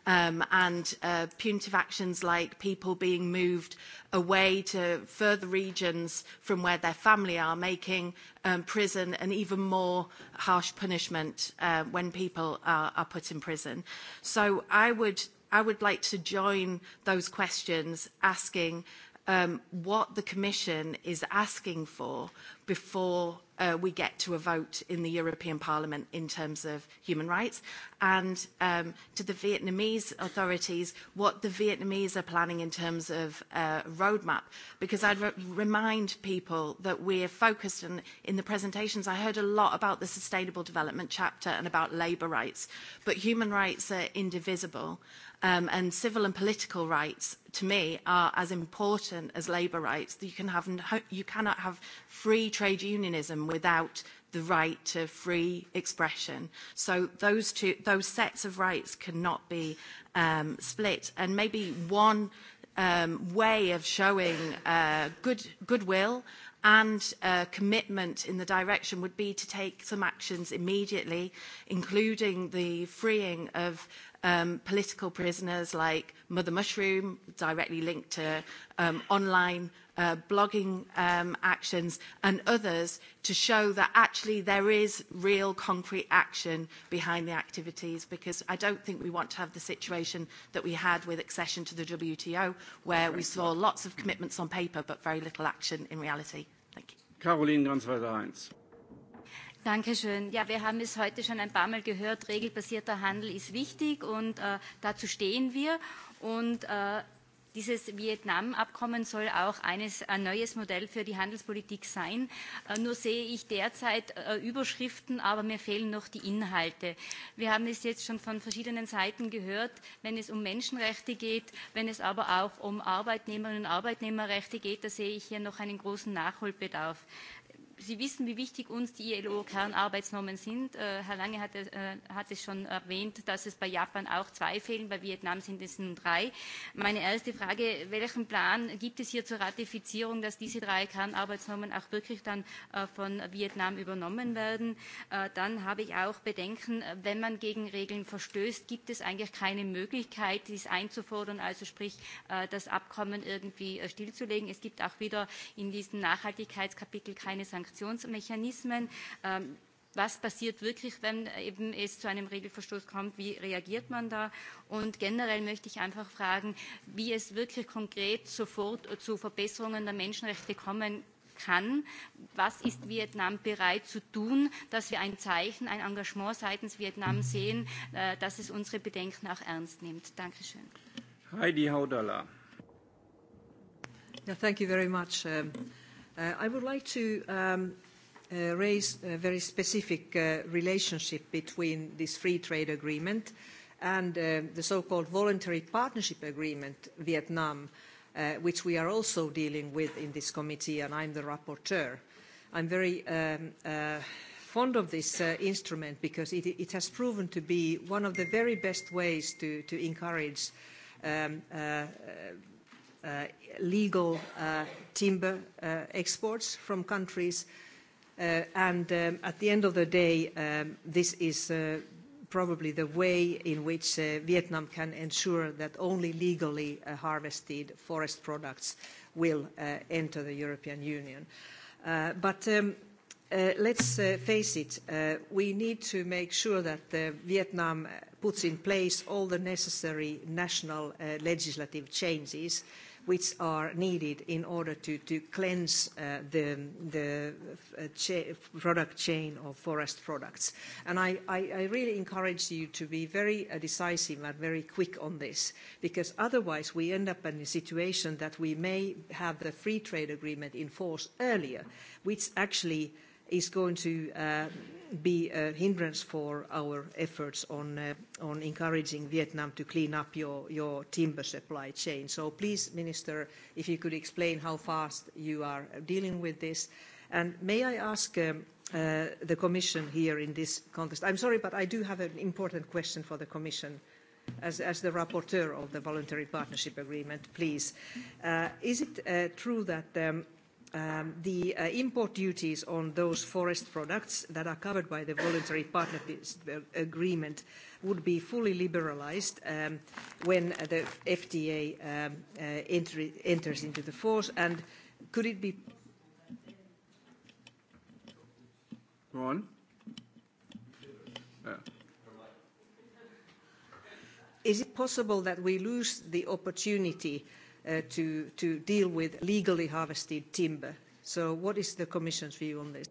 um, and uh, punitive actions like people being moved away to further regions from where their family are, making um, prison an even more harsh punishment uh, when people are, are put in prison. So I would, I would like to join those questions asking um, what the Commission is asking for before uh, we get to a vote in the European Parliament in terms of human rights, and um, to the Vietnamese authorities what the Vietnamese are planning in terms of uh, roadmap. Because I'd re- remind people that we're focused on, in the presentations, I heard a lot about the Sustainable Development chapter and about labour rights, but human rights are indivisible um, and civil and political rights to me are as important as labour rights. You, can have no, you cannot have free trade unionism without the right to free expression. So those two, those sets of rights cannot be um, split. And maybe one um, way of showing uh, good goodwill and uh, commitment in the direction would be to take some actions immediately, including the freeing of um, political prisoners like Mother Mushroom, directly linked to um, online uh, blogging um, actions, and others to show that actually there is real concrete action behind the activities because I don't think we want to have the situation that we had with accession to the WTO where we saw lots of commitments on paper but very little action in reality. Thank you. Caroline Ganzweiler-Heinz. Danke schön. Ja, wir haben es heute schon ein paar Mal gehört. Regelbasierter Handel ist wichtig und äh, dazu stehen wir. Und äh, Dieses Vietnam-Abkommen soll auch eines, ein neues Modell für die Handelspolitik sein. Äh, nur sehe ich derzeit äh, Überschriften, aber mir fehlen noch die Inhalte. Wir haben es jetzt schon von verschiedenen Seiten gehört, wenn es um Menschenrechte geht, wenn es aber auch um Arbeitnehmerinnen und Arbeitnehmerrechte geht, da sehe ich hier noch einen großen Nachholbedarf. Sie wissen, wie wichtig uns die ILO-Kernarbeitsnormen sind. Äh, Herr Lange hat, äh, hat es schon erwähnt, dass es bei Japan auch zwei fehlen, bei Vietnam sind es nun drei. Meine erste Frage, welchen Plan gibt es hier zur Ratifizierung, dass diese drei Kernarbeitsnormen auch wirklich dann äh, von Vietnam übernommen werden? Äh, dann habe ich auch Bedenken, wenn man gegen Regeln verstößt, gibt es eigentlich keine Möglichkeit, dies einzufordern, also sprich, äh, das Abkommen irgendwie äh, stillzulegen. Es gibt auch wieder in diesem Nachhaltigkeitskapitel keine Sanktionen Sanktionsmechanismen. Ähm, was passiert wirklich, wenn eben es zu einem Regelverstoß kommt, wie reagiert man da? Und generell möchte ich einfach fragen, wie es wirklich konkret sofort zu Verbesserungen der Menschenrechte kommen kann. Was ist Vietnam bereit zu tun, dass wir ein Zeichen, ein Engagement seitens Vietnam sehen, äh, dass es unsere Bedenken auch ernst nimmt? Dankeschön. Heidi Haudala. Yeah, thank you very much. Um, Uh, I would like to um, uh, raise a very specific uh, relationship between this free trade agreement and the so-called voluntary partnership agreement Vietnam, which we are also dealing with in this committee, and I'm the rapporteur. I'm very um, fond of this instrument because it, has proven to be one of the very best ways to, encourage um, Uh, legal uh, timber uh, exports from countries. Uh, and um, at the end of the day, um, this is uh, probably the way in which uh, Vietnam can ensure that only legally uh, harvested forest products will uh, enter the European Union. Uh, but um, Uh, let's uh, face it, uh, we need to make sure that uh, Vietnam uh, puts in place all the necessary national legislative changes uh, which are needed in order to, to cleanse uh, the, the uh, cha product chain of forest products. And I, I, I really encourage you to be very uh, decisive and very quick on this, because otherwise we end up in a situation that we may have the free trade agreement in force earlier, which actually uh, is going to uh, be a hindrance for our efforts on, uh, on encouraging Vietnam to clean up your, your timber supply chain. So please, Minister, if you could explain how fast you are dealing with this. And may I ask um, uh, the Commission here in this context? I'm sorry, but I do have an important question for the Commission as, as the rapporteur of the Voluntary Partnership Agreement, please. Uh, is it uh, true that um, Um, the uh, import duties on those forest products that are covered by the voluntary partnership agreement would be fully liberalized um, when the FTA um, uh, enters into the force? And could it be... Go on. Uh. Is it possible that we lose the opportunity uh, Uh, to, deal with legally harvested timber. So what is the Commission's view on this?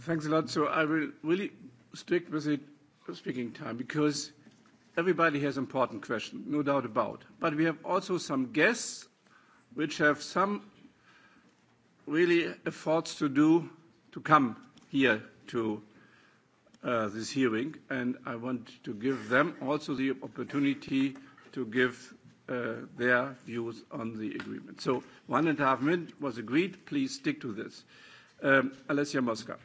Thanks a lot. So I will really stick with the speaking time because everybody has important questions, no doubt about. But we have also some guests which have some really efforts to do to come here to uh, this hearing, and I want to give them also the opportunity to give Uh, their views on the agreement. So one and a half minutes was agreed. Please stick to this. Um, Alessia Mosca.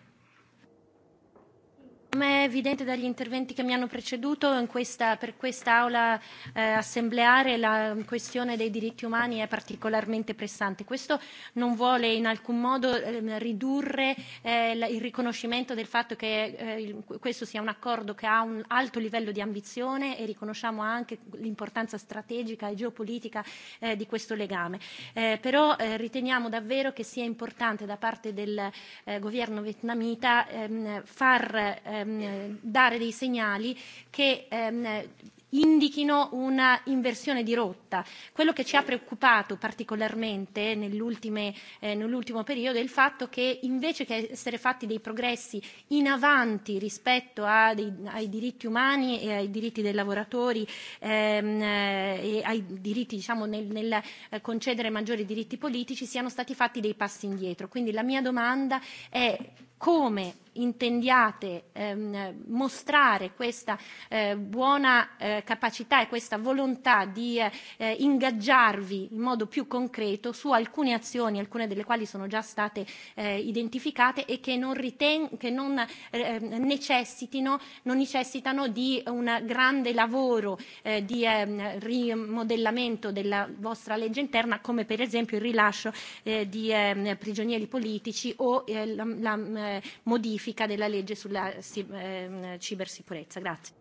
Come è evidente dagli interventi che mi hanno preceduto, in questa, per quest'Aula eh, assembleare la questione dei diritti umani è particolarmente pressante. Questo non vuole in alcun modo eh, ridurre eh, il riconoscimento del fatto che eh, il, questo sia un accordo che ha un alto livello di ambizione e riconosciamo anche l'importanza strategica e geopolitica eh, di questo legame. Eh, però eh, riteniamo davvero che sia importante da parte del eh, governo vietnamita ehm, far eh, ehm, dare dei segnali che ehm, indichino una inversione di rotta. Quello che ci ha preoccupato particolarmente nell'ultime, eh, nell'ultimo periodo è il fatto che invece che essere fatti dei progressi in avanti rispetto a dei, ai diritti umani e ai diritti dei lavoratori ehm, e ai diritti diciamo, nel, nel eh, concedere maggiori diritti politici siano stati fatti dei passi indietro. Quindi la mia domanda è come intendiate ehm, mostrare questa eh, buona eh, capacità e questa volontà di eh, ingaggiarvi in modo più concreto su alcune azioni, alcune delle quali sono già state eh, identificate e che non, riten- che non eh, necessitino, non necessitano di un grande lavoro eh, di eh, rimodellamento della vostra legge interna, come per esempio il rilascio eh, di eh, prigionieri politici o eh, la, la, eh, modifica della legge sulla eh, cibersicurezza. Grazie.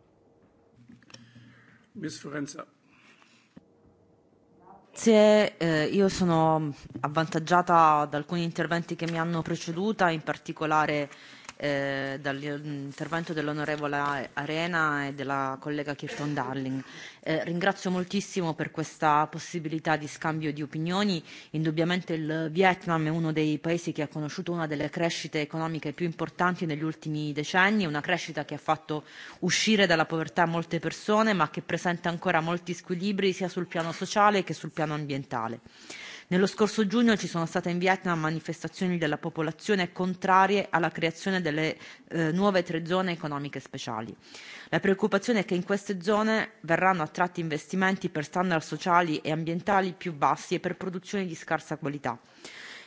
Ms. Forenza. Grazie, eh, io sono avvantaggiata da alcuni interventi che mi hanno preceduta, in particolare eh, dall'intervento dell'onorevole Arena e della collega Kirton Darling. Eh, ringrazio moltissimo per questa possibilità di scambio di opinioni. Indubbiamente il Vietnam è uno dei paesi che ha conosciuto una delle crescite economiche più importanti negli ultimi decenni, una crescita che ha fatto uscire dalla povertà molte persone, ma che presenta ancora molti squilibri sia sul piano sociale che sul piano ambientale. Nello scorso giugno ci sono state in Vietnam manifestazioni della popolazione contrarie alla creazione delle eh, nuove tre zone economiche speciali. La preoccupazione è che in queste zone verranno attratti investimenti per standard sociali e ambientali più bassi e per produzioni di scarsa qualità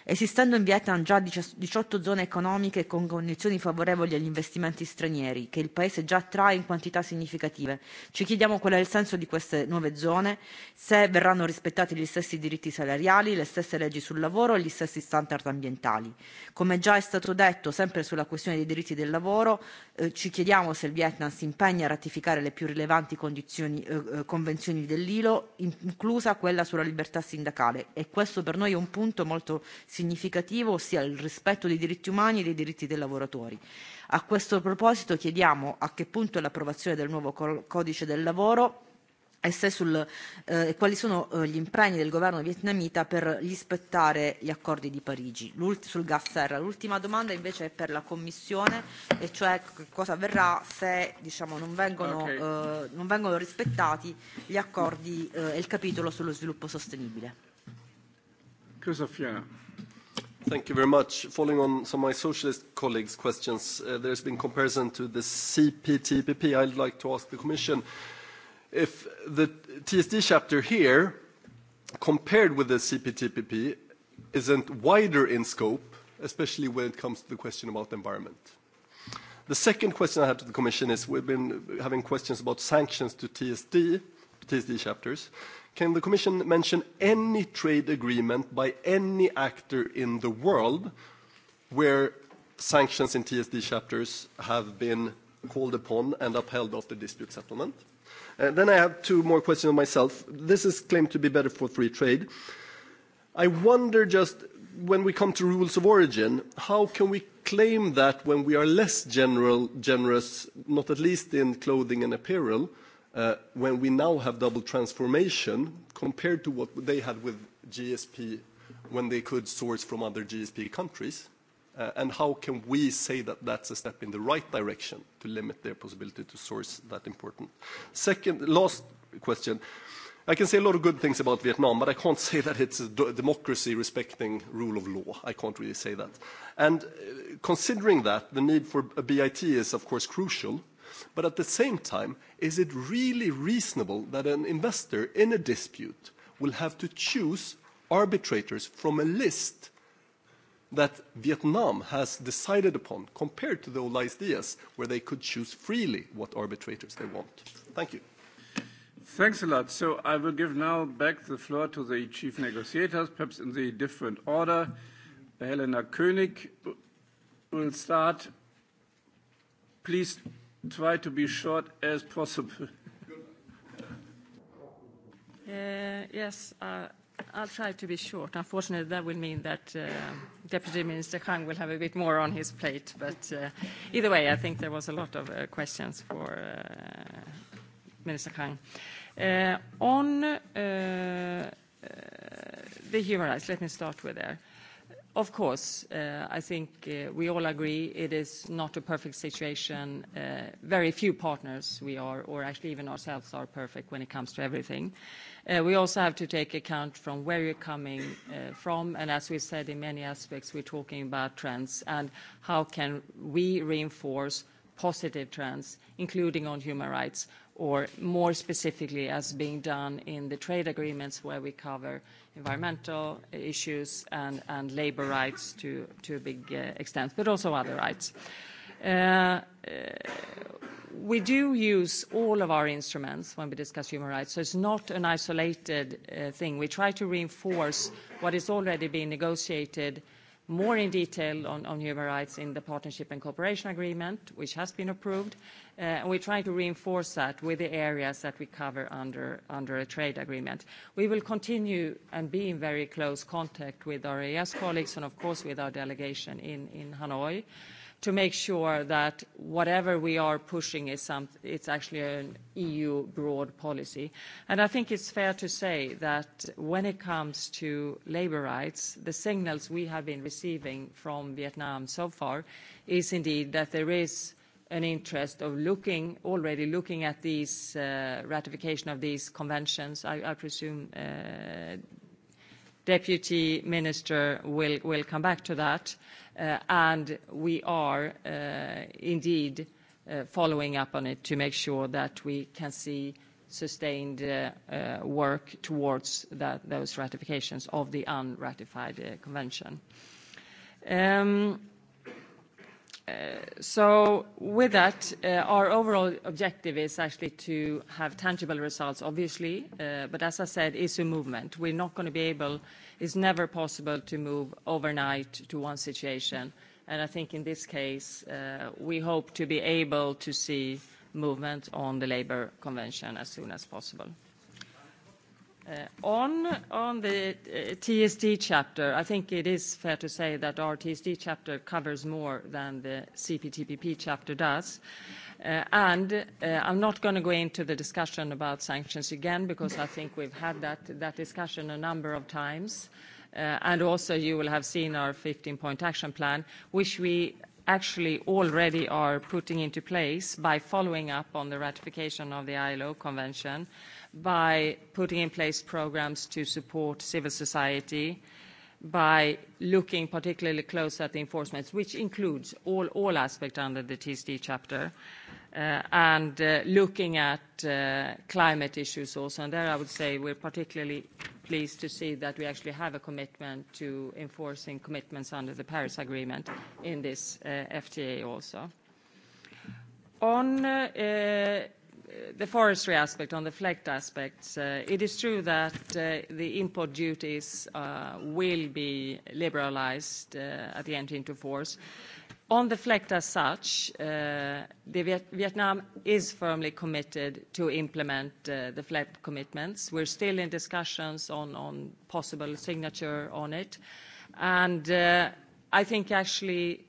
esistendo inviata in già 18 zone economiche con condizioni favorevoli agli investimenti stranieri, che il Paese già attrae in quantità significative. Ci chiediamo qual è il senso di queste nuove zone, se verranno rispettati gli stessi diritti salariali, le stesse leggi sul lavoro e gli stessi standard ambientali. Come già è stato detto, sempre sulla questione dei diritti del lavoro, eh, ci chiediamo se il Vietnam si impegna a ratificare le più rilevanti condizioni, eh, eh convenzioni dell'ILO, inclusa quella sulla libertà sindacale. E questo per noi è un punto molto significativo, ossia il rispetto dei diritti umani e dei diritti dei lavoratori. A questo proposito chiediamo a che punto è l'approvazione del nuovo codice del lavoro e se sul, eh, e quali sono eh, gli impegni del governo vietnamita per rispettare gli accordi di Parigi sul gas serra. L'ultima domanda invece è per la Commissione, e cioè cosa avverrà se diciamo, non, vengono, okay. eh, non vengono rispettati gli accordi eh, e il capitolo sullo sviluppo sostenibile. Christopher. Thank you very much. Following on some of my socialist colleagues' questions, uh, there's been comparison to the CPTPP. I'd like to ask the Commission if the TSD chapter here, compared with the CPTPP, isn't wider in scope, especially when it comes to the question about the environment. The second question I have to the Commission is we've been having questions about sanctions to TSD, TSD chapters. Can the Commission mention any trade agreement by any actor in the world where sanctions in TSD chapters have been called upon and upheld after dispute settlement? Uh, then I have two more questions on myself. This is claimed to be better for free trade. I wonder just when we come to rules of origin, how can we claim that when we are less general, generous, not at least in clothing and apparel, uh, Uh, when we now have double transformation compared to what they had with GSP when they could source from other GSP countries? Uh, and how can we say that that's a step in the right direction to limit their possibility to source that important? Second, last question. I can say a lot of good things about Vietnam, but I can't say that it's a democracy respecting rule of law. I can't really say that. And uh, considering that, the need for a BIT is, of course, crucial But at the same time, is it really reasonable that an investor in a dispute will have to choose arbitrators from a list that Vietnam has decided upon compared to the Olais Diaz, where they could choose freely what arbitrators they want? Thank you. Thanks a lot. So I will give now back the floor to the chief negotiators, perhaps in the different order. Helena König will start. Please try to be short as possible. Uh, yes, uh, I'll try to be short. Unfortunately, that will mean that uh, Deputy Minister Kang will have a bit more on his plate. But uh, either way, I think there was a lot of uh, questions for uh, Minister Kang. Uh, on uh, uh, the human rights, let me start with there. Uh, Of course, uh, I think uh, we all agree it is not a perfect situation. Uh, very few partners we are, or actually even ourselves, are perfect when it comes to everything. We also have to take account from where you're coming from, and as we said, in many aspects, we're talking about trends and how can we reinforce positive trends, including on human rights, or more specifically as being done in the trade agreements where we cover environmental issues and, labour labor rights to, a big uh, extent, but also other rights. Uh, uh, we do use all of our instruments when we discuss human rights, so it's not an isolated thing. We try to reinforce what is already being negotiated more in detail on, human rights in the partnership and cooperation agreement, which has been approved. Uh, and we're trying to reinforce that with the areas that we cover under, a trade agreement. We will continue and be in very close contact with our AS colleagues and, of course, with our delegation in, Hanoi to make sure that whatever we are pushing is some, it's actually an EU broad policy. And I think it's fair to say that when it comes to labor rights, the signals we have been receiving from Vietnam so far is indeed that there is an interest of looking, already looking at these uh, ratification of these conventions. I, I presume uh, Deputy Minister will, will come back to that. Uh, Uh, and we are uh, indeed uh, following up on it to make sure that we can see sustained work towards that, those ratifications of the unratified convention. Um, Uh, so with that, uh, our overall objective is actually to have tangible results, obviously. Uh, but as I said, it's a movement. We're not gonna be able It's never possible to move overnight to one situation. And I think in this case, uh, we hope to be able to see movement on the labor convention as soon as possible. Uh, on, on the uh, TSD chapter, I think it is fair to say that our TSD chapter covers more than the CPTPP chapter does. Uh, and uh, I'm not going to go into the discussion about sanctions again because I think we've had that, discussion a number of times. Uh, and also you will have seen our 15-point action plan, which we actually already are putting into place by following up on the ratification of the ILO convention, by putting in place programs to support civil society, uh, by looking particularly close at the enforcements, which includes all, all aspects under the TSD chapter, uh, and uh, looking at uh, climate issues also. And there I would say we're particularly pleased to see that we actually have a commitment to enforcing commitments under the Paris Agreement in this uh, FTA also. On uh, Uh, the forestry aspect, on the FLEGT aspects, uh, it is true that uh, the import duties will be liberalized at the entry into force. On the FLEGT as such, Vietnam is firmly committed to implement the FLEGT commitments. We're still in discussions on, on possible signature on it. and I think actually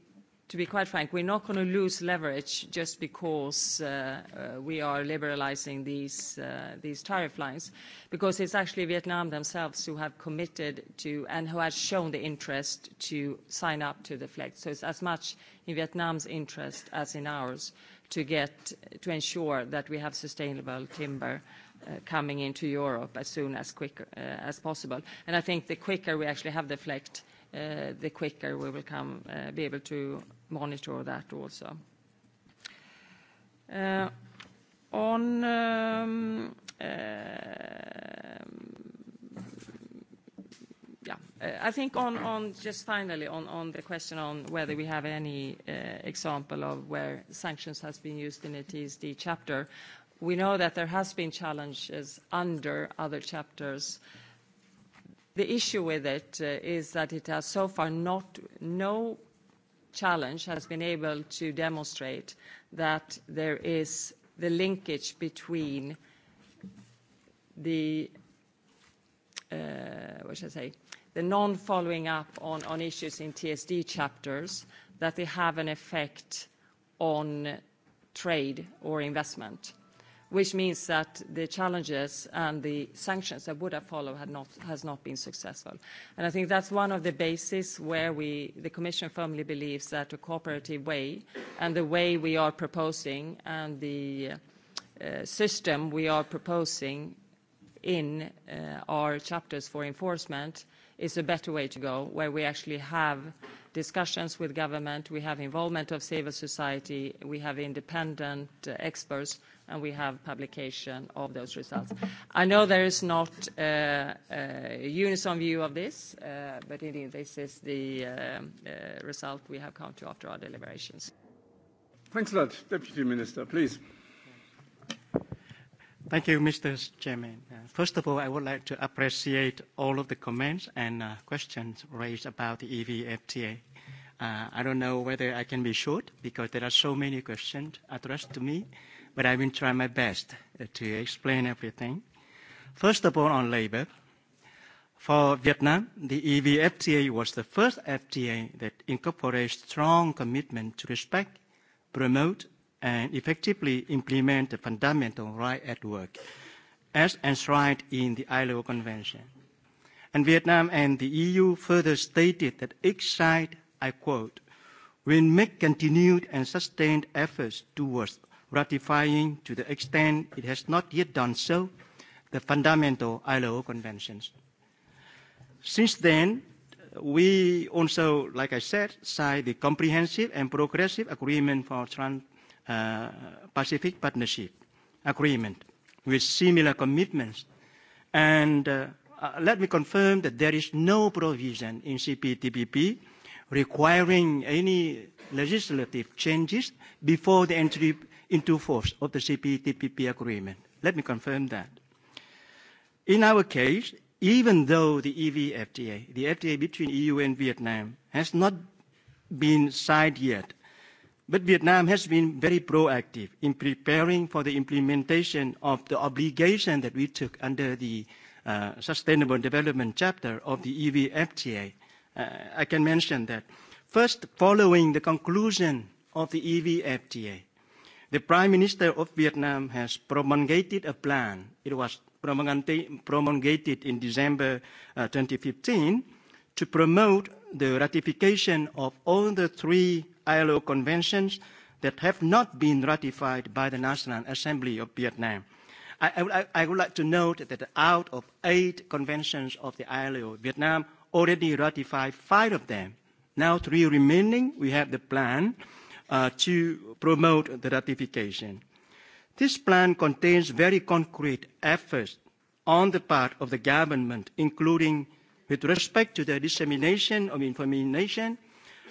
to be quite frank, we're not going to lose leverage just because uh, uh, we are liberalizing uh, these, tariff lines, because it's actually Vietnam themselves who have committed to and who has shown the interest to sign up to the FLEX. So it's as much in Vietnam's interest as in ours to, ensure that we have sustainable timber coming into Europe as soon as quick as possible. And I think the quicker we actually have the flex, uh, the quicker we will come uh, be able to monitor that also. Uh, on um, yeah, I think on, on just finally on, on the question on whether we have any example of where sanctions has been used in a TSD chapter, we know that there has been challenges under other chapters uh, The issue with it uh, is that it has so far not, no challenge has been able to demonstrate that there is the linkage between the, uh, what should I say? The non-following up on, on issues in TSD chapters, that they have an effect on trade or investment which means that the challenges and the sanctions that would have followed had not, has not been successful. And I think that's one of the bases where we, the Commission firmly believes that a cooperative way and the way we are proposing and the uh, system we are proposing in uh, our chapters for enforcement is a better way to go, where we actually have discussions with government, we have involvement of civil society, we have independent uh, experts and we have publication of those results. I know there is not a uh, uh, unison view of this, uh, but indeed, this is the um, result we have come to after our deliberations. Thanks a lot. Deputy Minister, please. Thank you, Mr. Chairman. First of all, I would like to appreciate all of the comments and questions raised about the EVFTA. I don't know whether I can be short because there are so many questions addressed to me, but I will try my best uh, to explain everything. First of all, on labor. For Vietnam, the EVFTA was the first FTA that incorporates strong commitment to respect, promote, and effectively implement the fundamental right at work as enshrined in the ILO Convention. And Vietnam and the EU further stated that each side, I quote, will make continued and sustained efforts towards ratifying to the extent it has not yet done so the fundamental ILO conventions. Since then, we also, like I said, signed the Comprehensive and Progressive Agreement for Trans-Pacific uh, Partnership Agreement with similar commitments. And uh, uh, let me confirm that there is no provision in CPTPP requiring any legislative changes before the entry into force of the CPTPP agreement. Let me confirm that. In our case, even though the EVFTA, the FTA between EU and Vietnam, has not been signed yet, but Vietnam has been very proactive in preparing for the implementation of the obligation that we took under the uh, Sustainable Development chapter of the EVFTA. Uh, I can mention that. First, following the conclusion of the EVFTA, The Prime Minister of Vietnam has promulgated a plan. It was promulgated in December uh, 2015 to promote the ratification of all the three ILO conventions that have not been ratified by the National Assembly of Vietnam. I, I, I would like to note that out of eight conventions of the ILO, Vietnam already ratified five of them. Now three remaining, we have the plan. Uh, Uh, to promote the ratification. This plan contains very concrete efforts on the part of the government, including with respect to the dissemination of information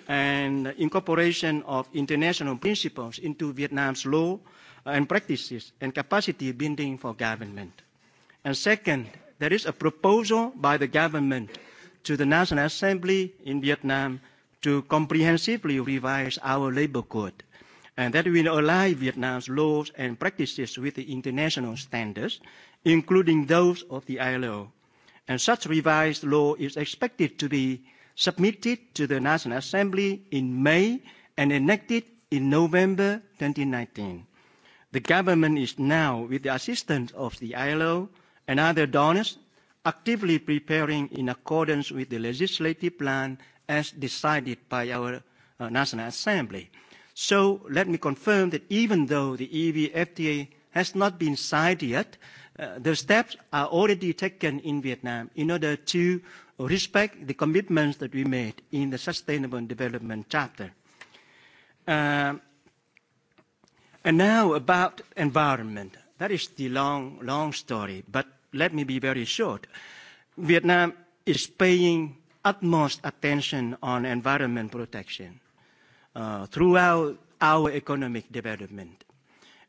and incorporation of international principles into Vietnam's law and practices and capacity building for government. And second, there is a proposal by the government to the National Assembly in Vietnam to comprehensively revise our labor code, and that will align Vietnam's laws and practices with the international standards, including those of the ILO. And such revised law is expected to be submitted to the National Assembly in May and enacted in November 2019. The government is now, with the assistance of the ILO and other donors, actively preparing in accordance with the legislative plan as decided by our uh, National Assembly. So let me confirm that even though the EV FTA has not been signed yet, uh, the steps are already taken in Vietnam in order to respect the commitments that we made in the Sustainable Development Chapter. Uh, and now about environment. That is the long, long story, but let me be very short. Vietnam is paying utmost attention on environment protection uh, throughout our economic development.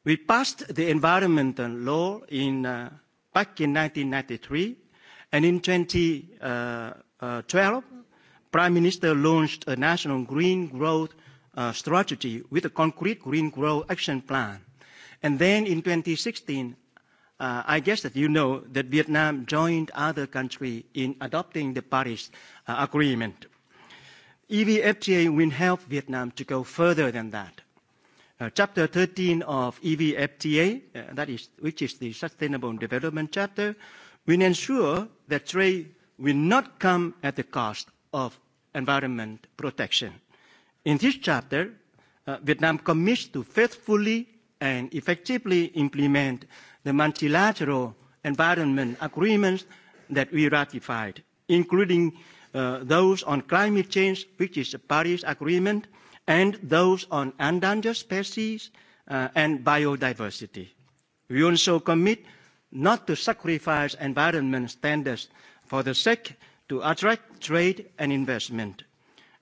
We passed the environmental law in, uh, back in 1993, and in 2012, uh, uh, Prime Minister launched a national green growth uh, strategy with a concrete green growth action plan. And then in 2016, Uh, I guess that you know that Vietnam joined other countries in adopting the Paris uh, Agreement. EVFTA will help Vietnam to go further than that. Uh, chapter 13 of EVFTA, uh, that is, which is the Sustainable Development Chapter, will ensure that trade will not come at the cost of environment protection. In this chapter, uh, Vietnam commits to faithfully and effectively implement the multilateral environment agreements that we ratified, including uh, those on climate change, which is the Paris Agreement, and those on endangered species uh, and biodiversity. We also commit not to sacrifice environment standards for the sake to attract trade and investment.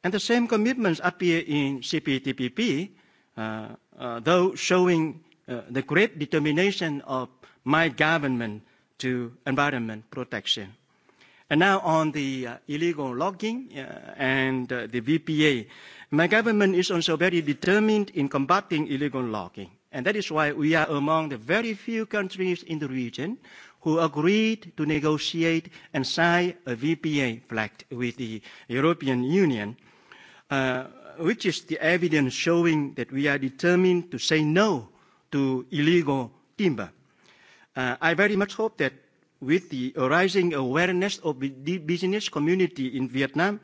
And the same commitments appear in CPTPP, uh, uh, though showing Uh, the great determination of my government to environment protection. And now on the uh, illegal logging uh, and uh, the VPA, my government is also very determined in combating illegal logging. And that is why we are among the very few countries in the region who agreed to negotiate and sign a VPA pact with the European Union, uh, which is the evidence showing that we are determined to say no to illegal timber. Uh, I very much hope that with the rising awareness of the business community in Vietnam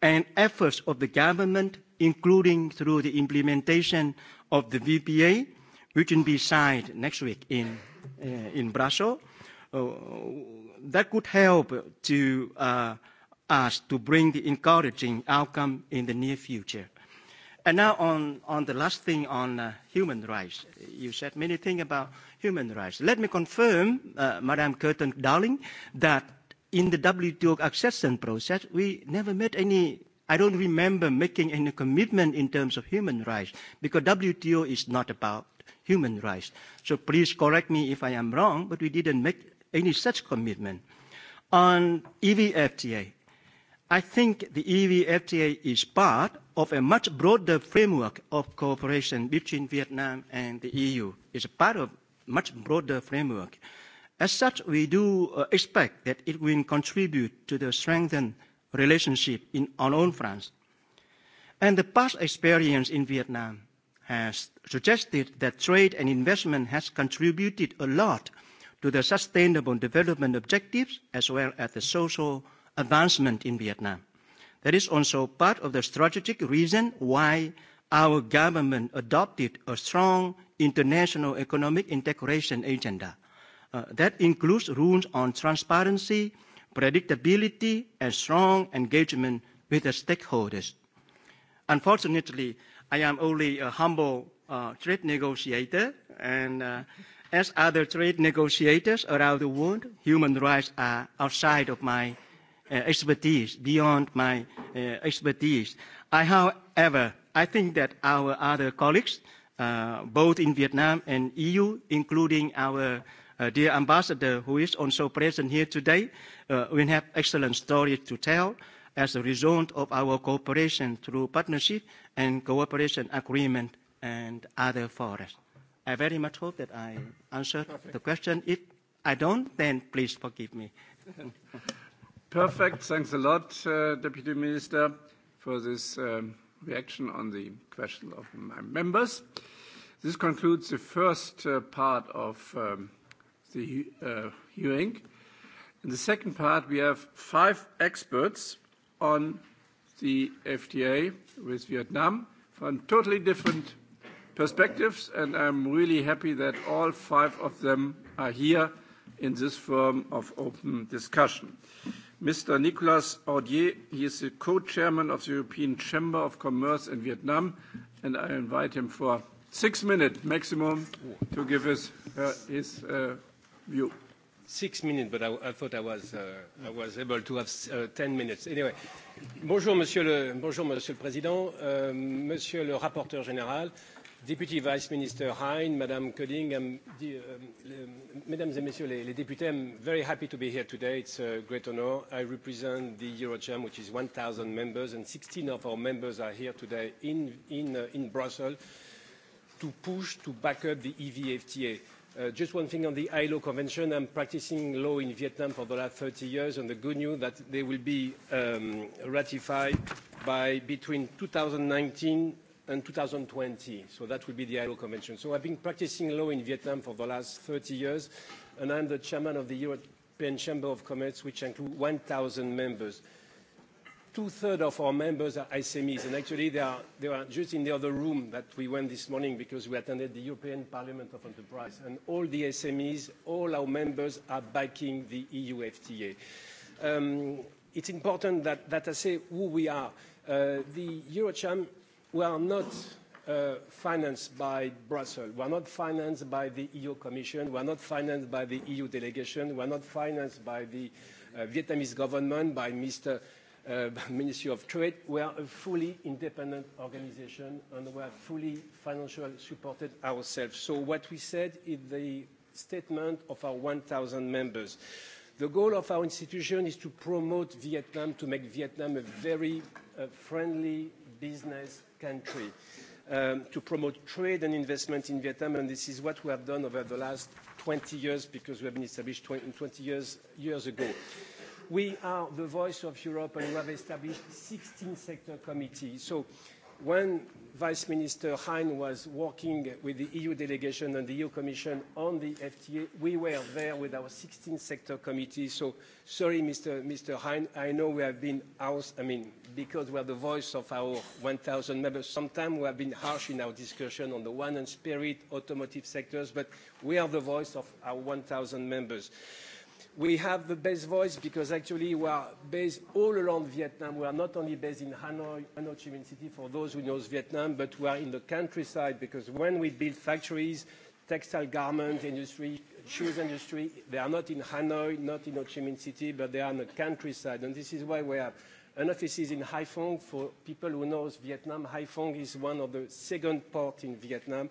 and efforts of the government, including through the implementation of the VPA, which will be signed next week in, uh, in Brussels, uh, that could help to uh, us to bring the encouraging outcome in the near future. And now on, on the last thing on uh, human rights. You said many things about human rights. Let me confirm, uh, Madam Curtin-Darling, that in the WTO accession process, we never made any I don't remember making any commitment in terms of human rights because WTO is not about human rights. So please correct me if I am wrong, but we didn't make any such commitment. On EVFTA, I think the EVFTA is part of a much broader framework of cooperation between Vietnam and the EU. It's a part of much broader framework. As such, we do uh, expect that it will contribute to the strengthened relationship in our own France. And the past experience in Vietnam has suggested that trade and investment has contributed a lot to the sustainable development objectives as well as the social advancement in Vietnam. That is also part of the strategic reason why our government adopted a strong international economic integration agenda. Uh, that includes rules on transparency, predictability, and strong engagement with the stakeholders. Unfortunately, I am only a humble uh, trade negotiator, and uh, as other trade negotiators around the world, human rights are outside of my uh, expertise, beyond my uh, expertise. I, however, I think that our other colleagues, uh, both in Vietnam and EU, including our uh, dear ambassador who is also present here today, uh, will have excellent stories to tell as a result of our cooperation through partnership and cooperation agreement and other forums. I very much hope that I answered Perfect. the question. If I don't, then please forgive me. Perfect. Thanks a lot, uh, Deputy Minister, for this uh, reaction on the question of my members. This concludes the first uh, part of um, the uh, hearing. In the second part, we have five experts on the FTA with Vietnam from totally different perspectives, and I'm really happy that all five of them are here in this forum of open discussion. Mr. Nicolas Audier. He is the co-chairman of the European Chamber of Commerce in Vietnam, and I invite him for six minutes maximum to give us uh, his uh, view. Six minutes, but I, thought I was, uh, I was able to have ten minutes. Anyway, bonjour Monsieur le, bonjour, monsieur le Président, euh, Monsieur le rapporteur général, Deputy Vice Minister Hein, Madam Koenig, um, the, um, um, mesdames et messieurs les, les députés, I'm very happy to be here today. It's a great honor. I represent the Eurochamp, which is 1,000 members, and 16 of our members are here today in, in, uh, in Brussels to push to back up the EVFTA. Uh, just one thing on the ILO convention. I'm practicing law in Vietnam for the last 30 years, and the good news that they will be um, ratified by between 2019 and 2020. So that would be the ILO convention. So I've been practicing law in Vietnam for the last 30 years, and I'm the chairman of the European Chamber of Commerce, which include 1,000 members. Two-thirds of our members are SMEs, and actually they are, they are just in the other room that we went this morning because we attended the European Parliament of Enterprise. And all the SMEs, all our members are backing the EU FTA. Um, it's important that, that I say who we are. Uh, the Eurocham we are not uh, financed by Brussels. We are not financed by the EU Commission. We are not financed by the EU delegation. We are not financed by the uh, Vietnamese government, by Mr. Uh, Ministry of Trade. We are a fully independent organization, and we are fully financially supported ourselves. So what we said in the statement of our 1,000 members, the goal of our institution is to promote Vietnam, to make Vietnam a very uh, friendly business country um, to promote trade and investment in Vietnam, and this is what we have done over the last 20 years because we have been established 20, 20 years, years ago. We are the voice of Europe, and we have established 16 sector committees. So when Vice Minister Hein was working with the EU delegation and the EU Commission on the FTA, we were there with our 16 sector committee. So sorry, Mr. Mr. Hein, I know we have been house, I mean, because we are the voice of our 1,000 members, sometimes we have been harsh in our discussion on the wine and spirit, automotive sectors, but we are the voice of our 1,000 members. We have the best voice because actually we are based all around Vietnam. We are not only based in Hanoi, Hanoi Chi Minh City, for those who knows Vietnam, but we are in the countryside because when we build factories, textile garment industry, shoes industry, they are not in Hanoi, not in Ho Chi Minh City, but they are in the countryside. And this is why we have an office in in Haiphong. For people who knows Vietnam, Haiphong is one of the second port in Vietnam.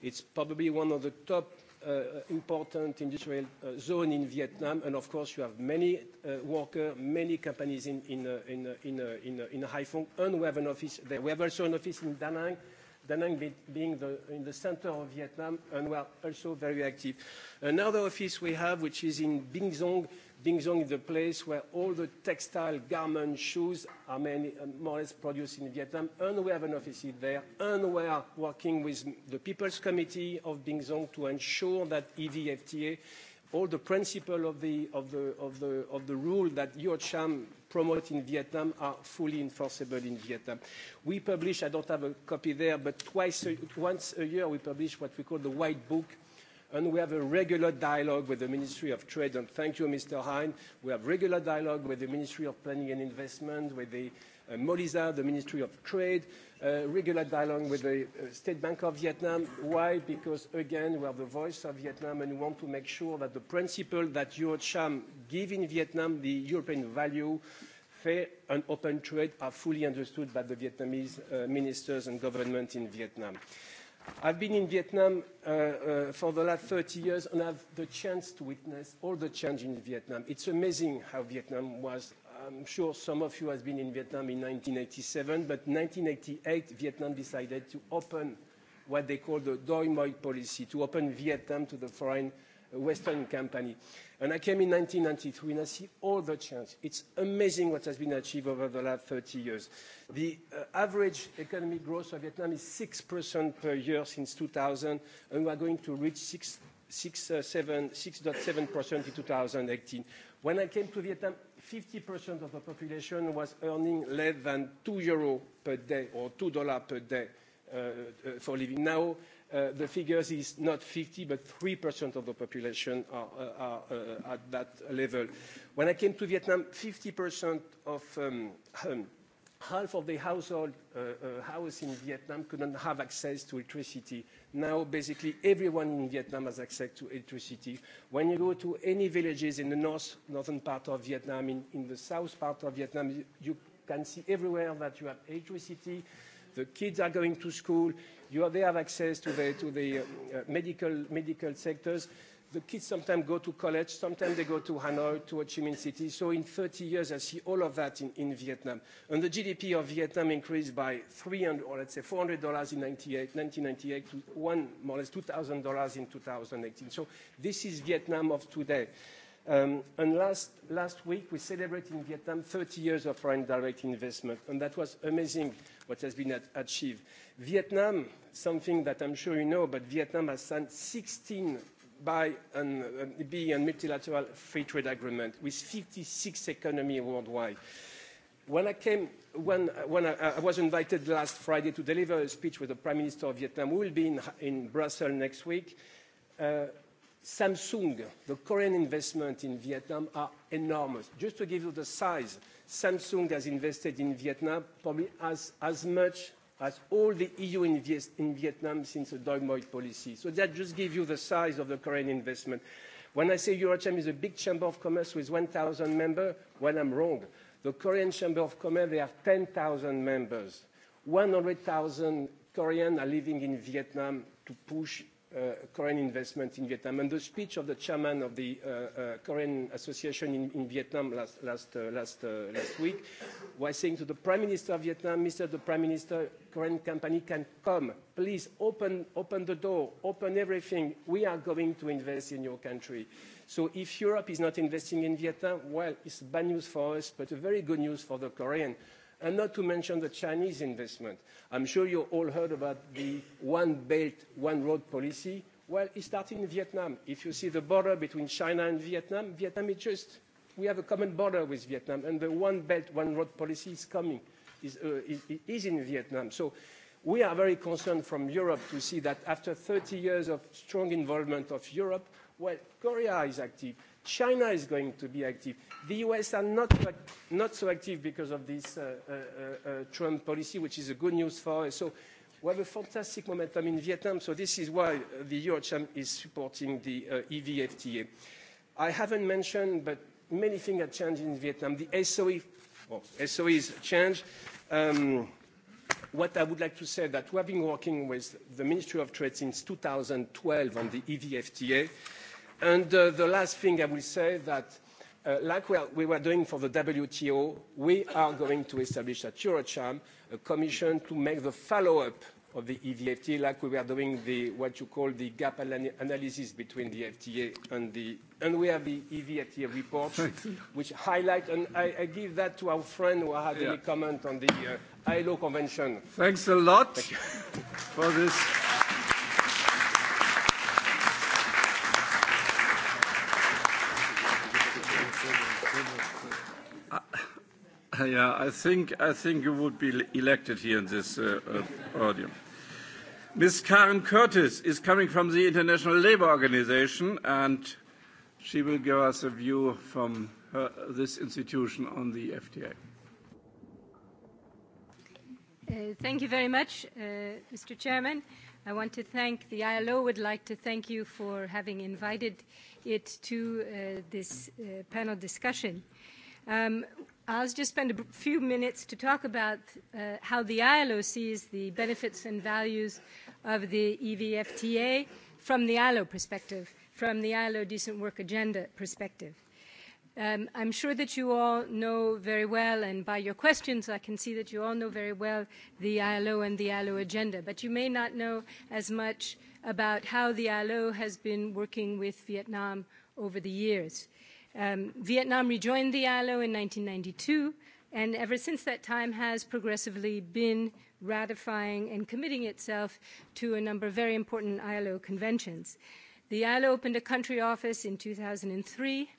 It's probably one of the top Uh, uh, important industrial uh, zone in Vietnam, and of course, you have many workers, many companies in, in, in, in, in Haiphong, and we have an office there. We have also an office in Da Nang, Da Nang being the, in the center of Vietnam, and we are also very active. Another office we have, which is in Binh Duong, Bingzhong is the place where all the textile, garment, shoes are mainly, uh, more or less produced in Vietnam, and we have an office there, and we are working with the People's Committee of Bingzhong to ensure that EVFTA, all the principle of the, rule that Eurocharm promote in Vietnam are fully enforceable in Vietnam. We publish, I don't have a copy there, but twice a, once a year we publish what we call the White Book And we have a regular dialogue with the Ministry of Trade, and thank you, Mr. Hein. We have regular dialogue with the Ministry of Planning and Investment, with the uh, MOLISA, the Ministry of Trade, uh, regular dialogue with the uh, State Bank of Vietnam. Why? Because, again, we are the voice of Vietnam, and we want to make sure that the principle that EuroCham give in Vietnam, the European value, fair and open trade, are fully understood by the Vietnamese uh, ministers and government in Vietnam. I've been in Vietnam uh, uh, for the last 30 years and have the chance to witness all the change in Vietnam. It's amazing how Vietnam was. I'm sure some of you has been in Vietnam in 1987, but 1988, Vietnam decided to open what they call the Doi Moi policy, to open Vietnam to the foreign a Western company. And I came in 1993 and I see all the change. It's amazing what has been achieved over the last 30 years. The uh, average economic growth of Vietnam is 6% per year since 2000 and we are going to reach 6.7% 6, uh, 6 in 2018. When I came to Vietnam, 50% of the population was earning less than 2 euro per day or $2 per day uh, uh, for living. Now, Uh, the figures is not 50, but 3% of the population are, uh, uh, at that level. When I came to Vietnam, 50% of um, um, half of the household uh, house in Vietnam couldn't have access to electricity. Now, basically, everyone in Vietnam has access to electricity. When you go to any villages in the north, northern part of Vietnam, in, in the south part of Vietnam, you, you can see everywhere that you have electricity. The kids are going to school. You, they have access to the, to the uh, medical, medical sectors. The kids sometimes go to college, sometimes they go to Hanoi, to Ho Chi Minh City. So in 30 years, I see all of that in, in Vietnam. And the GDP of Vietnam increased by 300, or let's say $400 in 98, 1998 to one, more or less $2,000 in 2018. So this is Vietnam of today. Um, and last, last week, we celebrated in Vietnam 30 years of foreign direct investment, and that was amazing what has been achieved. Vietnam, something that I'm sure you know, but Vietnam has signed 16 by an, a multilateral free trade agreement with 56 economies worldwide. When I came, when, when I, I was invited last Friday to deliver a speech with the Prime Minister of Vietnam, who will be in, in Brussels next week, uh, Samsung, the Korean investment in Vietnam are enormous. Just to give you the size, Samsung has invested in Vietnam probably as, as much as all the EU invest in Vietnam since the Doi Moi policy. So that just gives you the size of the Korean investment. When I say Eurocham is a big chamber of commerce with 1,000 members, well, I'm wrong. The Korean Chamber of Commerce, they have 10,000 members. 100,000 Koreans are living in Vietnam to push Uh, Korean investment in Vietnam. And the speech of the chairman of the uh, uh, Korean Association in, in Vietnam last, last, last, last week was saying to the Prime Minister of Vietnam, Mr. the Prime Minister, Korean company can come. Please open, open the door, open everything. We are going to invest in your country. So if Europe is not investing in Vietnam, well, it's bad news for us, but a very good news for the Korean and not to mention the Chinese investment. I'm sure you all heard about the One Belt, One Road policy. Well, it started in Vietnam. If you see the border between China and Vietnam, Vietnam is just, we have a common border with Vietnam, and the One Belt, One Road policy is coming, is, uh, is, is in Vietnam. So we are very concerned from Europe to see that after 30 years of strong involvement of Europe, well, Korea is active China is going to be active. The US are not, not so active because of this uh, uh, uh, Trump policy, which is a good news for us. So we have a fantastic momentum in Vietnam. So this is why the Eurocham is supporting the uh, EVFTA. I haven't mentioned, but many things have changed in Vietnam. The SOE, well, SOE changed. Um, what I would like to say that we have been working with the Ministry of Trade since 2012 on the EVFTA. And uh, the last thing I will say that, uh, like we, were doing for the WTO, we are going to establish at Eurocham a commission to make the follow-up of the EVFTA, like we were doing the, what you call the gap analysis between the FTA and the. And we have the EVFTA report, which highlight, and I, give that to our friend who had yeah. any comment on the uh, ILO convention. Thanks a lot Thank for this. Yeah, I think, I think you would be elected here in this uh, uh audience. Ms. Karen Curtis is coming from the International Labour Organization, and she will give us a view from her, this institution on the FTA. Uh, thank you very much, uh, Mr. Chairman. I want to thank the ILO would like to thank you for having invited it to uh, this uh, panel discussion. Um, i will just spend a few minutes to talk about uh, how the ILO sees the benefits and values of the EVFTA from the ILO perspective, from the ILO Decent Work Agenda perspective. Um, I'm sure that you all know very well, and by your questions, I can see that you all know very well the ILO and the ILO agenda, but you may not know as much about how the ILO has been working with Vietnam over the years. Um, Vietnam rejoined the ILO in 1992, and ever since that time has progressively been ratifying and committing itself to a number of very important ILO conventions. The ILO opened a country office in 2003.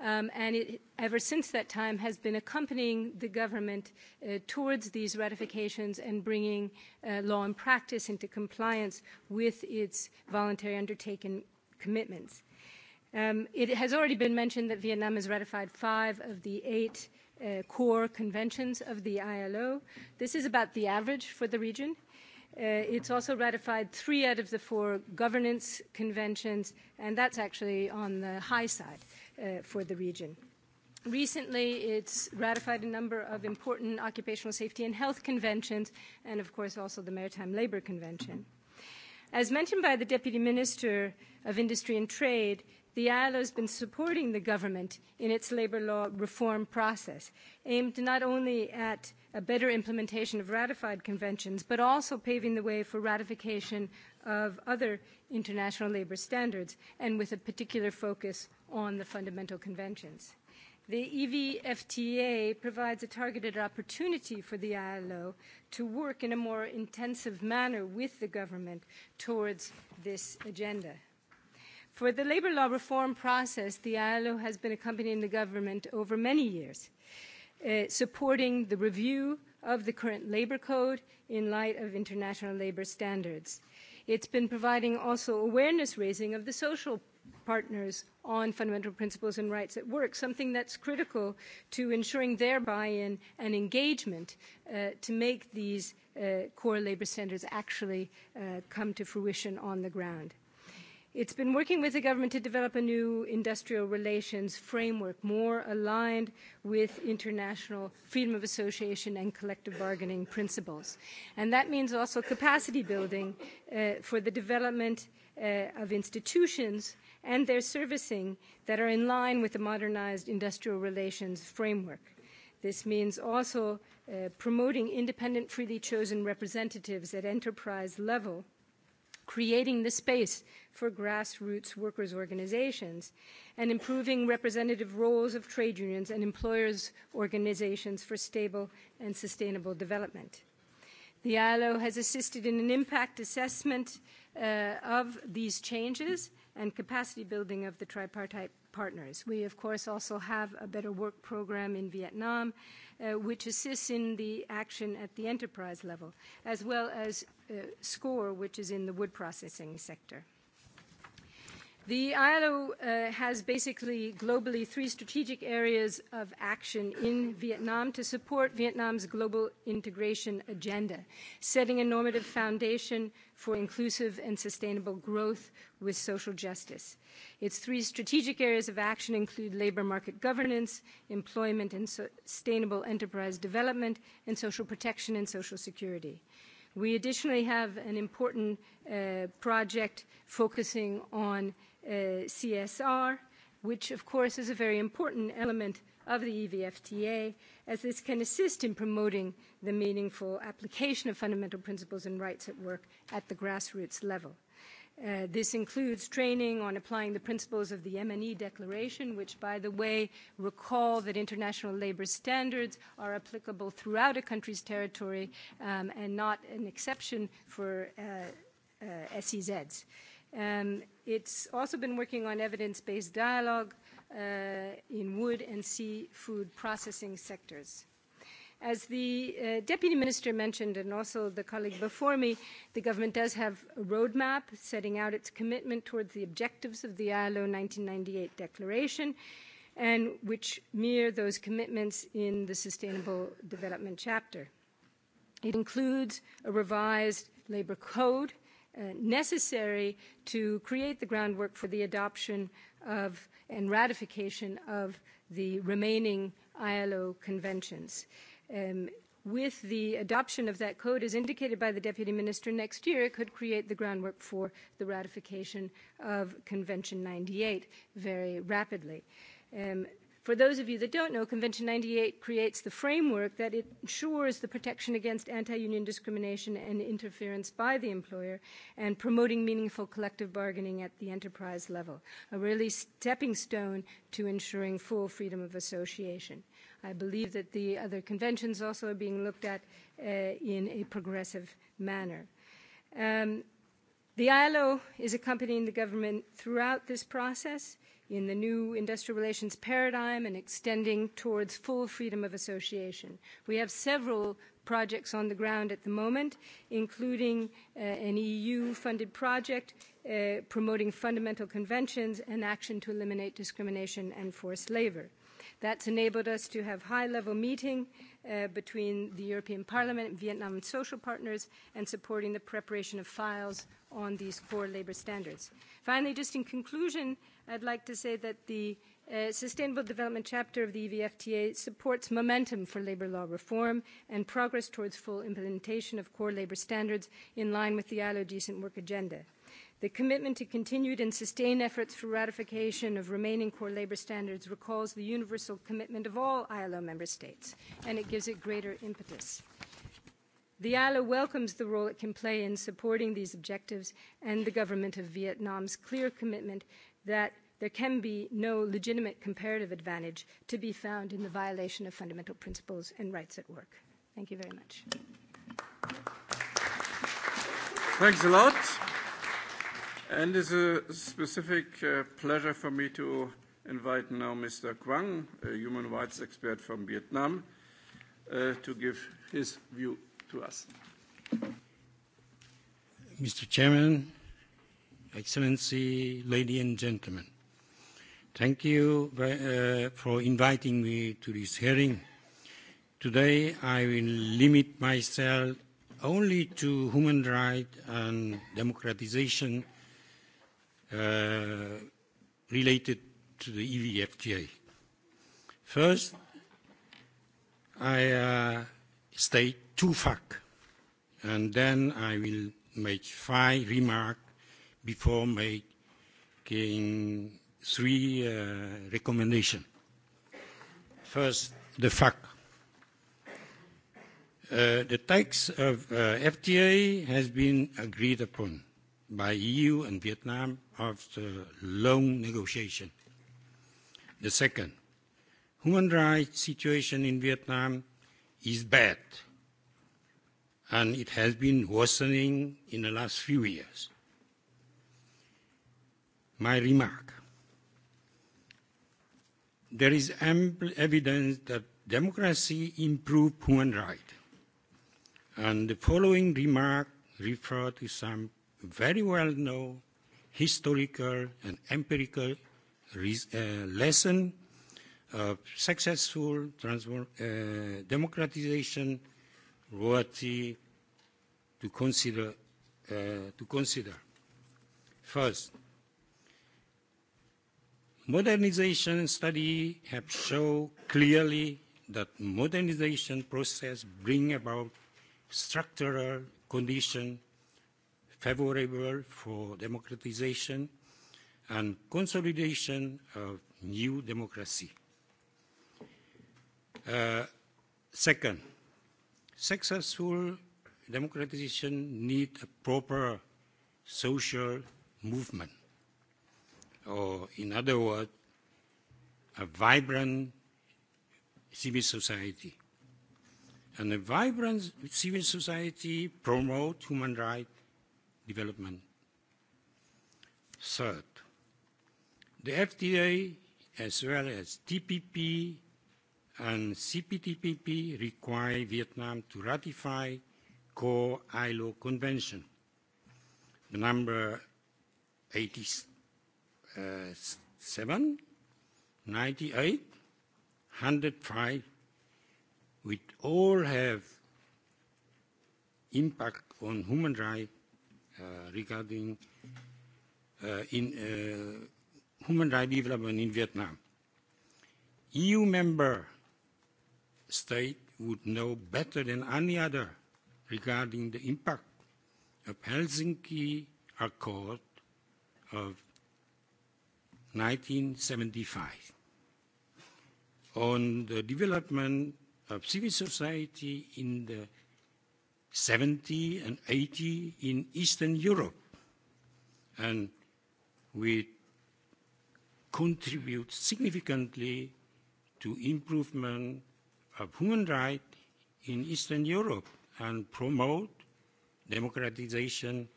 Um, and it, ever since that time has been accompanying the government uh, towards these ratifications and bringing uh, law and practice into compliance with its voluntary undertaken commitments. Um, it has already been mentioned that Vietnam has ratified five of the eight uh, core conventions of the ILO. This is about the average for the region. Uh, it's also ratified three out of the four governance conventions, and that's actually on the high side uh, for the region. Recently, it's ratified a number of important occupational safety and health conventions, and of course, also the Maritime Labour Convention. As mentioned by the Deputy Minister of Industry and Trade, The ILO has been supporting the government in its labour law reform process, aimed not only at a better implementation of ratified conventions, but also paving the way for ratification of other international labour standards, and with a particular focus on the fundamental conventions. The EVFTA provides a targeted opportunity for the ILO to work in a more intensive manner with the government towards this agenda. For the labour law reform process, the ILO has been accompanying the government over many years, uh, supporting the review of the current labour code in light of international labour standards. It's been providing also awareness raising of the social partners on fundamental principles and rights at work, something that's critical to ensuring their buy-in and engagement uh, to make these uh, core labour standards actually uh, come to fruition on the ground. It's been working with the government to develop a new industrial relations framework more aligned with international freedom of association and collective bargaining principles. And that means also capacity building uh, for the development uh, of institutions and their servicing that are in line with the modernized industrial relations framework. This means also uh, promoting independent, freely chosen representatives at enterprise level creating the space for grassroots workers' organizations, and improving representative roles of trade unions and employers' organizations for stable and sustainable development. The ILO has assisted in an impact assessment uh, of these changes and capacity building of the tripartite partners. We, of course, also have a Better Work program in Vietnam, uh, which assists in the action at the enterprise level, as well as Uh, score, which is in the wood processing sector. The ILO uh, has basically globally three strategic areas of action in Vietnam to support Vietnam's global integration agenda, setting a normative foundation for inclusive and sustainable growth with social justice. Its three strategic areas of action include labor market governance, employment and sustainable enterprise development, and social protection and social security. We additionally have an important uh, project focusing on uh, CSR, which of course is a very important element of the EVFTA, as this can assist in promoting the meaningful application of fundamental principles and rights at work at the grassroots level. Uh, this includes training on applying the principles of the MNE Declaration, which, by the way, recall that international labor standards are applicable throughout a country's territory um, and not an exception for uh, uh, SEZs. Um, it's also been working on evidence-based dialogue uh, in wood and seafood processing sectors. As the uh, Deputy Minister mentioned, and also the colleague before me, the government does have a roadmap setting out its commitment towards the objectives of the ILO 1998 declaration, and which mirror those commitments in the Sustainable Development chapter. It includes a revised labor code uh, necessary to create the groundwork for the adoption of and ratification of the remaining ILO conventions. Uh, um, with the adoption of that code, as indicated by the Deputy Minister next year, could create the groundwork for the ratification of Convention 98 very rapidly. Um, for those of you that don't know, Convention 98 creates the framework that ensures the protection against anti union discrimination and interference by the employer and promoting meaningful collective bargaining at the enterprise level, a really stepping stone to ensuring full freedom of association. I believe that the other conventions also are being looked at uh, in a progressive manner. Um, the ILO is accompanying the government throughout this process in the new industrial relations paradigm and extending towards full freedom of association. We have several projects on the ground at the moment, including uh, an EU-funded project uh, promoting fundamental conventions and action to eliminate discrimination and forced labor. That's enabled us to have high-level meeting uh, between the European Parliament and Vietnam and social partners and supporting the preparation of files on these core labor standards. Finally, just in conclusion, I'd like to say that the Uh, Sustainable Development chapter of the EVFTA supports momentum for labor law reform and progress towards full implementation of core labor standards in line with the ILO Decent Work Agenda. The commitment to continued and sustained efforts for ratification of remaining core labour standards recalls the universal commitment of all ILO member states, and it gives it greater impetus. The ILO welcomes the role it can play in supporting these objectives and the government of Vietnam's clear commitment that there can be no legitimate comparative advantage to be found in the violation of fundamental principles and rights at work. Thank you very much. Thanks a lot. And it's a specific uh, pleasure for me to invite now Mr. Quang, a human rights expert from Vietnam, uh, to give his view to us. Mr. Chairman, Excellency, ladies and gentlemen, thank you uh, for inviting me to this hearing. Today I will limit myself only to human rights and democratization uh, related to the EVFTA. First, I uh, state two facts, and then I will make five remarks before making three uh, recommendations. First, the fact. Uh, the text of uh, FTA has been agreed upon by EU and Vietnam after long negotiation. The second, human rights situation in Vietnam is bad, and it has been worsening in the last few years. My remark, there is ample evidence that democracy improves human rights, and the following remark refer to some very well know historical and empirical uh, lesson of successful transform, uh, democratization worthy to consider. Uh, to consider. First, modernization study have shown clearly that modernization process bring about structural condition favorable for democratization and consolidation of new democracy. Uh, second, successful democratization needs a proper social movement, or in other words, a vibrant civil society. And a vibrant civil society promotes human rights development. Third, the FTA as well as TPP and CPTPP require Vietnam to ratify core ILO convention, the number 87, 98, 105, which all have impact on human rights Uh, regarding uh, in uh, human rights development in Vietnam. EU member state would know better than any other regarding the impact of Helsinki Accord of 1975 on the development of civil society in the 70 and 80 in Eastern Europe. And we contribute significantly to improvement of human rights in Eastern Europe and promote democratization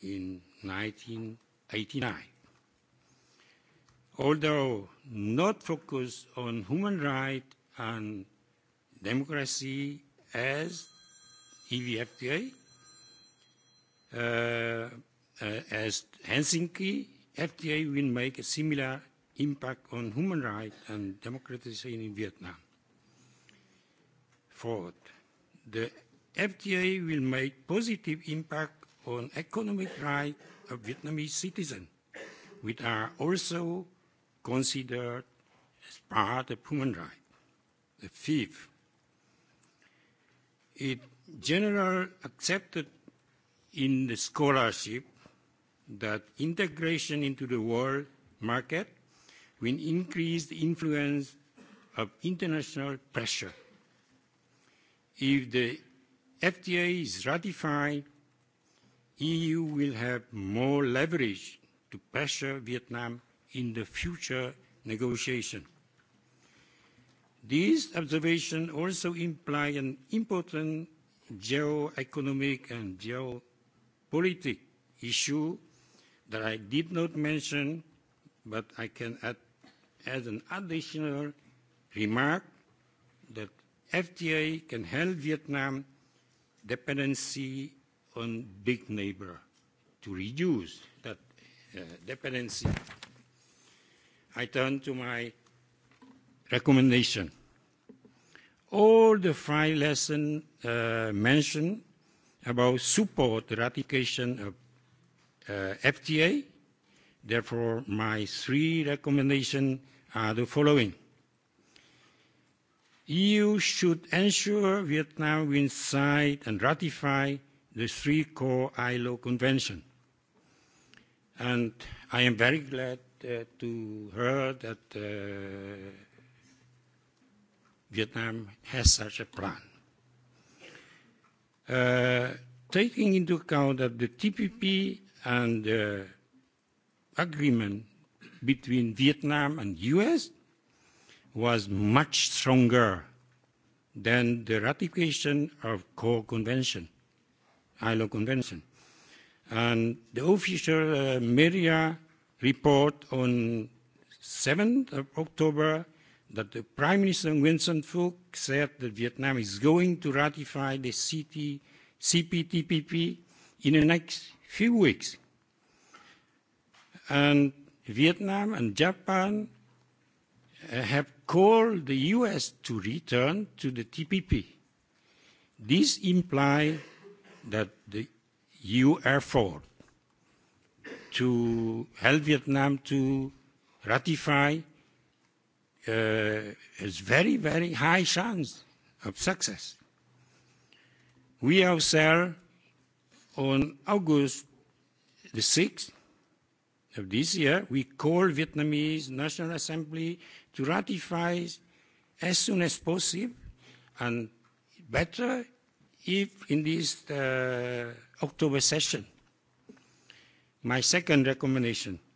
in 1989. Although not focused on human rights and democracy as EVFTA, uh, uh, as Helsinki FTA will make a similar impact on human rights and democratization in Vietnam. Fourth, the FTA will make positive impact on economic rights of Vietnamese citizens, which are also considered as part of human rights. The fifth, it general accepted in the scholarship that integration into the world market will increase the influence of international pressure. If the FTA is ratified, EU will have more leverage to pressure Vietnam in the future negotiation. These observations also imply an important geo-economic and geopolitical issue that I did not mention, but I can add as an additional remark that FTA can help Vietnam dependency on big neighbor to reduce that uh, dependency. I turn to my recommendation all the five lessons uh, mentioned about support the ratification of uh, FTA. Therefore, my three recommendations are the following. EU should ensure Vietnam will sign and ratify the three core ILO conventions. And I am very glad uh, to hear that uh, Vietnam has such a plan. Uh, taking into account that the TPP and the agreement between Vietnam and U.S. was much stronger than the ratification of core convention, ILO convention. And the official uh, media report on 7th of October that the Prime Minister Nguyen Phuc said that Vietnam is going to ratify the CT, CPTPP in the next few weeks. And Vietnam and Japan uh, have called the U.S. to return to the TPP. This implies that the EU effort to help Vietnam to ratify Uh, is very, very high chance of success. We sell on August the 6th of this year, we call Vietnamese National Assembly to ratify as soon as possible and better if in this uh, October session. My second recommendation –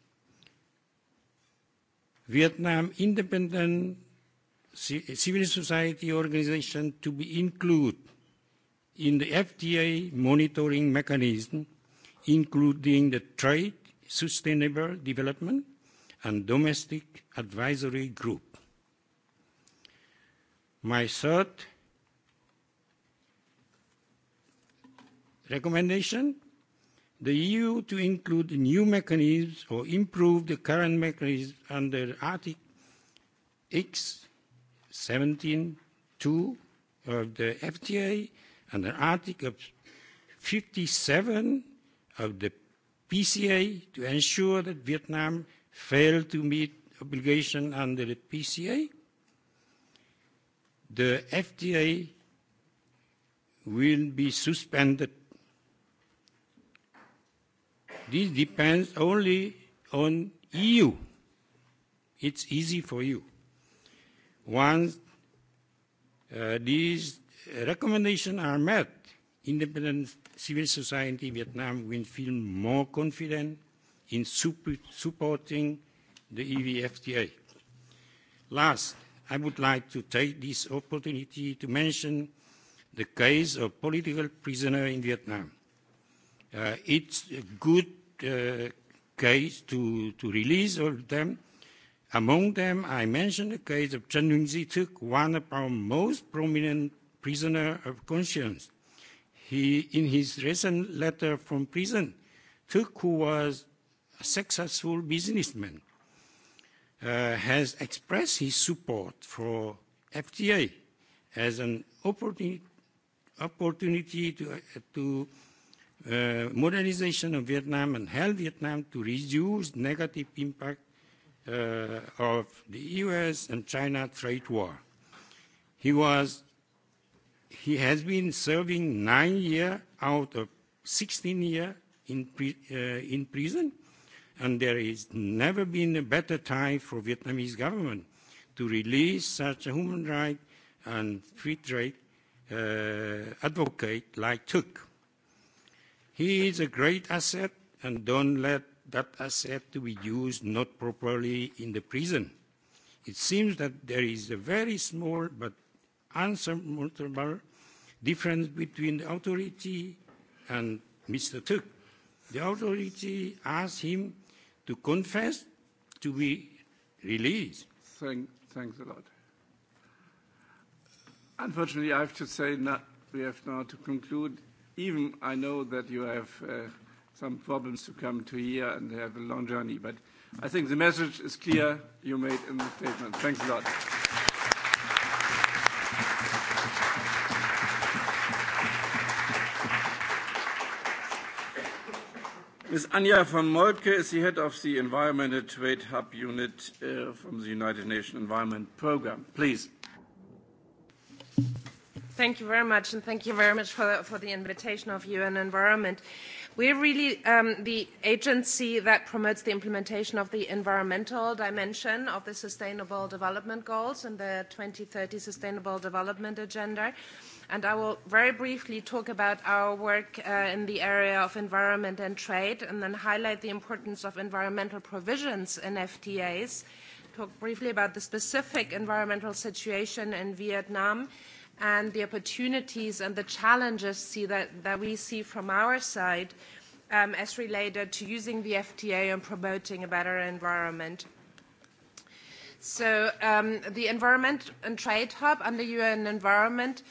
Vietnam independent civil society organization to be included in the FTA monitoring mechanism, including the trade, sustainable development, and domestic advisory group. My third recommendation the EU to include new mechanisms or improve the current mechanisms under Article X 17.2 of the FTA and Article 57 of the PCA to ensure that Vietnam failed to meet obligation under the PCA. The FTA will be suspended This depends only on EU. It's easy for you. Once uh, these recommendations are met, independent civil society in Vietnam will feel more confident in sup supporting the EVFTA. Last, I would like to take this opportunity to mention the case of political prisoner in Vietnam. Uh, it's a good uh, case to, to release all of them. Among them, I mentioned the case of Chen yunzi Took one of our most prominent prisoner of conscience. He, in his recent letter from prison, Tuk, who was a successful businessman, uh, has expressed his support for FTA as an opportunity, opportunity to, uh, to uh, modernization of Vietnam and help Vietnam to reduce negative impact uh, of the U.S. and China trade war. He was, he has been serving nine years out of 16 years in, pre, uh, in prison, and there has never been a better time for Vietnamese government to release such a human right and free trade uh, advocate like Tuk. He is a great asset, and don't let that asset to be used not properly in the prison. It seems that there is a very small but unsurmountable difference between the authority and Mr. Tuk. The authority asked him to confess to be released. Thank, thanks a lot. Unfortunately, I have to say that we have now to conclude even I know that you have uh, some problems to come to here and have a long journey, but I think the message is clear you made in the statement. Thanks a lot. Ms. Anja von Molke is the head of the Environmental Trade Hub Unit uh, from the United Nations Environment Programme. Please. Thank you very much, and thank you very much for for the invitation of UN Environment. We're really um, the agency that promotes the implementation of the environmental dimension of the Sustainable Development Goals and the 2030 Sustainable Development Agenda. And I will very briefly talk about our work uh, in the area of environment and trade, and then highlight the importance of environmental provisions in FTAs, talk briefly about the specific environmental situation in Vietnam, and the opportunities and the challenges see that, that we see from our side um, as related to using the FTA and promoting a better environment. So um, the Environment and Trade Hub under UN Environment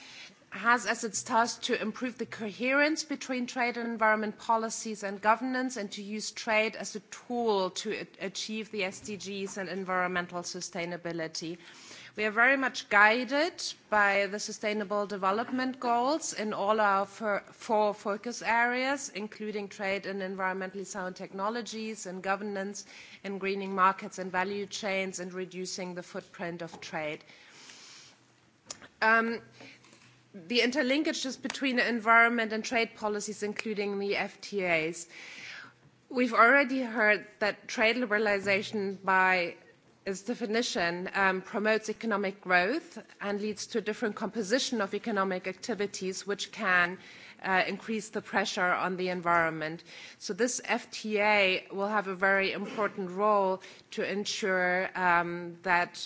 has as its task to improve the coherence between trade and environment policies and governance and to use trade as a tool to achieve the SDGs and environmental sustainability. Uh, We are very much guided by the Sustainable Development Goals in all our four focus areas, including trade and environmentally sound technologies and governance and greening markets and value chains and reducing the footprint of trade. Um, the interlinkages between the environment and trade policies, including the FTAs. We've already heard that trade liberalization by its definition um, promotes economic growth and leads to a different composition of economic activities which can uh, increase the pressure on the environment. So this FTA will have a very important role to ensure um, that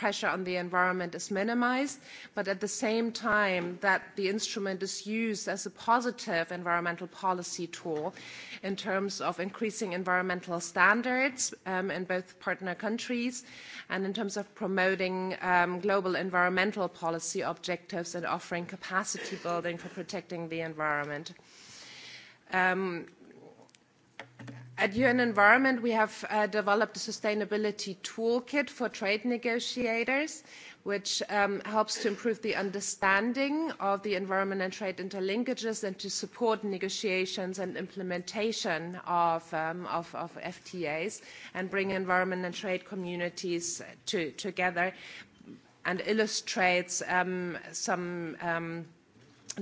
pressure on the environment is minimized, but at the same time that the instrument is used as a positive environmental policy tool in terms of increasing environmental standards um, in both partner countries and in terms of promoting um, global environmental policy objectives and offering capacity building for protecting the environment. Um, At UN Environment, we have uh, developed a sustainability toolkit for trade negotiators, which um, helps to improve the understanding of the environment and trade interlinkages and to support negotiations and implementation of, um, of, of FTAs and bring environment and trade communities to, together and illustrates um, some um,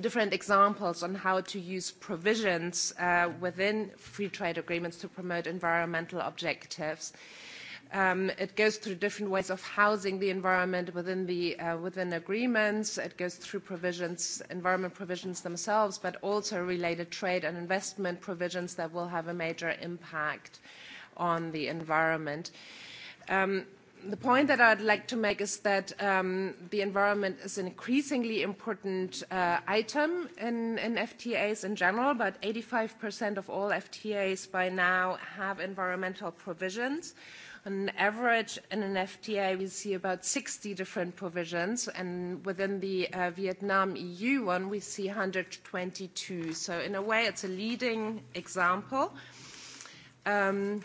different examples on how to use provisions uh, within free trade agreements to promote environmental objectives. Um, it goes through different ways of housing the environment within the uh, within agreements. It goes through provisions, environment provisions themselves, but also related trade and investment provisions that will have a major impact on the environment. Um, the point that I'd like to make is that um, the environment is an increasingly important uh, item in, in FTAs in general, but 85% of all FTAs by now have environmental provisions. On average, in an FTA, we see about 60 different provisions, and within the uh, Vietnam EU one, we see 122. So in a way, it's a leading example. Um,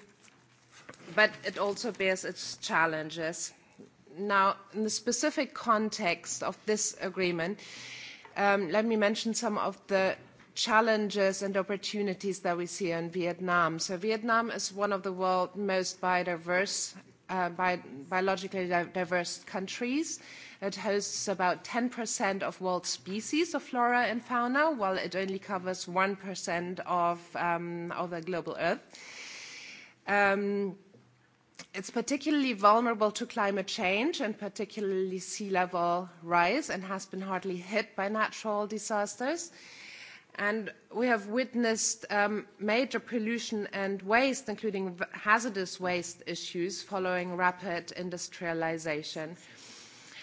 but it also bears its challenges. Now, in the specific context of this agreement, um, let me mention some of the challenges and opportunities that we see in Vietnam. So Vietnam is one of the world's most biodiverse, uh, bi biologically diverse countries. It hosts about 10% of world species of flora and fauna, while it only covers 1% of, um, of the global Earth. Um, it's particularly vulnerable to climate change and particularly sea level rise and has been hardly hit by natural disasters. And we have witnessed um, major pollution and waste, including hazardous waste issues following rapid industrialization.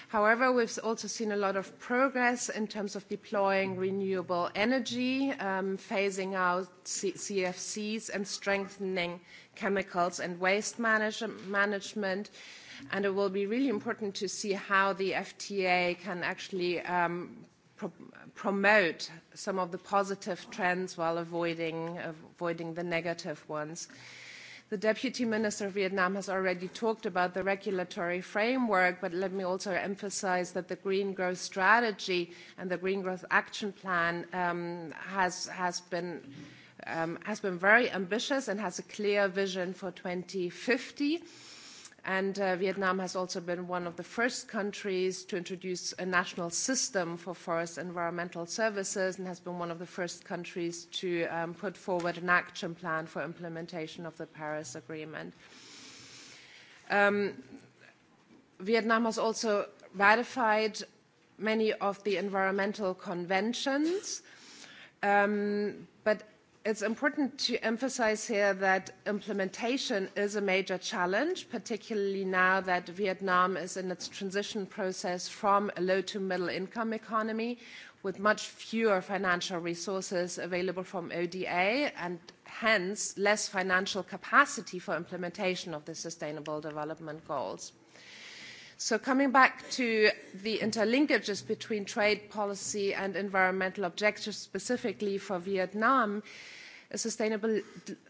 However, we've also seen a lot of progress in terms of deploying renewable energy, um, phasing out C CFCs, and strengthening chemicals and waste manage management. And it will be really important to see how the FTA can actually um, pro promote some of the positive trends while avoiding, avoiding the negative ones. The Deputy Minister of Vietnam has already talked about the regulatory framework, but let me also emphasize that the Green Growth Strategy and the Green Growth Action Plan um, has, has been. Mm-hmm Um, has been very ambitious and has a clear vision for 2050. And uh, Vietnam has also been one of the first countries to introduce a national system for forest environmental services and has been one of the first countries to um, put forward an action plan for implementation of the Paris Agreement. Um, Vietnam has also ratified many of the environmental conventions, but it's important to emphasize here that implementation is a major challenge, particularly now that Vietnam is in its transition process from a low to middle income economy with much fewer financial resources available from ODA and hence less financial capacity for implementation of the sustainable development goals. So coming back to the interlinkages between trade policy and environmental objectives, specifically for Vietnam, a sustainable,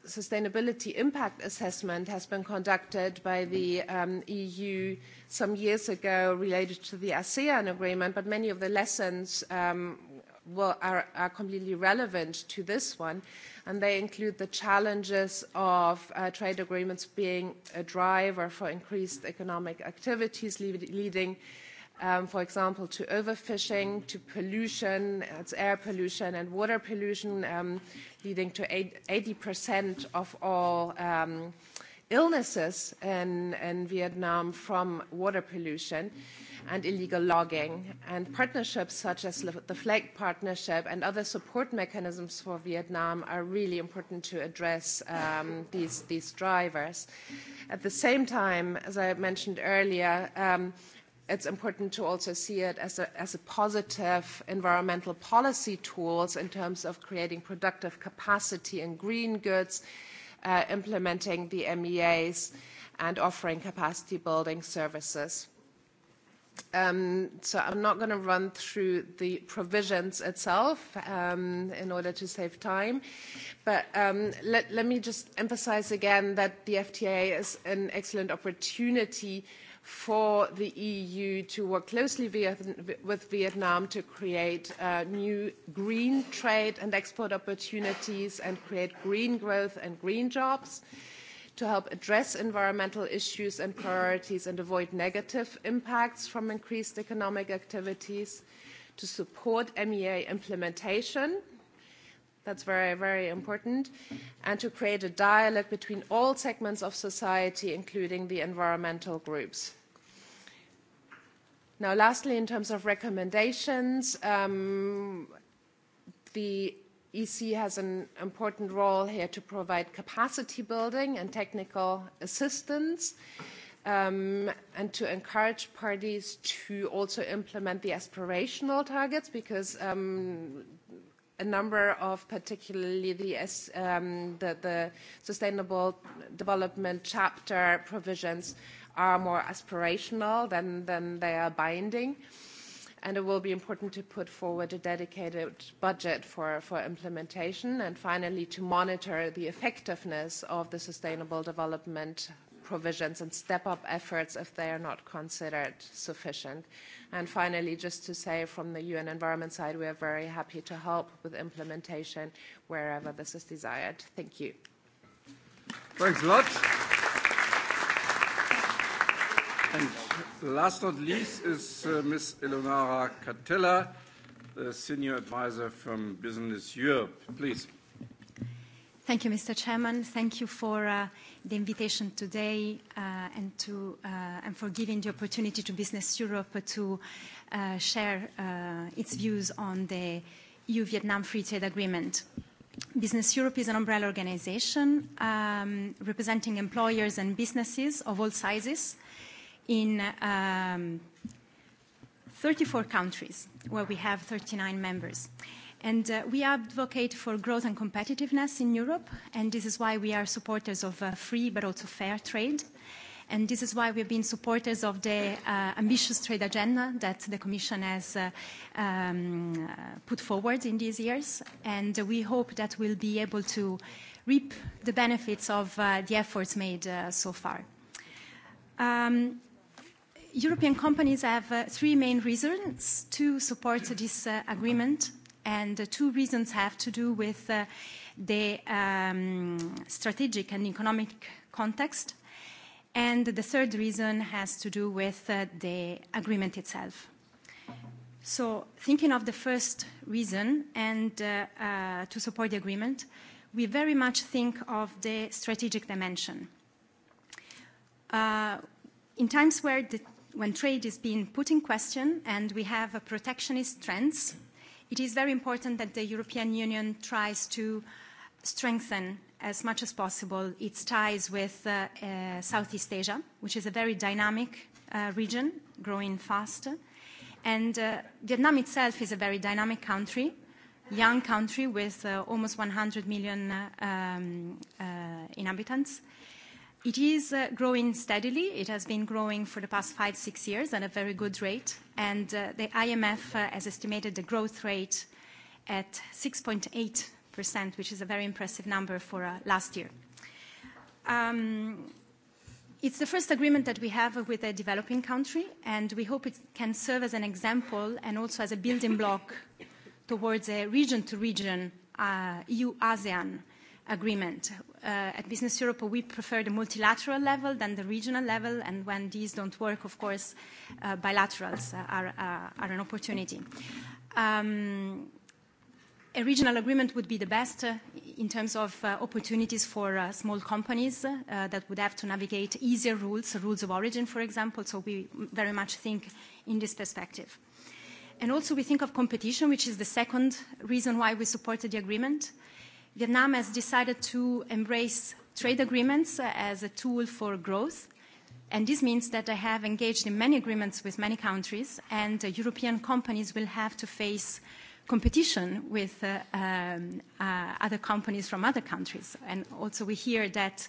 sustainability impact assessment has been conducted by the um, EU some years ago related to the ASEAN agreement, but many of the lessons um, well, are, are completely relevant to this one, and they include the challenges of uh, trade agreements being a driver for increased economic activities, lead, leading, um, for example, to overfishing, to pollution, it's air pollution and water pollution, um, leading to 80% of all um, illnesses in, in Vietnam from water pollution. Mm-hmm and illegal logging. And partnerships such as the FLAG partnership and other support mechanisms for Vietnam are really important to address um, these, these drivers. At the same time, as I mentioned earlier, um, it's important to also see it as a, as a positive environmental policy tools in terms of creating productive capacity in green goods, uh, implementing the MEAs, and offering capacity building services. Um, so I'm not going to run through the provisions itself um, in order to save time. But um, let, me just emphasize again that the FTA is an excellent opportunity for the EU to work closely with Vietnam to create uh, new green trade and export opportunities and create green growth and green jobs to help address environmental issues and priorities and avoid negative impacts from increased economic activities, to support MEA implementation, that's very, very important, and to create a dialogue between all segments of society, including the environmental groups. Now, lastly, in terms of recommendations, um, the EC has an important role here to provide capacity building and technical assistance um, and to encourage parties to also implement the aspirational targets because um, a number of particularly the, um, the, the sustainable development chapter provisions are more aspirational than, than they are binding. Uh, and it will be important to put forward a dedicated budget for, for implementation and finally to monitor the effectiveness of the sustainable development provisions and step up efforts if they are not considered sufficient. And finally, just to say from the UN environment side, we are very happy to help with implementation wherever this is desired. Thank you. Thanks a lot. And Last not least is uh, Ms. Eleonora Catella, the Senior Advisor from Business Europe. Please. Thank you, Mr. Chairman. Thank you for uh, the invitation today uh, and, to, uh, and for giving the opportunity to Business Europe to uh, share uh, its views on the EU-Vietnam Free Trade Agreement. Business Europe is an umbrella organization um, representing employers and businesses of all sizes – in um, 34 countries where we have 39 members. And uh, we advocate for growth and competitiveness in Europe, and this is why we are supporters of uh, free but also fair trade. And this is why we've been supporters of the uh, ambitious trade agenda that the Commission has uh, um, uh, put forward in these years. And we hope that we'll be able to reap the benefits of uh, the efforts made uh, so far. Um, European companies have uh, three main reasons to support this uh, agreement, and the two reasons have to do with uh, the um, strategic and economic context, and the third reason has to do with uh, the agreement itself. So thinking of the first reason and uh, uh, to support the agreement, we very much think of the strategic dimension. Uh, in times where the when trade is being put in question and we have a protectionist trends, it is very important that the European Union tries to strengthen as much as possible its ties with uh, uh, Southeast Asia, which is a very dynamic uh, region, growing fast. And uh, Vietnam itself is a very dynamic country, young country with uh, almost 100 million uh, um, uh, inhabitants. It is uh, growing steadily. It has been growing for the past five, six years at a very good rate. And uh, the IMF uh, has estimated the growth rate at 6.8%, which is a very impressive number for last year. Um, it's the first agreement that we have with a developing country, and we hope it can serve as an example and also as a building block towards a region-to-region EU-ASEAN agreement, uh, at Business Europe, we prefer the multilateral level than the regional level, and when these don't work, of course, uh, bilaterals are, uh, are an opportunity. Um, a regional agreement would be the best uh, in terms of uh, opportunities for uh, small companies uh, that would have to navigate easier rules, rules of origin, for example. So we very much think in this perspective. And also we think of competition, which is the second reason why we supported the agreement. Uh, Vietnam has decided to embrace trade agreements uh, as a tool for growth. And this means that they have engaged in many agreements with many countries, and uh, European companies will have to face competition with uh, um, uh, other companies from other countries. And also we hear that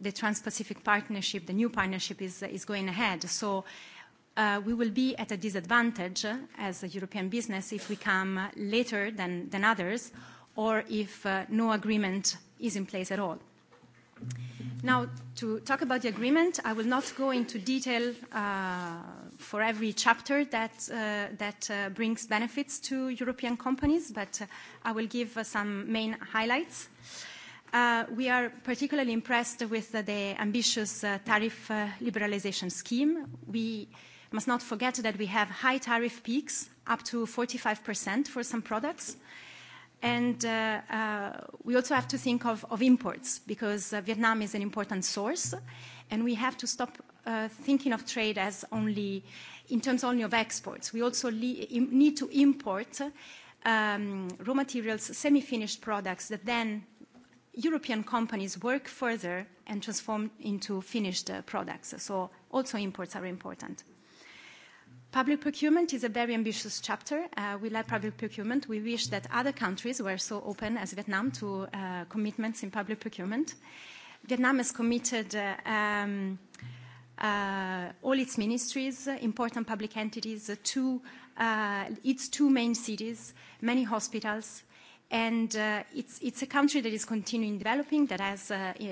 the Trans-Pacific Partnership, the new partnership, is, uh, is going ahead. So uh, we will be at a disadvantage uh, as a European business if we come later than, than others, or if uh, no agreement is in place at all. Now, to talk about the agreement, I will not go into detail uh, for every chapter that, uh, that brings benefits to European companies, but I will give some main highlights. we are particularly impressed with the ambitious tariff liberalization scheme. We must not forget that we have high tariff peaks, up to 45% for some products. And uh, uh, we also have to think of, of imports because uh, Vietnam is an important source, and we have to stop uh, thinking of trade as only in terms only of exports. We also need to import um, raw materials, semi-finished products that then European companies work further and transform into finished uh, products. So also imports are important. Public procurement is a very ambitious chapter. Uh, we like mm-hmm. public procurement. We wish that other countries were so open as Vietnam to uh, commitments in public procurement. Vietnam has committed uh, um, uh, all its ministries, important public entities, uh, to uh, its two main cities, many hospitals, and uh, it's, it's a country that is continuing developing, that has uh, uh,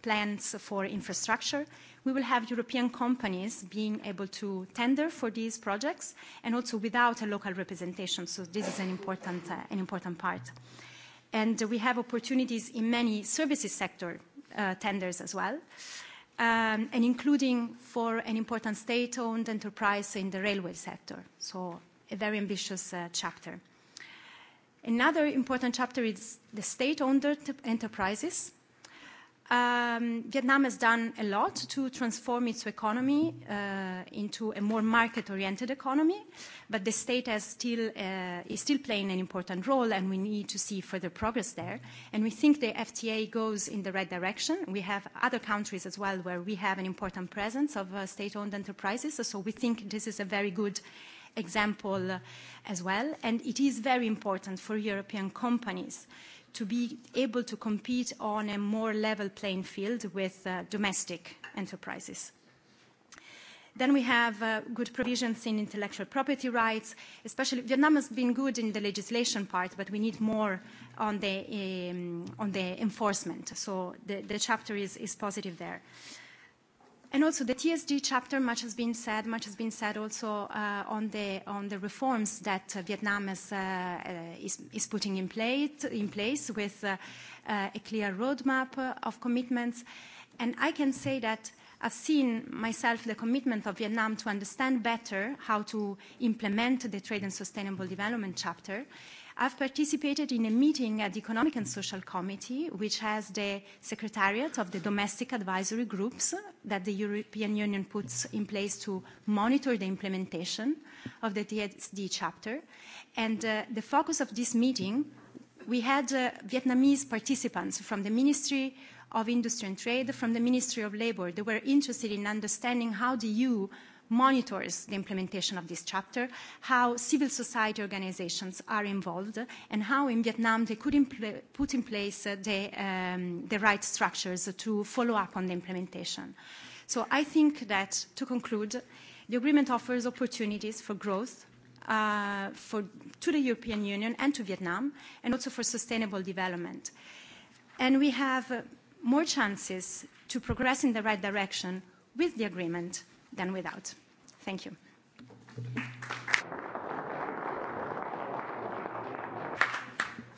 plans for infrastructure, we will have European companies being able to tender for these projects and also without a local representation. So this is an important, uh, an important part. And we have opportunities in many services sector uh, tenders as well, um, and including for an important state-owned enterprise in the railway sector. So a very ambitious uh, chapter. Another important chapter is the state-owned enterprises Um, Vietnam has done a lot to transform its economy uh, into a more market-oriented economy, but the state has still, uh, is still playing an important role, and we need to see further progress there. And we think the FTA goes in the right direction. We have other countries as well where we have an important presence of uh, state-owned enterprises, so we think this is a very good example as well, and it is very important for European companies to be able to compete on a more level playing field with uh, domestic enterprises. Then we have uh, good provisions in intellectual property rights, especially Vietnam has been good in the legislation part, but we need more on the, um, enforcement. So the, chapter is, positive there. And also the TSG chapter, much has been said, much has been said also uh, on, the, on the reforms that uh, Vietnam is, uh, uh is, is putting in, plate, in place with uh, uh, a clear roadmap uh, of commitments. And I can say that I've seen myself the commitment of Vietnam to understand better how to implement the trade and sustainable development chapter. Uh, I've participated in a meeting at the Economic and Social Committee, which has the secretariat of the domestic advisory groups that the European Union puts in place to monitor the implementation of the TSD chapter. And uh, the focus of this meeting, we had uh, Vietnamese participants from the Ministry of Industry and Trade, from the Ministry of Labour. They were interested in understanding how the EU monitors the implementation of this chapter, how civil society organizations are involved, and how in Vietnam they could put in place uh, the, um, the right structures to follow up on the implementation. So I think that, to conclude, the agreement offers opportunities for growth, Uh, for, to the European Union and to Vietnam, and also for sustainable development. And we have uh, more chances to progress in the right direction with the agreement than without. Thank you.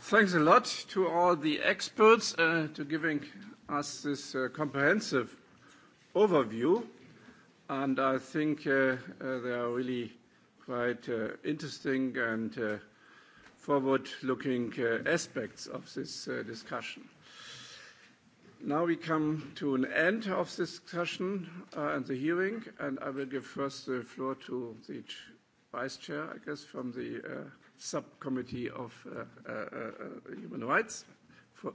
Thanks a lot to all the experts uh, to giving us this uh, comprehensive overview. And I think uh, uh they are really quite uh, interesting and uh, forward-looking aspects of this discussion. Now we come to an end of this discussion uh, and the hearing, and I will give first the floor to the Vice Chair, I guess, from the uh, Subcommittee of uh, uh, uh Human Rights. For,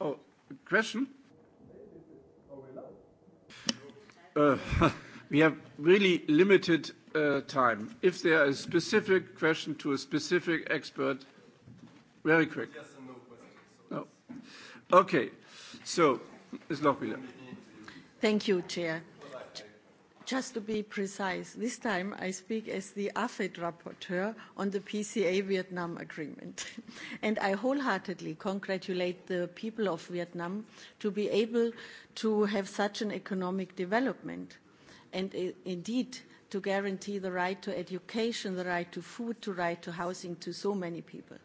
oh, question? Uh, we have really limited time. If there is a specific question to a specific expert, very quick. Yes and no questions. No. Okay. So, Ms. Lochbihler. Thank you, Chair. Just to be precise, this time I speak as the AFED rapporteur on the PCA Vietnam Agreement. and I wholeheartedly congratulate the people of Vietnam to be able to have such an economic development. And uh, indeed, to guarantee the right to education, the right to food, the right to housing to so many people.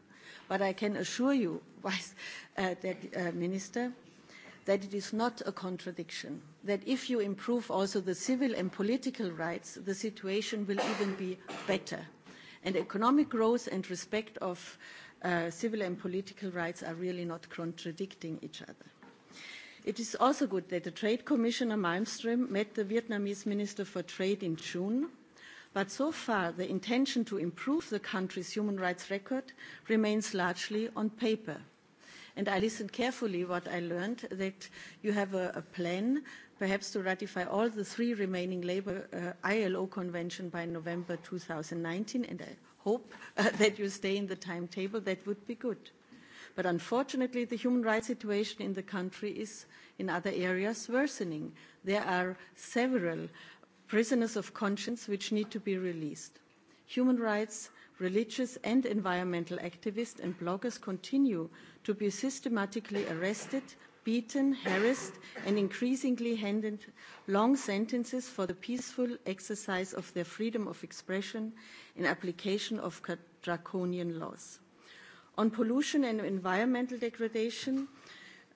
But I can assure you, Vice uh, uh, Minister, that it is not a contradiction, that if you improve also the civil and political rights, the situation will even be better. And economic growth and respect of uh, civil and political rights are really not contradicting each other. It is also good that the Trade Commissioner Malmström met the Vietnamese Minister for Trade in June, but so far the intention to improve the country's human rights record remains largely on paper And I listened carefully what I learned, that you have a, a plan perhaps to ratify all the three remaining labor uh, ILO convention by November 2019, and I hope uh, that you stay in the timetable. That would be good. But unfortunately, the human rights situation in the country is in other areas worsening. There are several prisoners of conscience which need to be released. Human rights religious and environmental activists and bloggers continue to be systematically arrested, beaten, harassed, and increasingly handed long sentences for the peaceful exercise of their freedom of expression and application of draconian laws. On pollution and environmental degradation,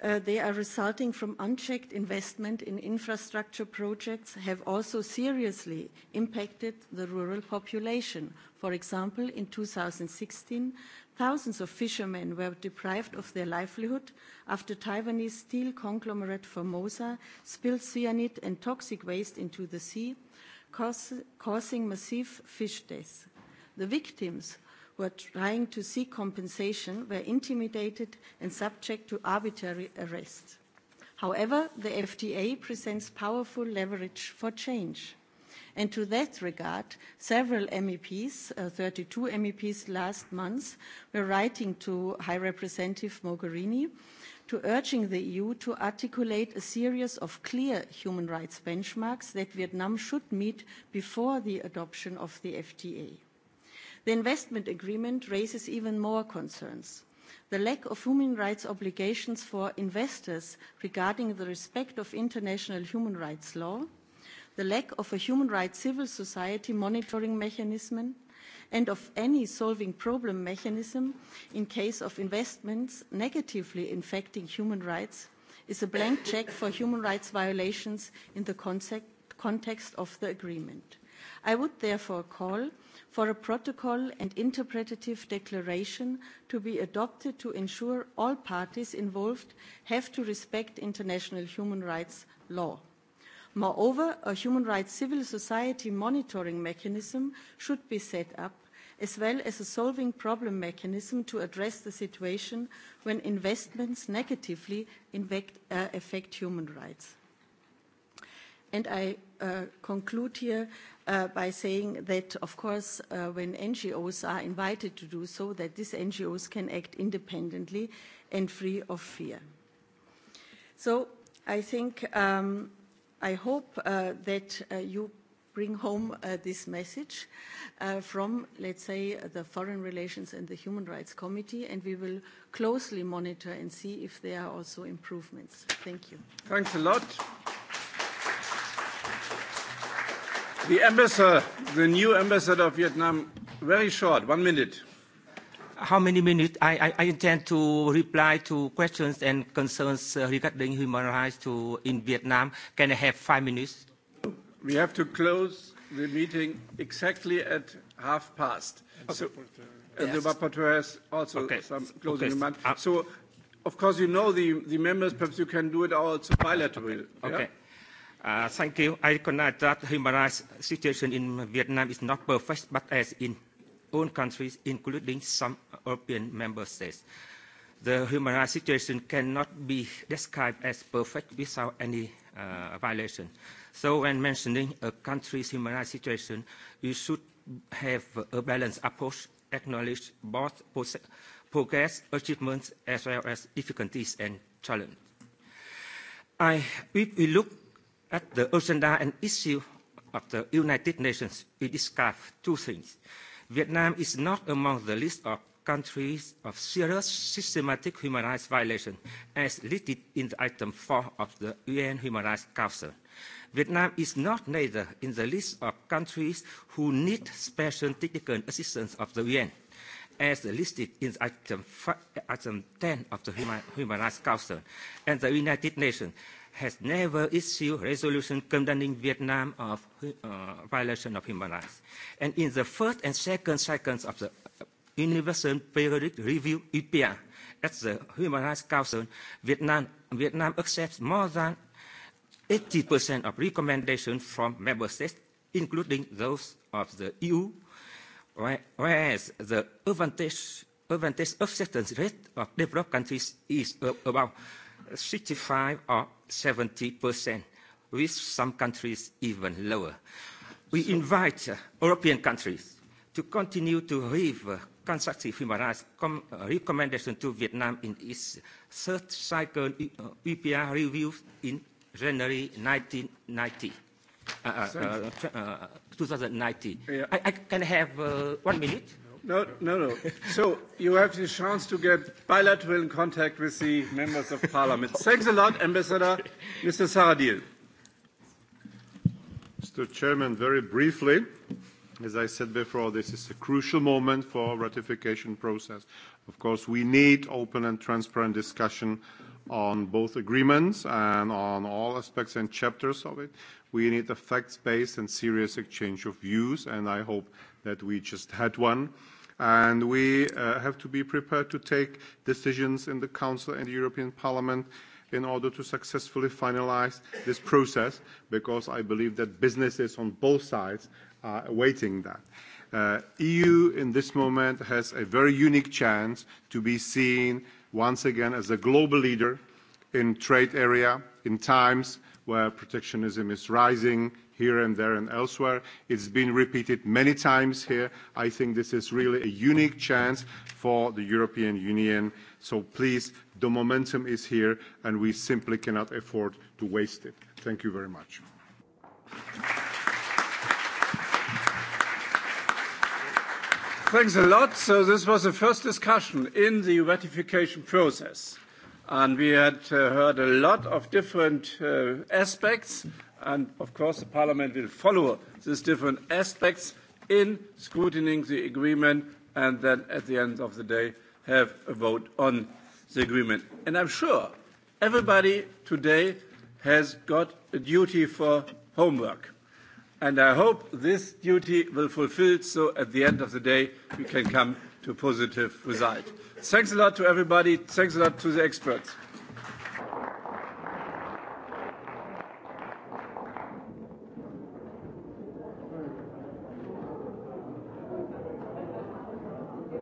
Uh, they are resulting from unchecked investment in infrastructure projects have also seriously impacted the rural population. For example, in 2016, thousands of fishermen were deprived of their livelihood after Taiwanese steel conglomerate Formosa spilled cyanide and toxic waste into the sea, cause, causing massive fish deaths. The victims who are trying to seek compensation were intimidated and subject to arbitrary arrest. However, the FTA presents powerful leverage for change. And to that regard, several MEPs, uh, 32 MEPs last month, were writing to High Representative Mogherini to urging the EU to articulate a series of clear human rights benchmarks that Vietnam should meet before the adoption of the FTA. The investment agreement raises even more concerns. The lack of human rights obligations for investors regarding the respect of international human rights law, the lack of a human rights civil society monitoring mechanism, and of any solving problem mechanism in case of investments negatively infecting human rights is a blank check for human rights violations in the context of the agreement. I would therefore call for a protocol and interpretative declaration to be adopted to ensure all parties involved have to respect international human rights law. Moreover, a human rights civil society monitoring mechanism should be set up, as well as a solving problem mechanism to address the situation when investments negatively uh, affect human rights. And I uh, conclude here uh, by saying that, of course, uh, when NGOs are invited to do so, that these NGOs can act independently and free of fear. So I think, um, I hope uh, that uh, you bring home uh, this message uh, from, let's say, the Foreign Relations and the Human Rights Committee, and we will closely monitor and see if there are also improvements. Thank you. Thanks a lot. The ambassador, the new ambassador of Vietnam, very short, one minute. How many minutes? I, I, I intend to reply to questions and concerns uh, regarding human rights to, in Vietnam. Can I have five minutes? We have to close the meeting exactly at half past. Okay. So, and yes. the rapporteur has also okay. some closing okay. remarks. Uh, so, of course, you know the, the members. Perhaps you can do it also bilaterally. Okay. Yeah? okay. Uh, thank you. I recognize that human rights situation in Vietnam is not perfect, but as in own countries, including some European member states, the human rights situation cannot be described as perfect without any uh, violation. So when mentioning a country's human rights situation, we should have a balanced approach, acknowledge both progress, achievements, as well as difficulties and challenges. I, if we look At the agenda and issue of the United Nations, we discussed two things. Vietnam is not among the list of countries of serious systematic human rights violations as listed in the item 4 of the UN Human Rights Council. Vietnam is not neither in the list of countries who need special technical assistance of the UN as listed in item, item 10 of the Human, Human Rights Council and the United Nations has never issued resolution condemning Vietnam of uh, violation of human rights. And in the first and second cycles of the Universal Periodic Review (UPR) at the Human Rights Council, Vietnam, Vietnam accepts more than 80% of recommendations from member states, including those of the EU, whereas the advantage, advantage acceptance rate of developed countries is about 65 or 70%, with some countries even lower. We invite uh, European countries to continue to give uh, constructive human rights uh, recommendation to Vietnam in its third cycle EPR e review in January 1990. 2019. Yeah. I, can have one minute. No, no, no. So you have the chance to get bilateral contact with the members of parliament. Thanks a lot, Ambassador. Mr. Saradil. Mr. Chairman, very briefly, as I said before, this is a crucial moment for ratification process. Of course, we need open and transparent discussion on both agreements and on all aspects and chapters of it. We need a facts-based and serious exchange of views, and I hope that we just had one. And we uh, have to be prepared to take decisions in the Council and the European Parliament in order to successfully finalize this process, because I believe that businesses on both sides are awaiting that. Uh, EU in this moment has a very unique chance to be seen once again as a global leader in trade area in times where protectionism is rising, here and there and elsewhere. It's been repeated many times here. I think this is really a unique chance for the European Union. So please, the momentum is here, and we simply cannot afford to waste it. Thank you very much. Thanks a lot. So this was the first discussion in the ratification process, and we had uh, heard a lot of different uh, aspects And of course, the Parliament will follow these different aspects in scrutinizing the agreement and then at the end of the day have a vote on the agreement. And I'm sure everybody today has got a duty for homework. And I hope this duty will fulfill so at the end of the day we can come to a positive result. Thanks a lot to everybody. Thanks a lot to the experts.